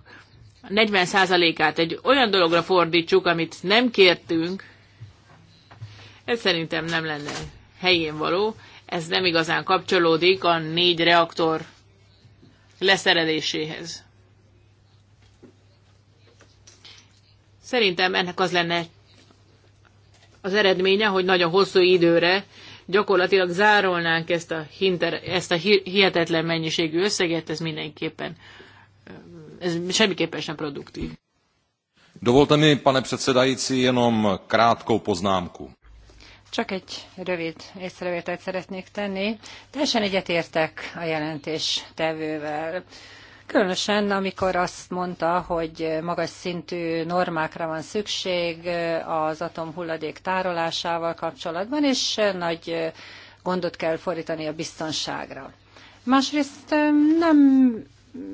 40%-át egy olyan dologra fordítsuk, amit nem kértünk, ez szerintem nem lenne helyén való ez nem igazán kapcsolódik a négy reaktor leszereléséhez. Szerintem ennek az lenne az eredménye, hogy nagyon hosszú időre gyakorlatilag zárolnánk ezt a, hinter, ezt a hihetetlen mennyiségű összeget, ez mindenképpen, ez semmiképpen sem produktív. Dovolte mi, pane předsedající, jenom krátkou poznámku. Csak egy rövid észrevételt szeretnék tenni. Teljesen egyetértek a jelentés tevővel. Különösen, amikor azt mondta, hogy magas szintű normákra van szükség az atomhulladék tárolásával kapcsolatban, és nagy gondot kell fordítani a biztonságra. Másrészt nem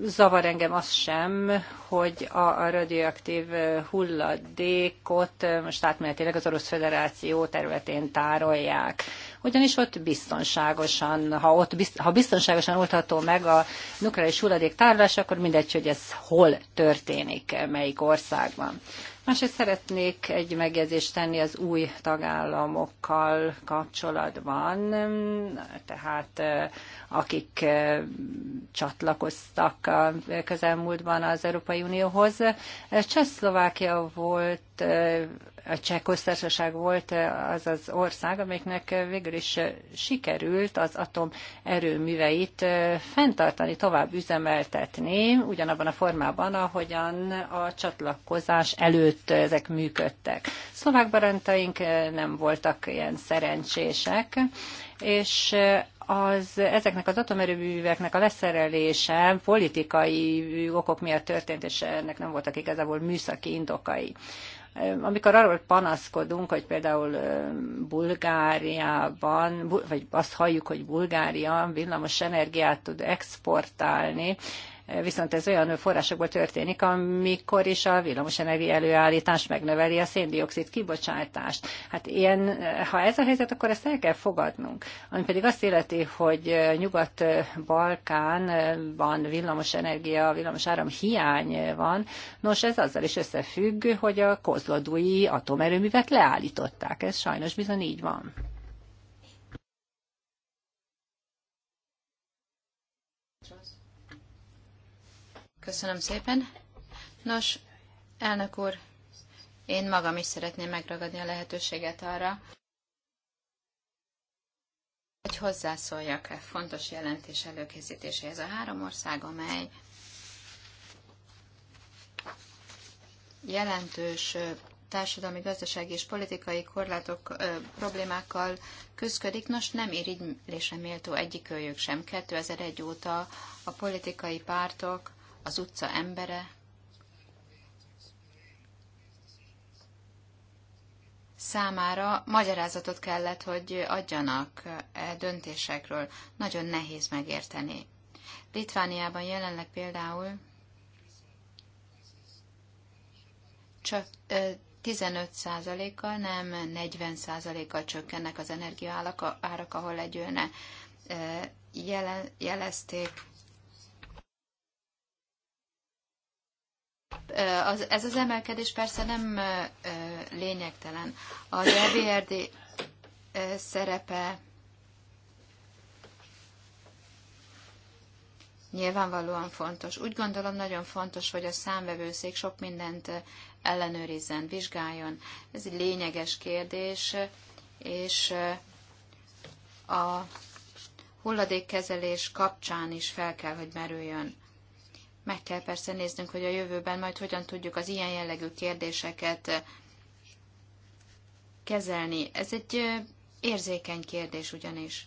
zavar engem az sem, hogy a radioaktív hulladékot most átmenetileg az Orosz Federáció területén tárolják. Ugyanis ott biztonságosan, ha, ott ha biztonságosan oldható meg a nukleáris hulladék tárolása, akkor mindegy, hogy ez hol történik, melyik országban. Másrészt szeretnék egy megjegyzést tenni az új tagállamokkal kapcsolatban, tehát akik csatlakoztak a közelmúltban az Európai Unióhoz. Csehszlovákia volt a cseh köztársaság volt eh, az az ország, amiknek eh, végül is eh, sikerült az atom erőműveit fenntartani, tovább üzemeltetni, ugyanabban a formában, ahogyan a csatlakozás előtt ezek működtek. Szlovák barantaink nem voltak ilyen szerencsések, és az, ezeknek az atomerőműveknek a leszerelése politikai okok miatt történt, és ennek nem voltak igazából műszaki indokai. Amikor arról panaszkodunk, hogy például Bulgáriában, vagy azt halljuk, hogy Bulgária villamos energiát tud exportálni, viszont ez olyan forrásokból történik, amikor is a villamosenergia előállítás megnöveli a széndiokszid kibocsátást. Hát ilyen, ha ez a helyzet, akkor ezt el kell fogadnunk. Ami pedig azt illeti, hogy nyugat van villamosenergia, villamosáram hiány van, nos ez azzal is összefügg, hogy a kozlodói atomerőművet leállították. Ez sajnos bizony így van. Köszönöm szépen. Nos, elnök úr, én magam is szeretném megragadni a lehetőséget arra, hogy hozzászóljak -e fontos jelentés előkészítéséhez. A három ország, amely jelentős társadalmi, gazdasági és politikai korlátok ö, problémákkal küzdködik. Nos, nem irigylésre méltó egyikőjük sem. 2001 óta a politikai pártok az utca embere számára magyarázatot kellett, hogy adjanak e döntésekről. Nagyon nehéz megérteni. Litvániában jelenleg például csak 15%-kal, nem 40%-kal csökkennek az energiaárak, ahol egy jelezték az, ez az emelkedés persze nem lényegtelen. Az EBRD szerepe nyilvánvalóan fontos. Úgy gondolom nagyon fontos, hogy a számvevőszék sok mindent ellenőrizzen, vizsgáljon. Ez egy lényeges kérdés, és a hulladékkezelés kapcsán is fel kell, hogy merüljön. Meg kell persze néznünk, hogy a jövőben majd hogyan tudjuk az ilyen jellegű kérdéseket kezelni. Ez egy érzékeny kérdés ugyanis.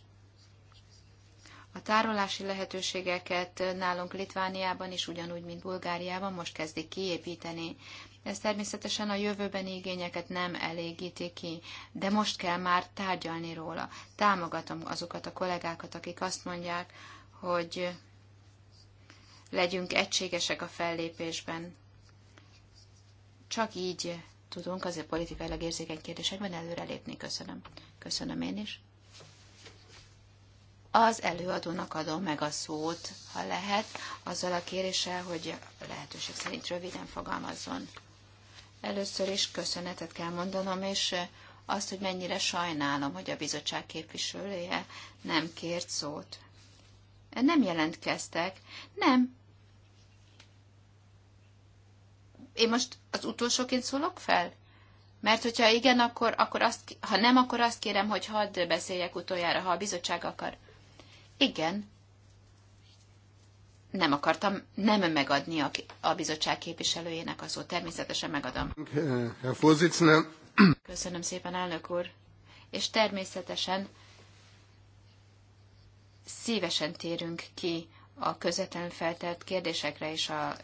A tárolási lehetőségeket nálunk Litvániában is ugyanúgy, mint Bulgáriában most kezdik kiépíteni. Ez természetesen a jövőbeni igényeket nem elégíti ki, de most kell már tárgyalni róla. Támogatom azokat a kollégákat, akik azt mondják, hogy legyünk egységesek a fellépésben. Csak így tudunk azért politikailag érzékeny kérdésekben előrelépni. Köszönöm. Köszönöm én is. Az előadónak adom meg a szót, ha lehet, azzal a kéréssel, hogy lehetőség szerint röviden fogalmazzon. Először is köszönetet kell mondanom, és azt, hogy mennyire sajnálom, hogy a bizottság képviselője nem kért szót. Nem jelentkeztek. Nem, Én most az utolsóként szólok fel? Mert hogyha igen, akkor, akkor azt, ha nem, akkor azt kérem, hogy hadd beszéljek utoljára, ha a bizottság akar. Igen. Nem akartam nem megadni a, a bizottság képviselőjének a szót. Természetesen megadom. Köszönöm szépen, elnök úr. És természetesen szívesen térünk ki a közvetlenül feltelt kérdésekre és a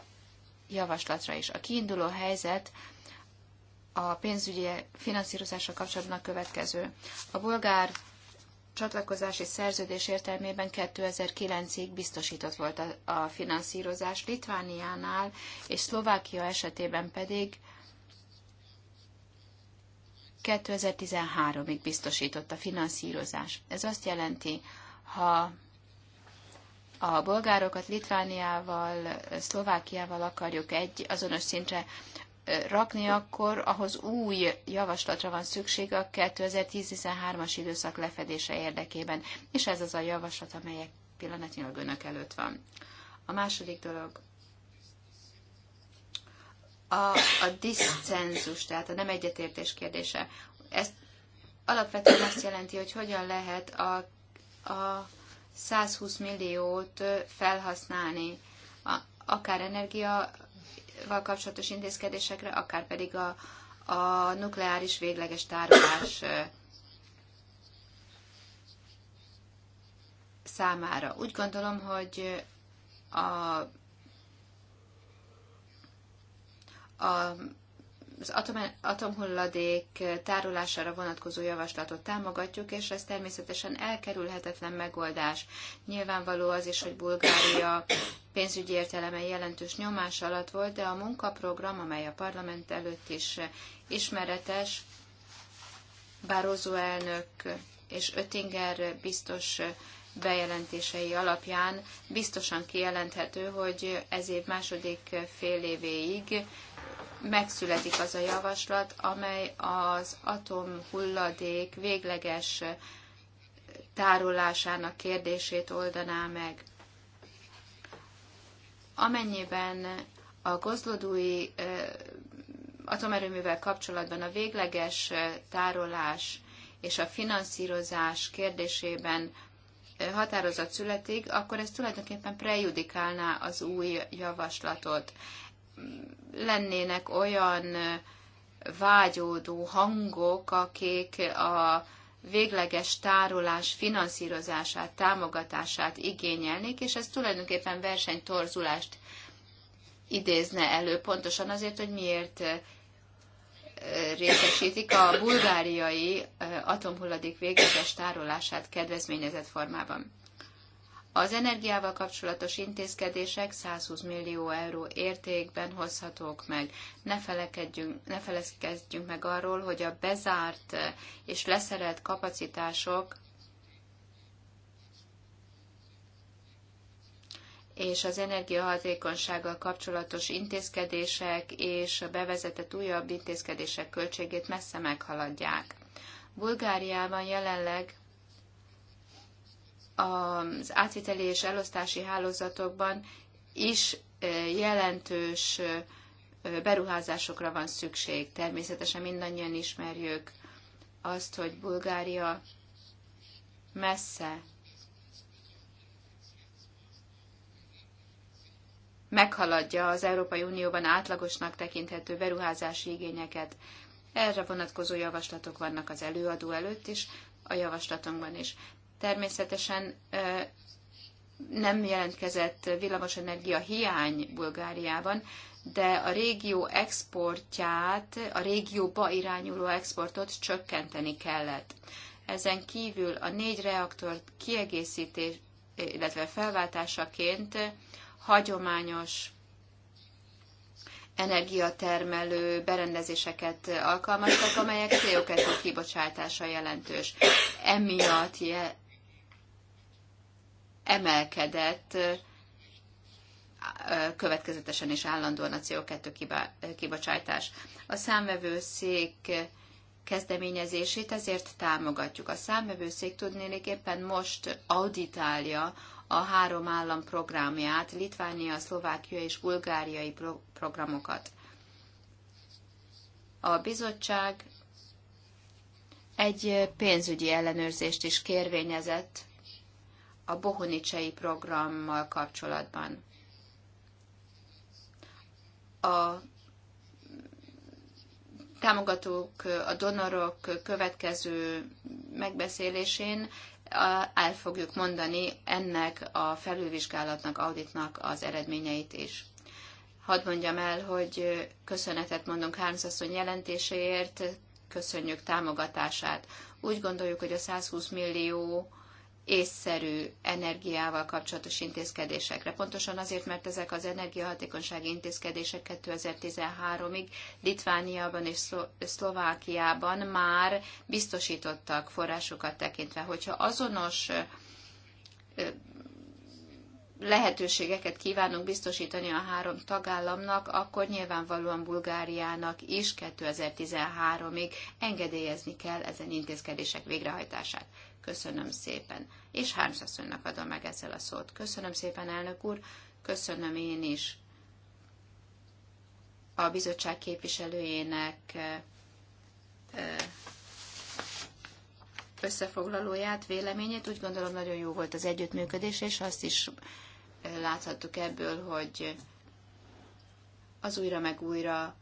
javaslatra is. A kiinduló helyzet a pénzügyi finanszírozással kapcsolatban a következő. A bolgár csatlakozási szerződés értelmében 2009-ig biztosított volt a, a finanszírozás, Litvániánál és Szlovákia esetében pedig 2013-ig biztosított a finanszírozás. Ez azt jelenti, ha a bolgárokat Litvániával, Szlovákiával akarjuk egy azonos szintre rakni, akkor ahhoz új javaslatra van szükség a 2010-13-as időszak lefedése érdekében, és ez az a javaslat, amelyek pillanatnyilag önök előtt van. A második dolog, a, a diszcenzus, tehát a nem egyetértés kérdése. Ezt alapvetően azt jelenti, hogy hogyan lehet a, a 120 milliót felhasználni, akár energiaval kapcsolatos intézkedésekre, akár pedig a, a nukleáris végleges tárolás számára. Úgy gondolom, hogy a, a az atom, atomhulladék tárolására vonatkozó javaslatot támogatjuk, és ez természetesen elkerülhetetlen megoldás. Nyilvánvaló az is, hogy Bulgária pénzügyi értelemen jelentős nyomás alatt volt, de a munkaprogram, amely a parlament előtt is ismeretes, Bározó elnök és Öttinger biztos bejelentései alapján biztosan kijelenthető, hogy ez év második fél évéig megszületik az a javaslat, amely az atomhulladék végleges tárolásának kérdését oldaná meg. Amennyiben a gozlodói atomerőművel kapcsolatban a végleges tárolás és a finanszírozás kérdésében határozat születik, akkor ez tulajdonképpen prejudikálná az új javaslatot lennének olyan vágyódó hangok, akik a végleges tárolás finanszírozását, támogatását igényelnék, és ez tulajdonképpen versenytorzulást idézne elő, pontosan azért, hogy miért részesítik a bulgáriai atomhulladék végleges tárolását kedvezményezett formában. Az energiával kapcsolatos intézkedések 120 millió euró értékben hozhatók meg. Ne, felekedjünk, ne felekedjünk meg arról, hogy a bezárt eh, és leszerelt kapacitások és az energiahatékonysággal kapcsolatos intézkedések és a bevezetett újabb intézkedések költségét messze meghaladják. Bulgáriában jelenleg az átviteli és elosztási hálózatokban is jelentős beruházásokra van szükség. Természetesen mindannyian ismerjük azt, hogy Bulgária messze meghaladja az Európai Unióban átlagosnak tekinthető beruházási igényeket. Erre vonatkozó javaslatok vannak az előadó előtt is, a javaslatunkban is. Természetesen nem jelentkezett villamosenergia hiány Bulgáriában, de a régió exportját, a régióba irányuló exportot csökkenteni kellett. Ezen kívül a négy reaktor kiegészítés, illetve felváltásaként hagyományos energiatermelő berendezéseket alkalmaztak, amelyek CO2 kibocsátása jelentős. Emiatt emelkedett következetesen és állandóan a CO2 kibocsátás. A számvevőszék kezdeményezését ezért támogatjuk. A számvevőszék tudnélik éppen most auditálja a három állam programját, Litvánia, Szlovákia és Bulgáriai pro- programokat. A bizottság egy pénzügyi ellenőrzést is kérvényezett a bohunicsei programmal kapcsolatban. A támogatók, a donorok következő megbeszélésén el fogjuk mondani ennek a felülvizsgálatnak, auditnak az eredményeit is. Hadd mondjam el, hogy köszönetet mondunk Hármsz asszony jelentéséért, köszönjük támogatását. Úgy gondoljuk, hogy a 120 millió észszerű energiával kapcsolatos intézkedésekre. Pontosan azért, mert ezek az energiahatékonysági intézkedések 2013-ig Litvániában és Szlovákiában már biztosítottak forrásokat tekintve. Hogyha azonos lehetőségeket kívánunk biztosítani a három tagállamnak, akkor nyilvánvalóan Bulgáriának is 2013-ig engedélyezni kell ezen intézkedések végrehajtását. Köszönöm szépen. És Hármszasszonynak adom meg ezzel a szót. Köszönöm szépen, elnök úr. Köszönöm én is a bizottság képviselőjének eh, eh, összefoglalóját, véleményét. Úgy gondolom, nagyon jó volt az együttműködés, és azt is eh, láthattuk ebből, hogy az újra meg újra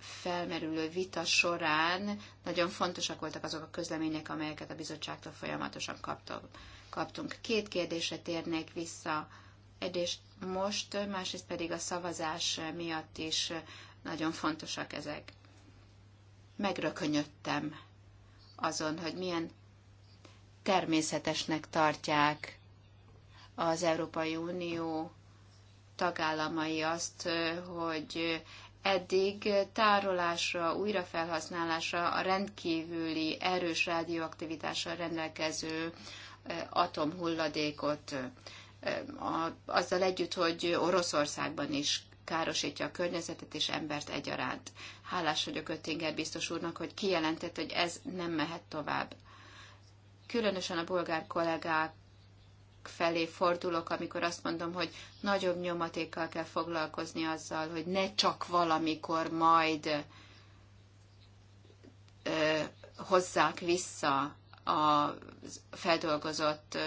felmerülő vita során nagyon fontosak voltak azok a közlemények, amelyeket a bizottságtól folyamatosan kaptunk. Két kérdésre térnék vissza. Egyrészt most, másrészt pedig a szavazás miatt is nagyon fontosak ezek. Megrökönyödtem azon, hogy milyen természetesnek tartják az Európai Unió tagállamai azt, hogy eddig tárolásra, újrafelhasználásra a rendkívüli erős rádióaktivitással rendelkező atomhulladékot, azzal együtt, hogy Oroszországban is károsítja a környezetet és embert egyaránt. Hálás vagyok Öttinger biztos úrnak, hogy kijelentett, hogy ez nem mehet tovább. Különösen a bolgár kollégák felé fordulok, amikor azt mondom, hogy nagyobb nyomatékkal kell foglalkozni azzal, hogy ne csak valamikor majd ö, hozzák vissza a feldolgozott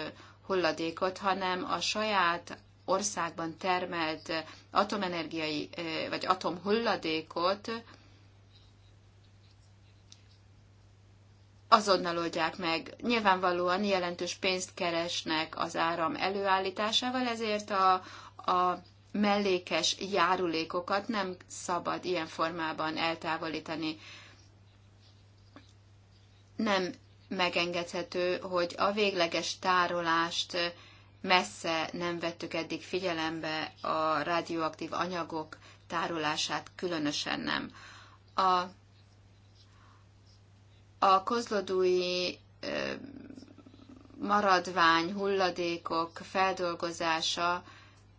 hulladékot, hanem a saját országban termelt atomenergiai vagy atomhulladékot azonnal oldják meg. Nyilvánvalóan jelentős pénzt keresnek az áram előállításával, ezért a, a mellékes járulékokat nem szabad ilyen formában eltávolítani. Nem megengedhető, hogy a végleges tárolást messze nem vettük eddig figyelembe, a radioaktív anyagok tárolását különösen nem. A a kozlodúi maradvány, hulladékok feldolgozása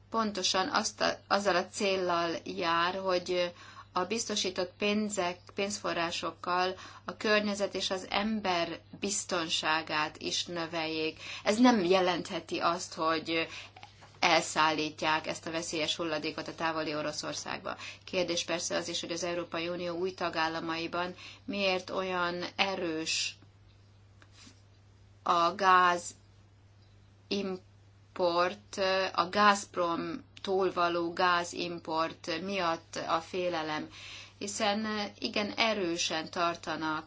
pontosan azt a, azzal a céllal jár, hogy a biztosított pénzek, pénzforrásokkal a környezet és az ember biztonságát is növeljék. Ez nem jelentheti azt, hogy elszállítják ezt a veszélyes hulladékot a távoli Oroszországba. Kérdés persze az is, hogy az Európai Unió új tagállamaiban miért olyan erős a gáz import, a Gazprom tól való gázimport miatt a félelem, hiszen igen erősen tartanak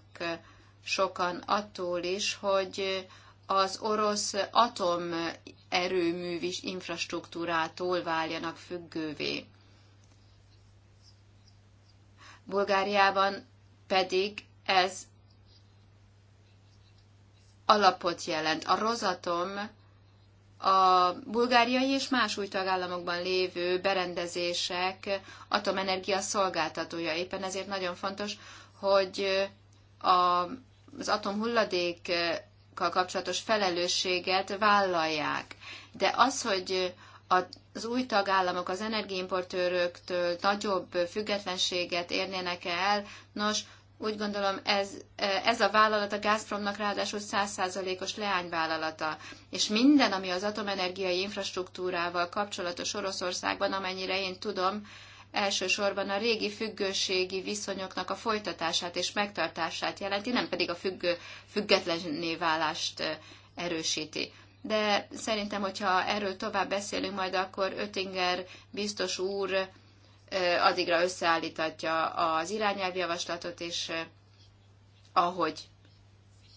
sokan attól is, hogy az orosz atom erőművis infrastruktúrától váljanak függővé. Bulgáriában pedig ez alapot jelent. A Rozatom a bulgáriai és más új tagállamokban lévő berendezések atomenergia szolgáltatója. Éppen ezért nagyon fontos, hogy a, az atomhulladék kapcsolatos felelősséget vállalják. De az, hogy az új tagállamok az energiaimportőröktől nagyobb függetlenséget érnének el, nos, úgy gondolom ez, ez a vállalat a Gazpromnak ráadásul százszázalékos leányvállalata, és minden, ami az atomenergiai infrastruktúrával kapcsolatos Oroszországban, amennyire én tudom, elsősorban a régi függőségi viszonyoknak a folytatását és megtartását jelenti, nem pedig a függő, függetlenné válást erősíti. De szerintem, hogyha erről tovább beszélünk majd, akkor Ötinger biztos úr addigra összeállítatja az irányelvjavaslatot, és ahogy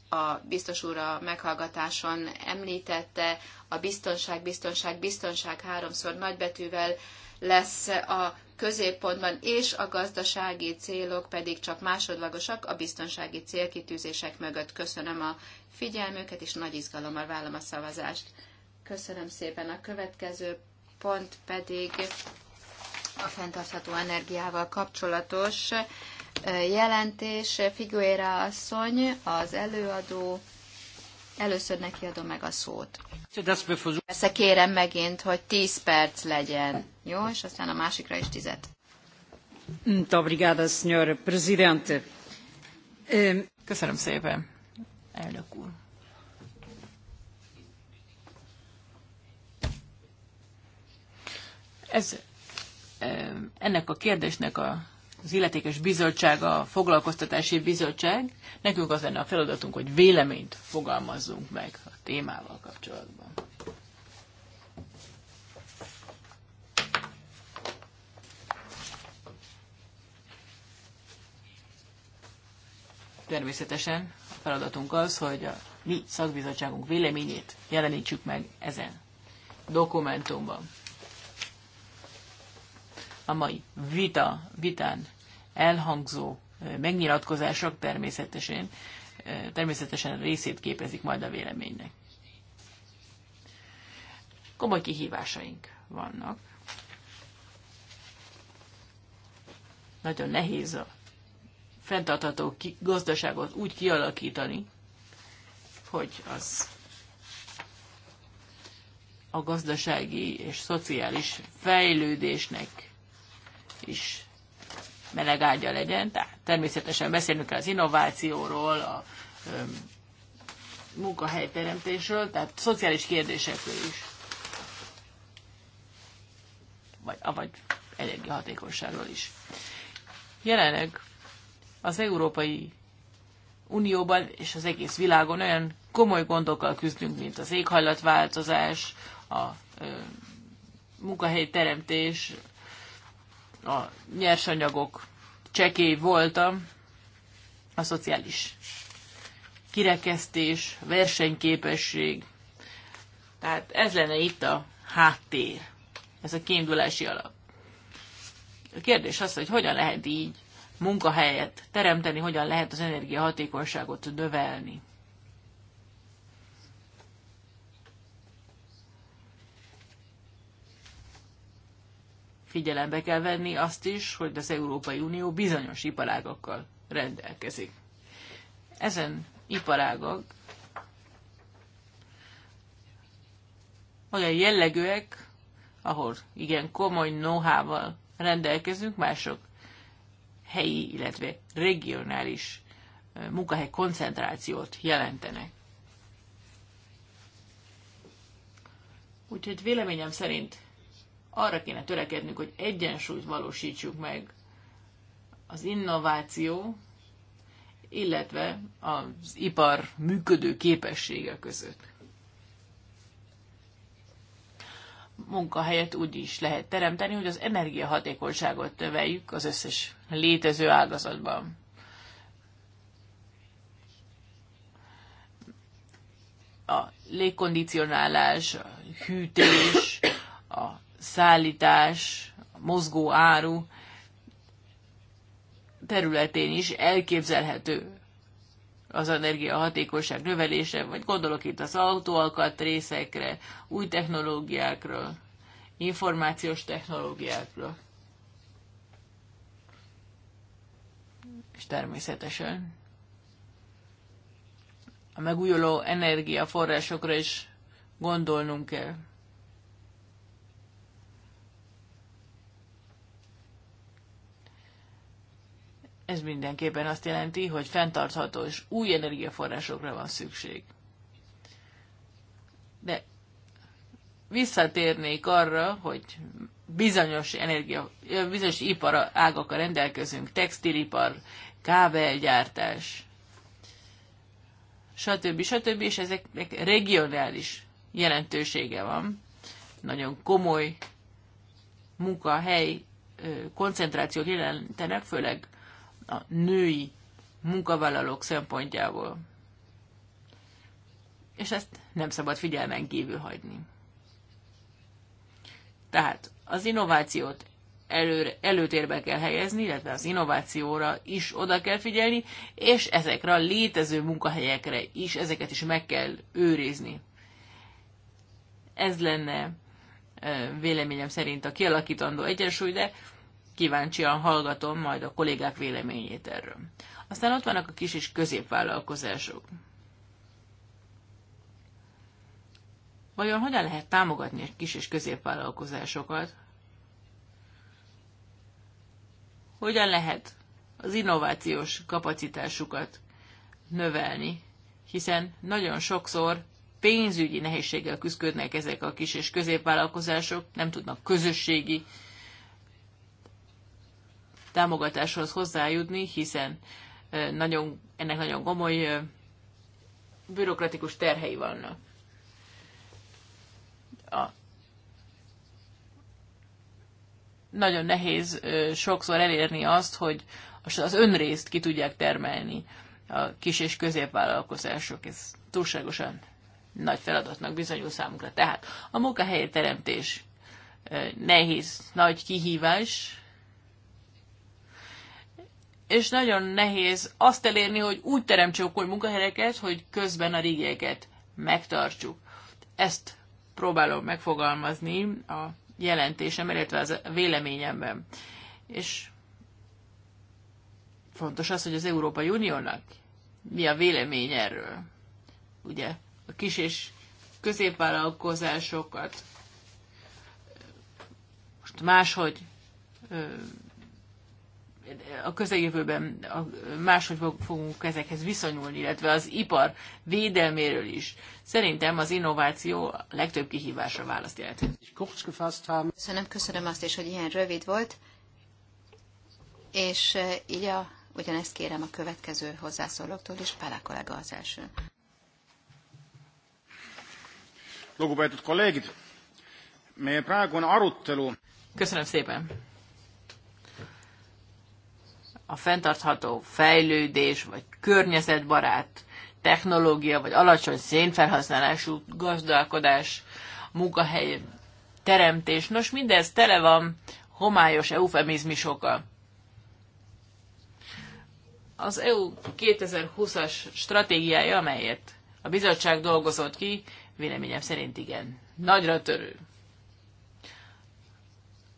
a biztos úr a meghallgatáson említette, a biztonság, biztonság, biztonság háromszor nagybetűvel lesz a középpontban, és a gazdasági célok pedig csak másodlagosak a biztonsági célkitűzések mögött. Köszönöm a figyelmüket, és nagy izgalommal vállom a szavazást. Köszönöm szépen. A következő pont pedig a fenntartható energiával kapcsolatos jelentés. Figuera asszony, az előadó. Először neki adom meg a szót. Persze kérem megint, hogy 10 perc legyen. Jó, és aztán a másikra is tizet. Muito obrigada, senhora presidente. Köszönöm szépen, elnök úr. Ez, ennek a kérdésnek a, az illetékes bizottság, a foglalkoztatási bizottság, nekünk az lenne a feladatunk, hogy véleményt fogalmazzunk meg a témával kapcsolatban. természetesen a feladatunk az, hogy a mi szakbizottságunk véleményét jelenítsük meg ezen dokumentumban. A mai vita, vitán elhangzó megnyilatkozások természetesen, természetesen részét képezik majd a véleménynek. Komoly kihívásaink vannak. Nagyon nehéz a fenntartható gazdaságot úgy kialakítani, hogy az a gazdasági és szociális fejlődésnek is meleg ágya legyen. Tehát természetesen beszélnünk kell az innovációról, a munkahelyteremtésről, tehát szociális kérdésekről is. Vagy, vagy energiahatékonyságról is. Jelenleg az Európai Unióban és az egész világon olyan komoly gondokkal küzdünk, mint az éghajlatváltozás, a teremtés, a nyersanyagok csekély voltam, a szociális kirekesztés, versenyképesség. Tehát ez lenne itt a háttér, ez a kiindulási alap. A kérdés az, hogy hogyan lehet így munkahelyet teremteni, hogyan lehet az energiahatékonyságot növelni. Figyelembe kell venni azt is, hogy az Európai Unió bizonyos iparágakkal rendelkezik. Ezen iparágak olyan jellegűek, ahol igen komoly know rendelkezünk, mások helyi, illetve regionális munkahely koncentrációt jelentenek. Úgyhogy véleményem szerint arra kéne törekednünk, hogy egyensúlyt valósítsuk meg az innováció, illetve az ipar működő képessége között. munkahelyet úgy is lehet teremteni, hogy az energiahatékonyságot töveljük az összes létező ágazatban. A légkondicionálás, a hűtés, a szállítás, a mozgó áru területén is elképzelhető az energiahatékonyság növelése, vagy gondolok itt az részekre, új technológiákról, információs technológiákról. És természetesen a megújuló energiaforrásokra is gondolnunk kell. Ez mindenképpen azt jelenti, hogy fenntartható és új energiaforrásokra van szükség. De visszatérnék arra, hogy bizonyos energia, bizonyos ipar ágakkal rendelkezünk, textilipar, kábelgyártás, stb. stb. és ezeknek regionális jelentősége van. Nagyon komoly munkahely koncentrációt jelentenek, főleg a női munkavállalók szempontjából. És ezt nem szabad figyelmen kívül hagyni. Tehát az innovációt előre, előtérbe kell helyezni, illetve az innovációra is oda kell figyelni, és ezekre a létező munkahelyekre is, ezeket is meg kell őrizni. Ez lenne véleményem szerint a kialakítandó egyensúly, de kíváncsian hallgatom majd a kollégák véleményét erről. Aztán ott vannak a kis és középvállalkozások. Vajon hogyan lehet támogatni a kis és középvállalkozásokat? Hogyan lehet az innovációs kapacitásukat növelni? Hiszen nagyon sokszor pénzügyi nehézséggel küzdködnek ezek a kis és középvállalkozások, nem tudnak közösségi támogatáshoz hozzájutni, hiszen nagyon, ennek nagyon gomoly bürokratikus terhei vannak. A nagyon nehéz sokszor elérni azt, hogy az önrészt ki tudják termelni a kis és középvállalkozások. Ez túlságosan nagy feladatnak bizonyul számunkra. Tehát a munkahelyi teremtés nehéz, nagy kihívás, és nagyon nehéz azt elérni, hogy úgy teremtsük új munkahelyeket, hogy közben a régieket megtartsuk. Ezt próbálom megfogalmazni a jelentésem, illetve a véleményemben. És fontos az, hogy az Európai Uniónak mi a vélemény erről. Ugye a kis és középvállalkozásokat most máshogy a közeljövőben máshogy fogunk ezekhez viszonyulni, illetve az ipar védelméről is. Szerintem az innováció a legtöbb kihívásra választ jelent. Köszönöm, köszönöm azt is, hogy ilyen rövid volt, és eh, így a, ugyanezt kérem a következő hozzászólóktól is, Pálá kollega az első. Lugupeetud kolleegid, meie praegune arutelu Köszönöm szépen! a fenntartható fejlődés, vagy környezetbarát technológia, vagy alacsony szénfelhasználású gazdálkodás, munkahely teremtés. Nos, mindez tele van homályos eufemizmisokkal. Az EU 2020-as stratégiája, amelyet a bizottság dolgozott ki, véleményem szerint igen, nagyra törő.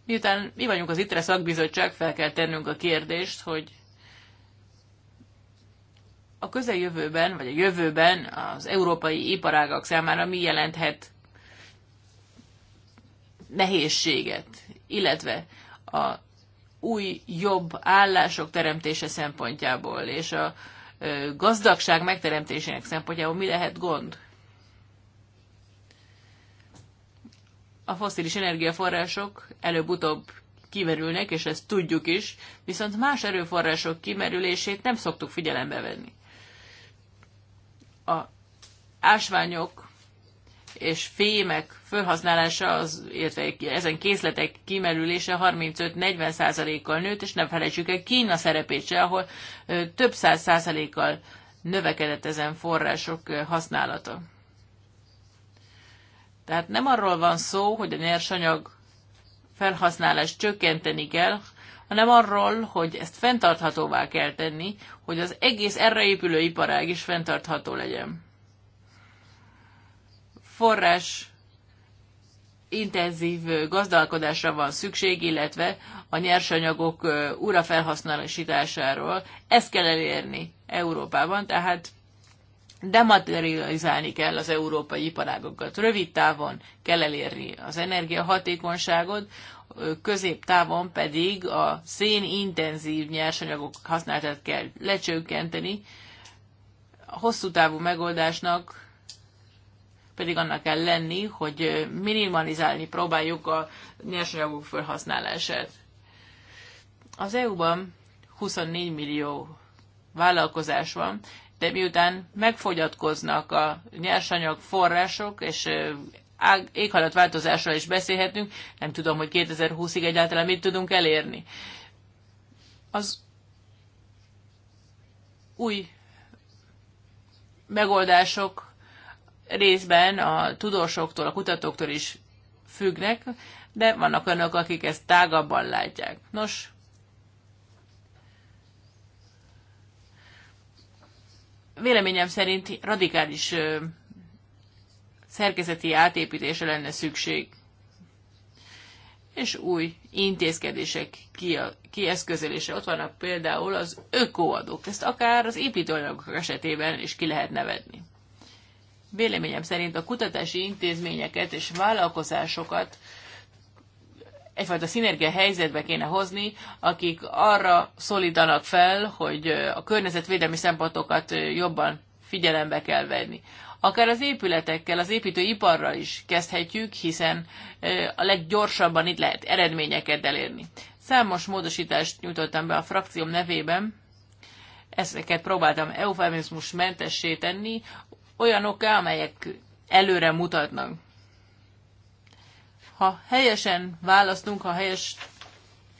Miután mi vagyunk az ITRE szakbizottság, fel kell tennünk a kérdést, hogy a közeljövőben, vagy a jövőben az európai iparágak számára mi jelenthet nehézséget, illetve a új, jobb állások teremtése szempontjából, és a gazdagság megteremtésének szempontjából mi lehet gond? a foszilis energiaforrások előbb-utóbb kimerülnek, és ezt tudjuk is, viszont más erőforrások kimerülését nem szoktuk figyelembe venni. A ásványok és fémek felhasználása, az, illetve ezen készletek kimerülése 35-40%-kal nőtt, és nem felejtsük el Kína szerepét se, ahol több száz százalékkal növekedett ezen források használata. Tehát nem arról van szó, hogy a nyersanyag felhasználást csökkenteni kell, hanem arról, hogy ezt fenntarthatóvá kell tenni, hogy az egész erre épülő iparág is fenntartható legyen. Forrás intenzív gazdálkodásra van szükség, illetve a nyersanyagok újrafelhasználásításáról. Ezt kell elérni Európában, tehát dematerializálni kell az európai iparágokat. Rövid távon kell elérni az energiahatékonyságot, középtávon pedig a szénintenzív nyersanyagok használatát kell lecsökkenteni, a hosszú távú megoldásnak pedig annak kell lenni, hogy minimalizálni próbáljuk a nyersanyagok felhasználását. Az EU-ban 24 millió vállalkozás van, de miután megfogyatkoznak a nyersanyag források, és éghajlatváltozásról is beszélhetünk, nem tudom, hogy 2020-ig egyáltalán mit tudunk elérni. Az új megoldások részben a tudósoktól, a kutatóktól is függnek, de vannak önök, akik ezt tágabban látják. Nos, Véleményem szerint radikális szerkezeti átépítése lenne szükség, és új intézkedések kieszközölése. Ott vannak például az ökoadók, ezt akár az építőanyagok esetében is ki lehet nevedni. Véleményem szerint a kutatási intézményeket és vállalkozásokat egyfajta szinergia helyzetbe kéne hozni, akik arra szólítanak fel, hogy a környezetvédelmi szempontokat jobban figyelembe kell venni. Akár az épületekkel, az építőiparral is kezdhetjük, hiszen a leggyorsabban itt lehet eredményeket elérni. Számos módosítást nyújtottam be a frakcióm nevében, ezeket próbáltam eufemizmus mentessé tenni, olyanokká, amelyek előre mutatnak. Ha helyesen választunk, ha helyes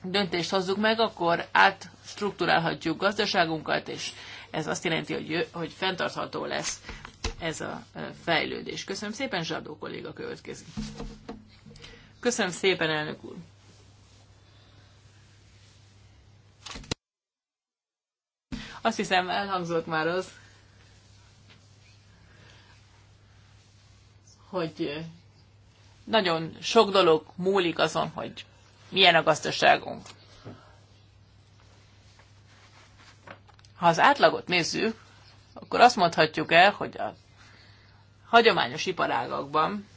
döntést hozzuk meg, akkor átstruktúrálhatjuk gazdaságunkat, és ez azt jelenti, hogy, hogy fenntartható lesz ez a fejlődés. Köszönöm szépen, Zsadó kolléga következik. Köszönöm szépen, elnök úr. Azt hiszem, elhangzott már az, hogy nagyon sok dolog múlik azon, hogy milyen a gazdaságunk. Ha az átlagot nézzük, akkor azt mondhatjuk el, hogy a hagyományos iparágakban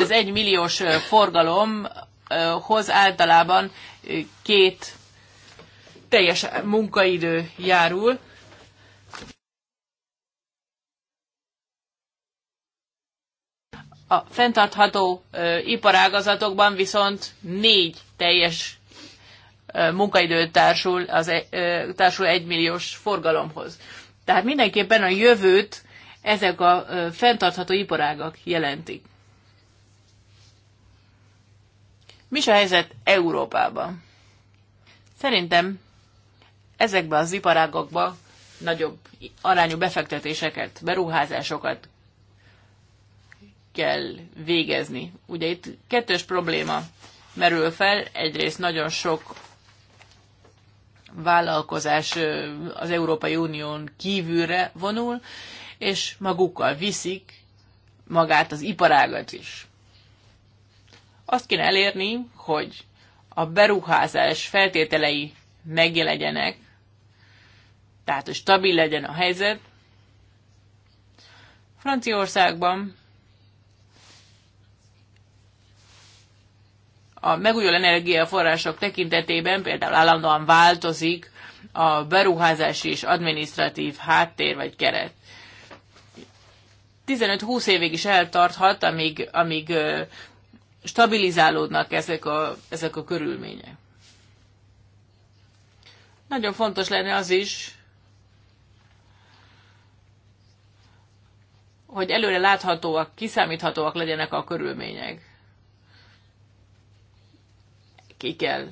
az egymilliós forgalomhoz általában két teljes munkaidő járul, A fenntartható ö, iparágazatokban viszont négy teljes ö, munkaidő társul, az, e, ö, társul egymilliós forgalomhoz. Tehát mindenképpen a jövőt ezek a ö, fenntartható iparágak jelentik. Mi a helyzet Európában? Szerintem ezekben az iparágokban nagyobb arányú befektetéseket, beruházásokat kell végezni. Ugye itt kettős probléma merül fel, egyrészt nagyon sok vállalkozás az Európai Unión kívülre vonul, és magukkal viszik magát az iparágat is. Azt kéne elérni, hogy a beruházás feltételei megjelenjenek, tehát hogy stabil legyen a helyzet. Franciaországban a megújuló energiaforrások tekintetében például állandóan változik a beruházási és adminisztratív háttér vagy keret. 15-20 évig is eltarthat, amíg, amíg stabilizálódnak ezek a, ezek a körülmények. Nagyon fontos lenne az is, hogy előre láthatóak, kiszámíthatóak legyenek a körülmények ki kell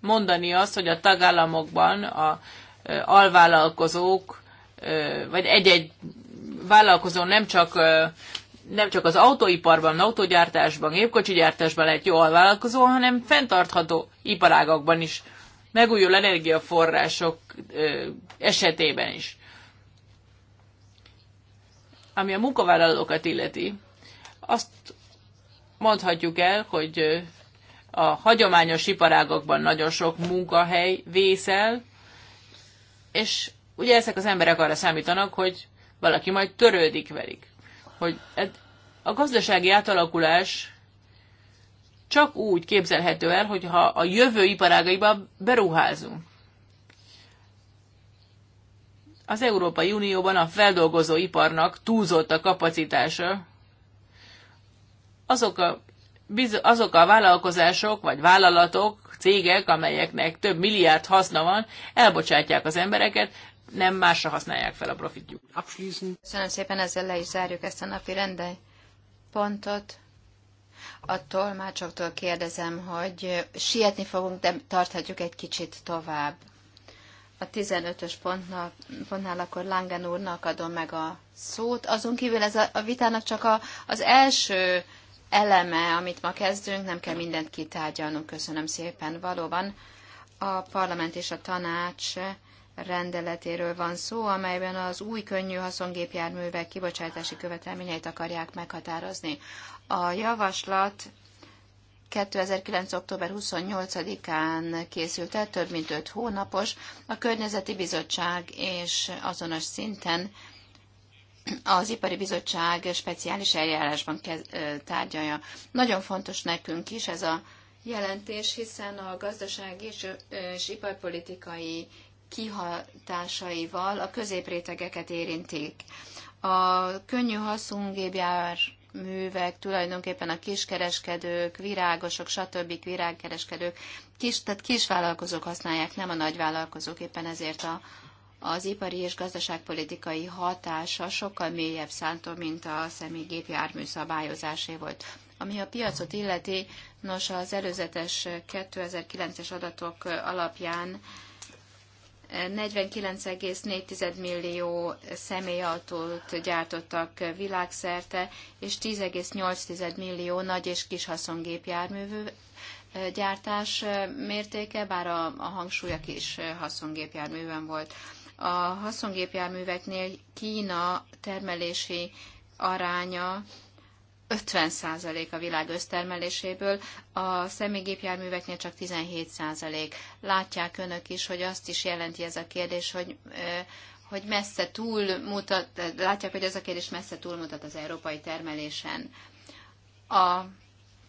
mondani azt, hogy a tagállamokban a alvállalkozók, vagy egy-egy vállalkozó nem csak, nem csak az autóiparban, autógyártásban, gépkocsigyártásban lehet jó alvállalkozó, hanem fenntartható iparágakban is, megújul energiaforrások esetében is. Ami a munkavállalókat illeti, azt mondhatjuk el, hogy a hagyományos iparágakban nagyon sok munkahely vészel, és ugye ezek az emberek arra számítanak, hogy valaki majd törődik velük. Hogy a gazdasági átalakulás csak úgy képzelhető el, hogyha a jövő iparágaiba beruházunk. Az Európai Unióban a feldolgozó iparnak túlzott a kapacitása. Azok a azok a vállalkozások, vagy vállalatok, cégek, amelyeknek több milliárd haszna van, elbocsátják az embereket, nem másra használják fel a profitjuk. Köszönöm szépen, ezzel le is zárjuk ezt a napi rendel pontot. A tolmácsoktól kérdezem, hogy sietni fogunk, de tarthatjuk egy kicsit tovább. A 15-ös pontnál, pontnál akkor Langen úrnak adom meg a szót. Azon kívül ez a, a vitának csak a, az első eleme, amit ma kezdünk, nem kell mindent kitárgyalnunk. Köszönöm szépen. Valóban a parlament és a tanács rendeletéről van szó, amelyben az új könnyű haszongépjárművek kibocsátási követelményeit akarják meghatározni. A javaslat 2009. október 28-án készült el, több mint 5 hónapos. A Környezeti Bizottság és azonos szinten az Ipari Bizottság speciális eljárásban kez, tárgyalja. Nagyon fontos nekünk is ez a jelentés, hiszen a gazdaság és, és iparpolitikai kihatásaival a középrétegeket érintik. A könnyű haszongépjár művek, tulajdonképpen a kiskereskedők, virágosok, stb. virágkereskedők, kis, tehát kisvállalkozók használják, nem a nagyvállalkozók, éppen ezért a, az ipari és gazdaságpolitikai hatása sokkal mélyebb szántó, mint a személygépjármű szabályozásé volt. Ami a piacot illeti, nos az előzetes 2009-es adatok alapján 49,4 millió személyautót gyártottak világszerte, és 10,8 millió nagy és kis haszongépjárművű gyártás mértéke, bár a, a hangsúly a kis haszongépjárművön volt. A haszongépjárműveknél Kína termelési aránya 50% a világ össztermeléséből, a személygépjárműveknél csak 17%. Látják önök is, hogy azt is jelenti ez a kérdés, hogy hogy messze túlmutat, látják, hogy ez a kérdés messze túlmutat az európai termelésen. A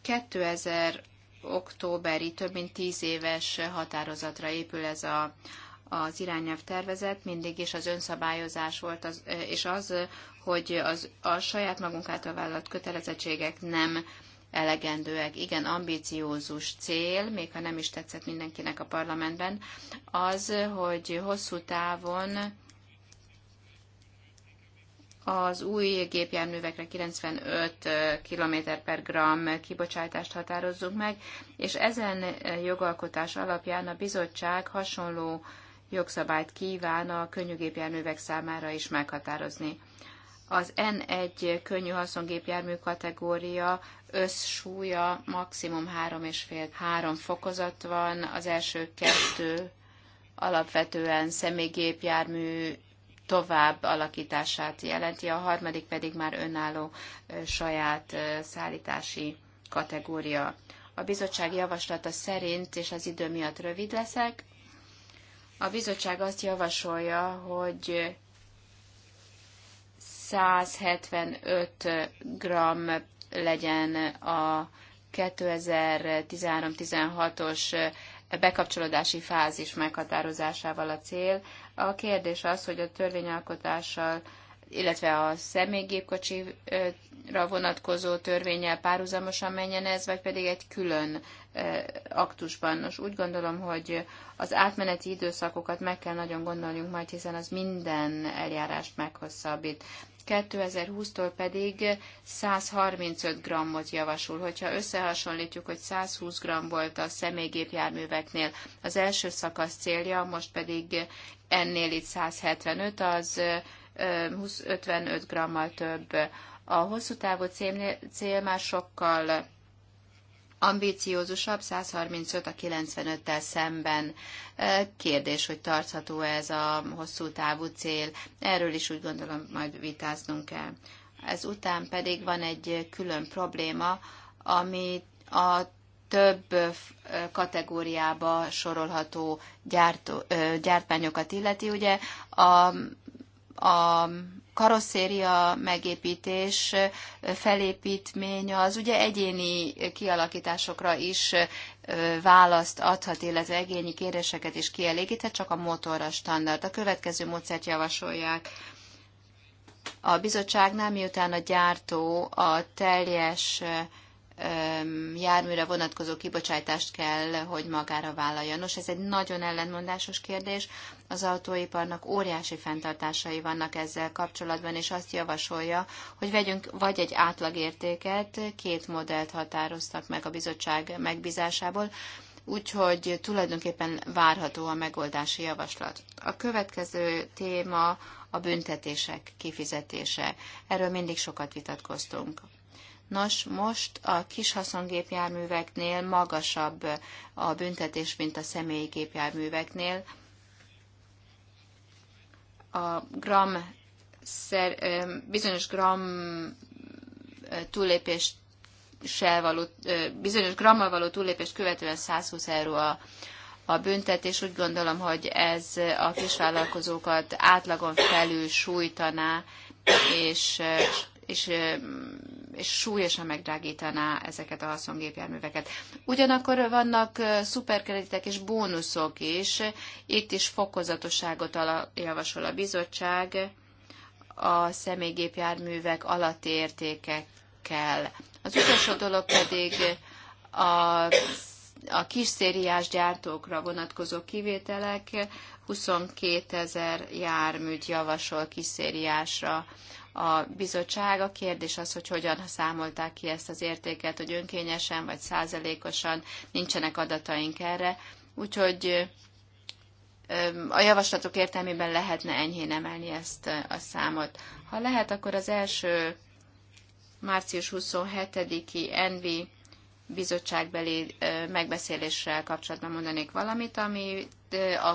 2000 októberi több mint tíz éves határozatra épül ez a az irányelv tervezet mindig is az önszabályozás volt, az, és az, hogy az, a saját magunk által vállalt kötelezettségek nem elegendőek. Igen, ambiciózus cél, még ha nem is tetszett mindenkinek a parlamentben, az, hogy hosszú távon az új gépjárművekre 95 km per gram kibocsátást határozzunk meg, és ezen jogalkotás alapján a bizottság hasonló uh, jogszabályt kíván a könnyűgépjárművek számára is meghatározni. Az N1 könnyű haszongépjármű kategória összsúlya maximum 3,5-3 fokozat van, az első kettő alapvetően személygépjármű tovább alakítását jelenti, a harmadik pedig már önálló saját szállítási kategória. A bizottság javaslata szerint, és az idő miatt rövid leszek, a bizottság azt javasolja, hogy 175 g legyen a 2013-16-os bekapcsolódási fázis meghatározásával a cél. A kérdés az, hogy a törvényalkotással illetve a személygépkocsira vonatkozó törvényel párhuzamosan menjen ez, vagy pedig egy külön aktusban. Nos, úgy gondolom, hogy az átmeneti időszakokat meg kell nagyon gondolnunk majd, hiszen az minden eljárást meghosszabbít. 2020-tól pedig 135 grammot javasol. Hogyha összehasonlítjuk, hogy 120 gram volt a személygépjárműveknél az első szakasz célja, most pedig ennél itt 175, az 55 grammal több. A hosszú távú cél már sokkal ambíciózusabb, 135 a 95-tel szemben. Kérdés, hogy tartható -e ez a hosszú távú cél. Erről is úgy gondolom majd vitáznunk kell. Ezután pedig van egy külön probléma, ami a több kategóriába sorolható gyártó, gyártmányokat illeti. Ugye a a karosszéria megépítés, felépítmény az ugye egyéni kialakításokra is választ adhat, illetve egényi kéréseket is kielégíthet, csak a motorra standard. A következő módszert javasolják. A bizottságnál miután a gyártó a teljes járműre vonatkozó kibocsátást kell, hogy magára vállalja. Nos, ez egy nagyon ellentmondásos kérdés. Az autóiparnak óriási fenntartásai vannak ezzel kapcsolatban, és azt javasolja, hogy vegyünk vagy egy átlagértéket, két modellt határoztak meg a bizottság megbízásából, úgyhogy tulajdonképpen várható a megoldási javaslat. A következő téma a büntetések kifizetése. Erről mindig sokat vitatkoztunk. Nos, most a kis haszongépjárműveknél magasabb a büntetés, mint a személyi gépjárműveknél. A gram szer, bizonyos gram túllépéssel való, bizonyos grammal való túllépést követően 120 euró a, a büntetés. Úgy gondolom, hogy ez a kisvállalkozókat átlagon felül sújtaná, és és, és súlyosan megdrágítaná ezeket a haszongépjárműveket. Ugyanakkor vannak szuperkreditek és bónuszok is, itt is fokozatosságot javasol a bizottság a személygépjárművek alatti értékekkel. Az utolsó dolog pedig a, a kis szériás gyártókra vonatkozó kivételek, 22 ezer járműt javasol szériásra a bizottság. A kérdés az, hogy hogyan számolták ki ezt az értéket, hogy önkényesen vagy százalékosan nincsenek adataink erre. Úgyhogy a javaslatok értelmében lehetne enyhén emelni ezt a számot. Ha lehet, akkor az első március 27-i Envi bizottságbeli megbeszéléssel kapcsolatban mondanék valamit, ami a,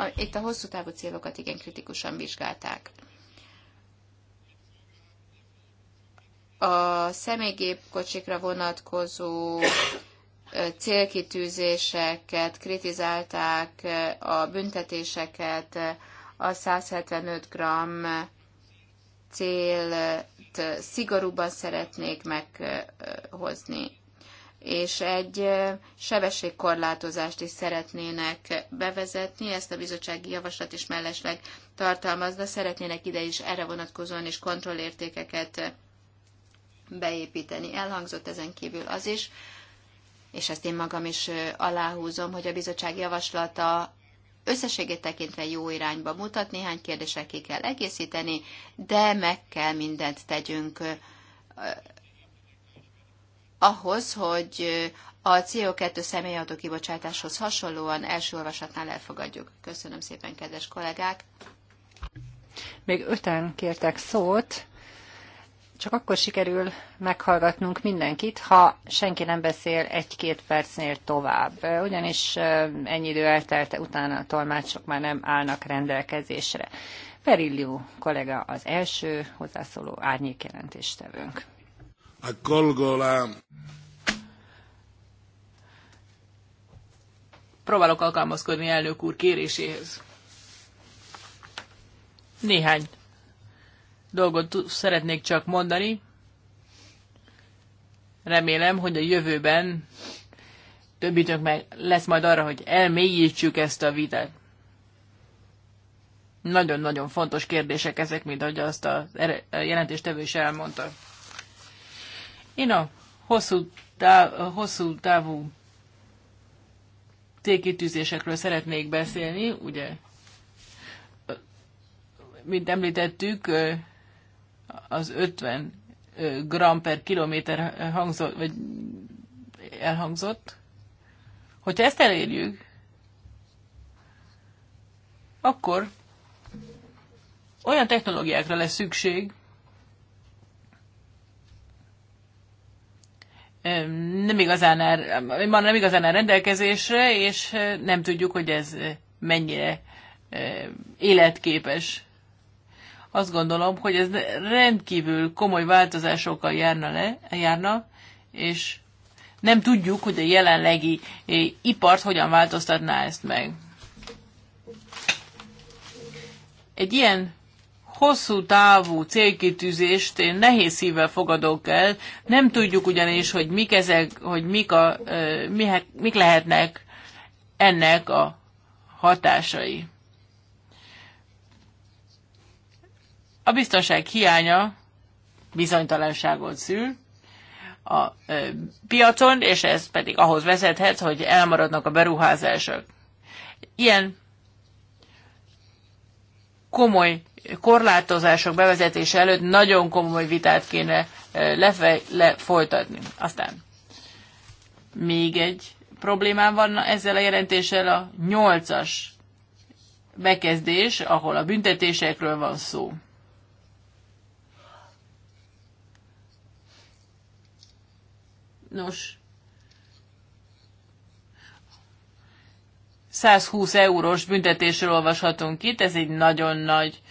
a, itt a hosszú távú célokat igen kritikusan vizsgálták. a személygépkocsikra vonatkozó célkitűzéseket, kritizálták a büntetéseket, a 175 g célt szigorúban szeretnék meghozni, és egy sebességkorlátozást is szeretnének bevezetni, ezt a bizottsági javaslat is mellesleg tartalmazna, szeretnének ide is erre vonatkozóan is kontrollértékeket beépíteni. Elhangzott ezen kívül az is, és ezt én magam is aláhúzom, hogy a bizottság javaslata összességét tekintve jó irányba mutat, néhány kérdéssel ki kell egészíteni, de meg kell mindent tegyünk ahhoz, hogy a CO2 személyadó kibocsátáshoz hasonlóan első olvasatnál elfogadjuk. Köszönöm szépen, kedves kollégák! Még öten kértek szót, csak akkor sikerül meghallgatnunk mindenkit, ha senki nem beszél egy-két percnél tovább. Ugyanis ennyi idő eltelte, utána a tolmácsok már nem állnak rendelkezésre. Perillió kollega az első hozzászóló jelentéstevőnk. A kolgolám. Próbálok alkalmazkodni elnök úr kéréséhez. Néhány dolgot szeretnék csak mondani. Remélem, hogy a jövőben több időnk meg lesz majd arra, hogy elmélyítsük ezt a vitát. Nagyon-nagyon fontos kérdések ezek, mint ahogy azt a jelentéstevő is elmondta. Én a hosszú, táv, a hosszú távú tékítűzésekről szeretnék beszélni, ugye, mint említettük, az 50 gram per kilométer hangzott, vagy elhangzott. Hogyha ezt elérjük, akkor olyan technológiákra lesz szükség, nem igazán áll, nem igazán áll rendelkezésre, és nem tudjuk, hogy ez mennyire életképes. Azt gondolom, hogy ez rendkívül komoly változásokkal járna, le, járna és nem tudjuk, hogy a jelenlegi eh, ipart hogyan változtatná ezt meg. Egy ilyen hosszú távú célkitűzést én nehéz szívvel fogadok el. Nem tudjuk ugyanis, hogy mik ezek, hogy mik, a, eh, mik lehetnek ennek a hatásai. A biztonság hiánya bizonytalanságot szül a piacon, és ez pedig ahhoz vezethet, hogy elmaradnak a beruházások. Ilyen komoly korlátozások bevezetése előtt nagyon komoly vitát kéne lefe, lefolytatni. Aztán még egy problémám van ezzel a jelentéssel a nyolcas bekezdés, ahol a büntetésekről van szó. Nos, 120 eurós büntetésről olvashatunk itt, ez egy nagyon nagy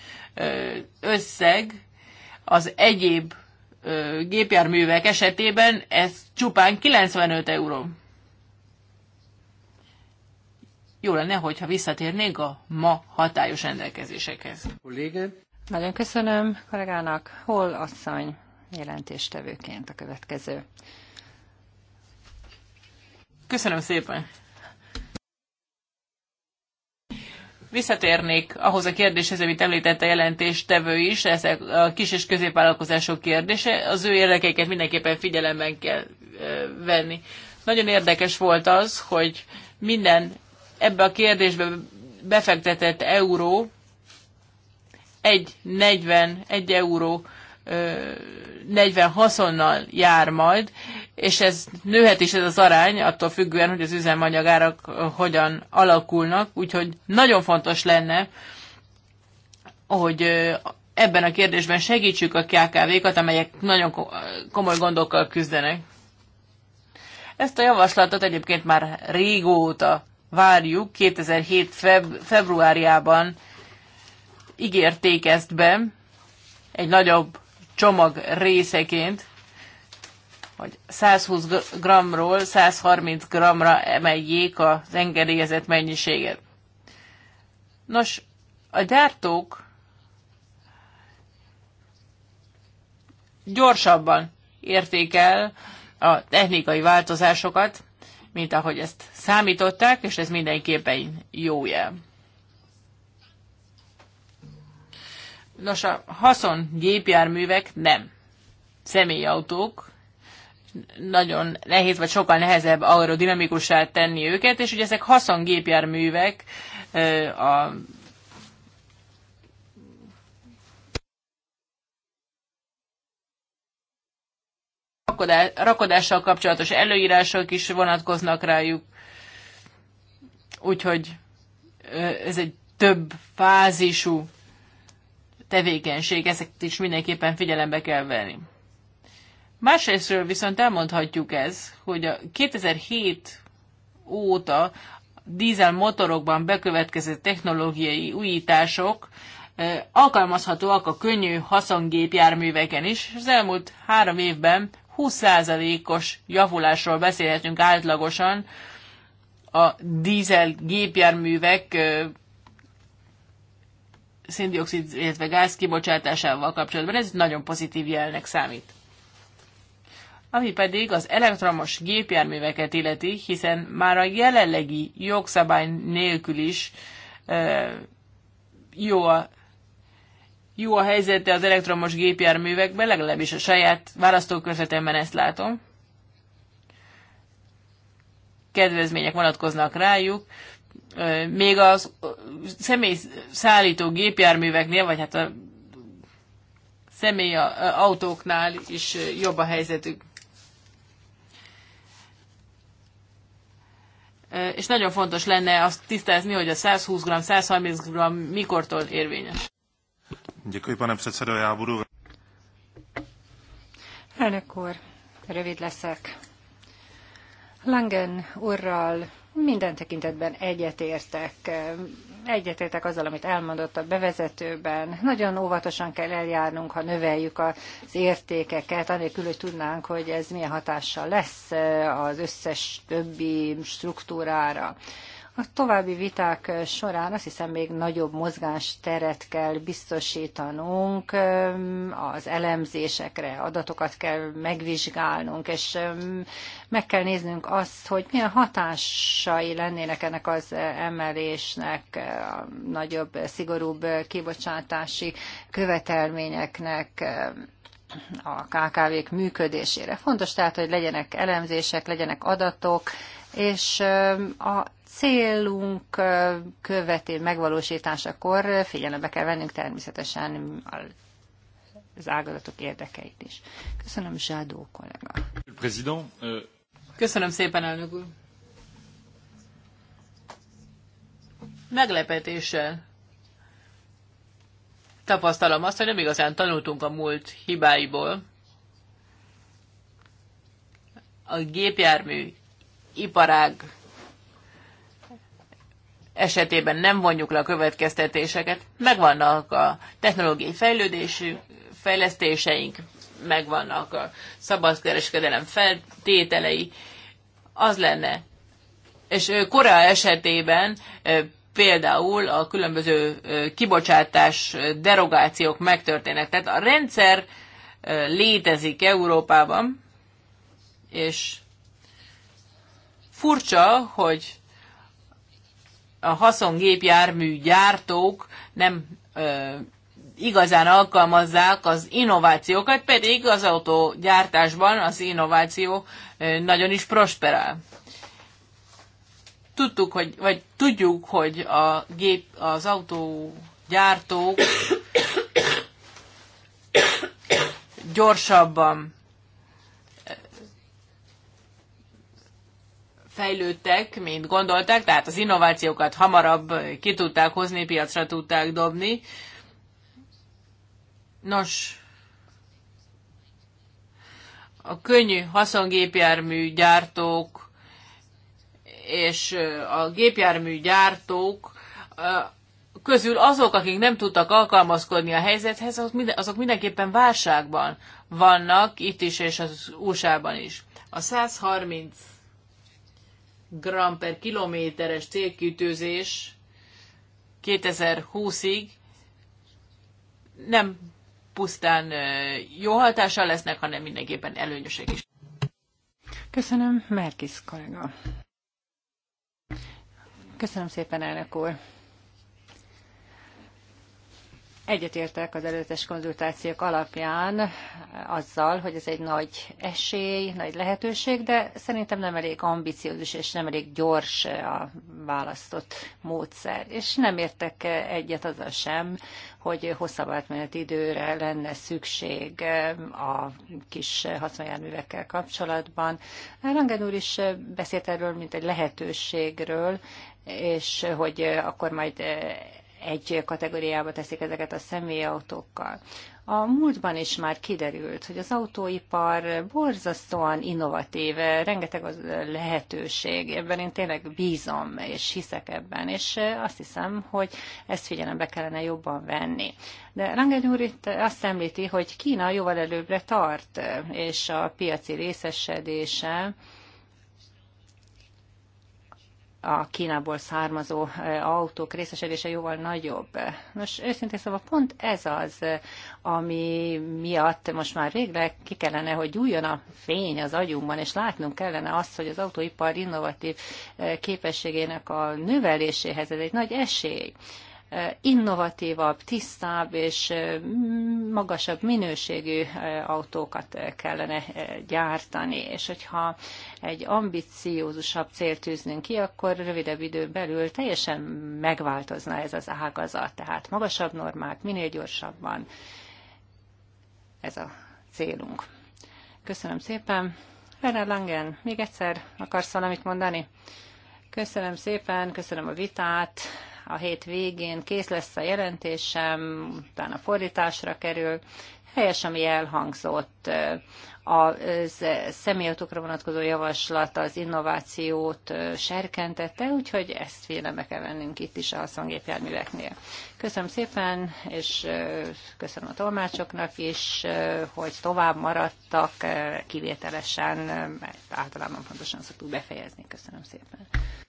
összeg. Az egyéb gépjárművek esetében ez csupán 95 euró. Jó lenne, hogyha visszatérnénk a ma hatályos rendelkezésekhez. Nagyon köszönöm kollégának. Hol asszony jelentéstevőként a következő. Köszönöm szépen. Visszatérnék ahhoz a kérdéshez, amit említett a jelentéstevő is, ez a kis és középvállalkozások kérdése. Az ő érdekeiket mindenképpen figyelemben kell venni. Nagyon érdekes volt az, hogy minden ebbe a kérdésbe befektetett euró egy 40, egy euró 40 haszonnal jár majd és ez nőhet is ez az arány, attól függően, hogy az üzemanyagárak hogyan alakulnak, úgyhogy nagyon fontos lenne, hogy ebben a kérdésben segítsük a KKV-kat, amelyek nagyon komoly gondokkal küzdenek. Ezt a javaslatot egyébként már régóta várjuk, 2007. Feb- februárjában ígérték ezt be egy nagyobb csomag részeként, hogy 120 g-ról 130 g-ra emeljék az engedélyezett mennyiséget. Nos, a gyártók gyorsabban érték el a technikai változásokat, mint ahogy ezt számították, és ez mindenképpen jó jel. Nos, a haszon gépjárművek nem személyautók, nagyon nehéz, vagy sokkal nehezebb aerodinamikussá tenni őket, és ugye ezek haszongépjárművek a rakodással kapcsolatos előírások is vonatkoznak rájuk. Úgyhogy ez egy több fázisú tevékenység, ezeket is mindenképpen figyelembe kell venni. Másrésztről viszont elmondhatjuk ez, hogy a 2007 óta dízel motorokban bekövetkezett technológiai újítások alkalmazhatóak a könnyű haszongépjárműveken is. Az elmúlt három évben 20%-os javulásról beszélhetünk átlagosan a dízel gépjárművek széndiokszid, illetve gáz kibocsátásával kapcsolatban. Ez nagyon pozitív jelnek számít ami pedig az elektromos gépjárműveket illeti, hiszen már a jelenlegi jogszabály nélkül is e, jó, a, jó a helyzete az elektromos gépjárművekben, legalábbis a saját választókörzetemben ezt látom. Kedvezmények vonatkoznak rájuk, még az személy szállító gépjárműveknél, vagy hát a személy autóknál is jobb a helyzetük. és nagyon fontos lenne azt tisztázni, hogy a 120 g, 130 g mikortól érvényes. Děkuji, pane předsedo, já budu... Elnök úr, rövid leszek. Langen urral minden tekintetben egyetértek. Egyetértek azzal, amit elmondott a bevezetőben. Nagyon óvatosan kell eljárnunk, ha növeljük az értékeket, anélkül, hogy tudnánk, hogy ez milyen hatással lesz eh, az összes többi struktúrára. A további viták során azt hiszem még nagyobb mozgásteret kell biztosítanunk, az elemzésekre adatokat kell megvizsgálnunk, és um, meg kell néznünk azt, hogy milyen hatásai lennének ennek az emelésnek, a nagyobb, szigorúbb kibocsátási követelményeknek, um, a KKV-k működésére. Fontos tehát, hogy legyenek elemzések, legyenek adatok, és a célunk követi megvalósításakor figyelembe kell vennünk természetesen az ágazatok érdekeit is. Köszönöm, Zsádó kollega. Euh, Köszönöm szépen, elnök úr. Meglepetéssel tapasztalom azt, hogy nem igazán tanultunk a múlt hibáiból. A gépjármű iparág esetében nem vonjuk le a következtetéseket. Megvannak a technológiai fejlődési fejlesztéseink, megvannak a szabadkereskedelem feltételei. Az lenne. És Korea esetében például a különböző kibocsátás derogációk megtörténnek. Tehát a rendszer létezik Európában, és furcsa, hogy a haszongépjármű gyártók nem ö, igazán alkalmazzák az innovációkat, pedig az autógyártásban az innováció ö, nagyon is prosperál. Tudtuk, hogy, vagy tudjuk, hogy a gép, az autógyártók gyorsabban eh, fejlődtek, mint gondolták, tehát az innovációkat hamarabb ki tudták hozni, piacra tudták dobni. Nos, a könnyű haszongépjármű gyártók és a gépjármű gyártók közül azok, akik nem tudtak alkalmazkodni a helyzethez, azok, mindenképpen válságban vannak itt is és az USA-ban is. A 130 g per kilométeres célkütőzés 2020-ig nem pusztán jó hatással lesznek, hanem mindenképpen előnyösek is. Köszönöm, Merkis kollega. Köszönöm szépen, elnök úr. Egyetértek az előzetes konzultációk alapján azzal, hogy ez egy nagy esély, nagy lehetőség, de szerintem nem elég ambiciózus és nem elég gyors a választott módszer. És nem értek egyet azzal sem, hogy hosszabb átmeneti időre lenne szükség eh, a kis haszonjárművekkel kapcsolatban. Rangen úr is beszélt erről, mint egy lehetőségről, és hogy akkor majd eh, egy kategóriába teszik ezeket a személyautókkal. A múltban is már kiderült, hogy az autóipar borzasztóan innovatív, rengeteg az lehetőség, ebben én tényleg bízom és hiszek ebben, és azt hiszem, hogy ezt figyelembe kellene jobban venni. De Rangen úr itt azt említi, hogy Kína jóval előbbre tart, és a piaci részesedése a Kínából származó autók részesedése jóval nagyobb. Nos, őszintén szóval pont ez az, ami miatt most már végre ki kellene, hogy gyújjon a fény az agyunkban, és látnunk kellene azt, hogy az autóipar innovatív képességének a növeléséhez ez egy nagy esély innovatívabb, tisztább és magasabb minőségű autókat kellene gyártani, és hogyha egy ambiciózusabb célt tűznünk ki, akkor rövidebb időn belül teljesen megváltozna ez az ágazat, tehát magasabb normák, minél gyorsabban. Ez a célunk. Köszönöm szépen. Werner Langen, még egyszer akarsz valamit mondani? Köszönöm szépen, köszönöm a vitát a hét végén kész lesz a jelentésem, utána fordításra kerül. Helyes, ami elhangzott. A személyautókra vonatkozó javaslat az innovációt serkentette, úgyhogy ezt figyelembe kell vennünk itt is a haszongépjárműveknél. Köszönöm szépen, és köszönöm a tolmácsoknak is, hogy tovább maradtak, kivételesen, mert általában fontosan szoktuk befejezni. Köszönöm szépen.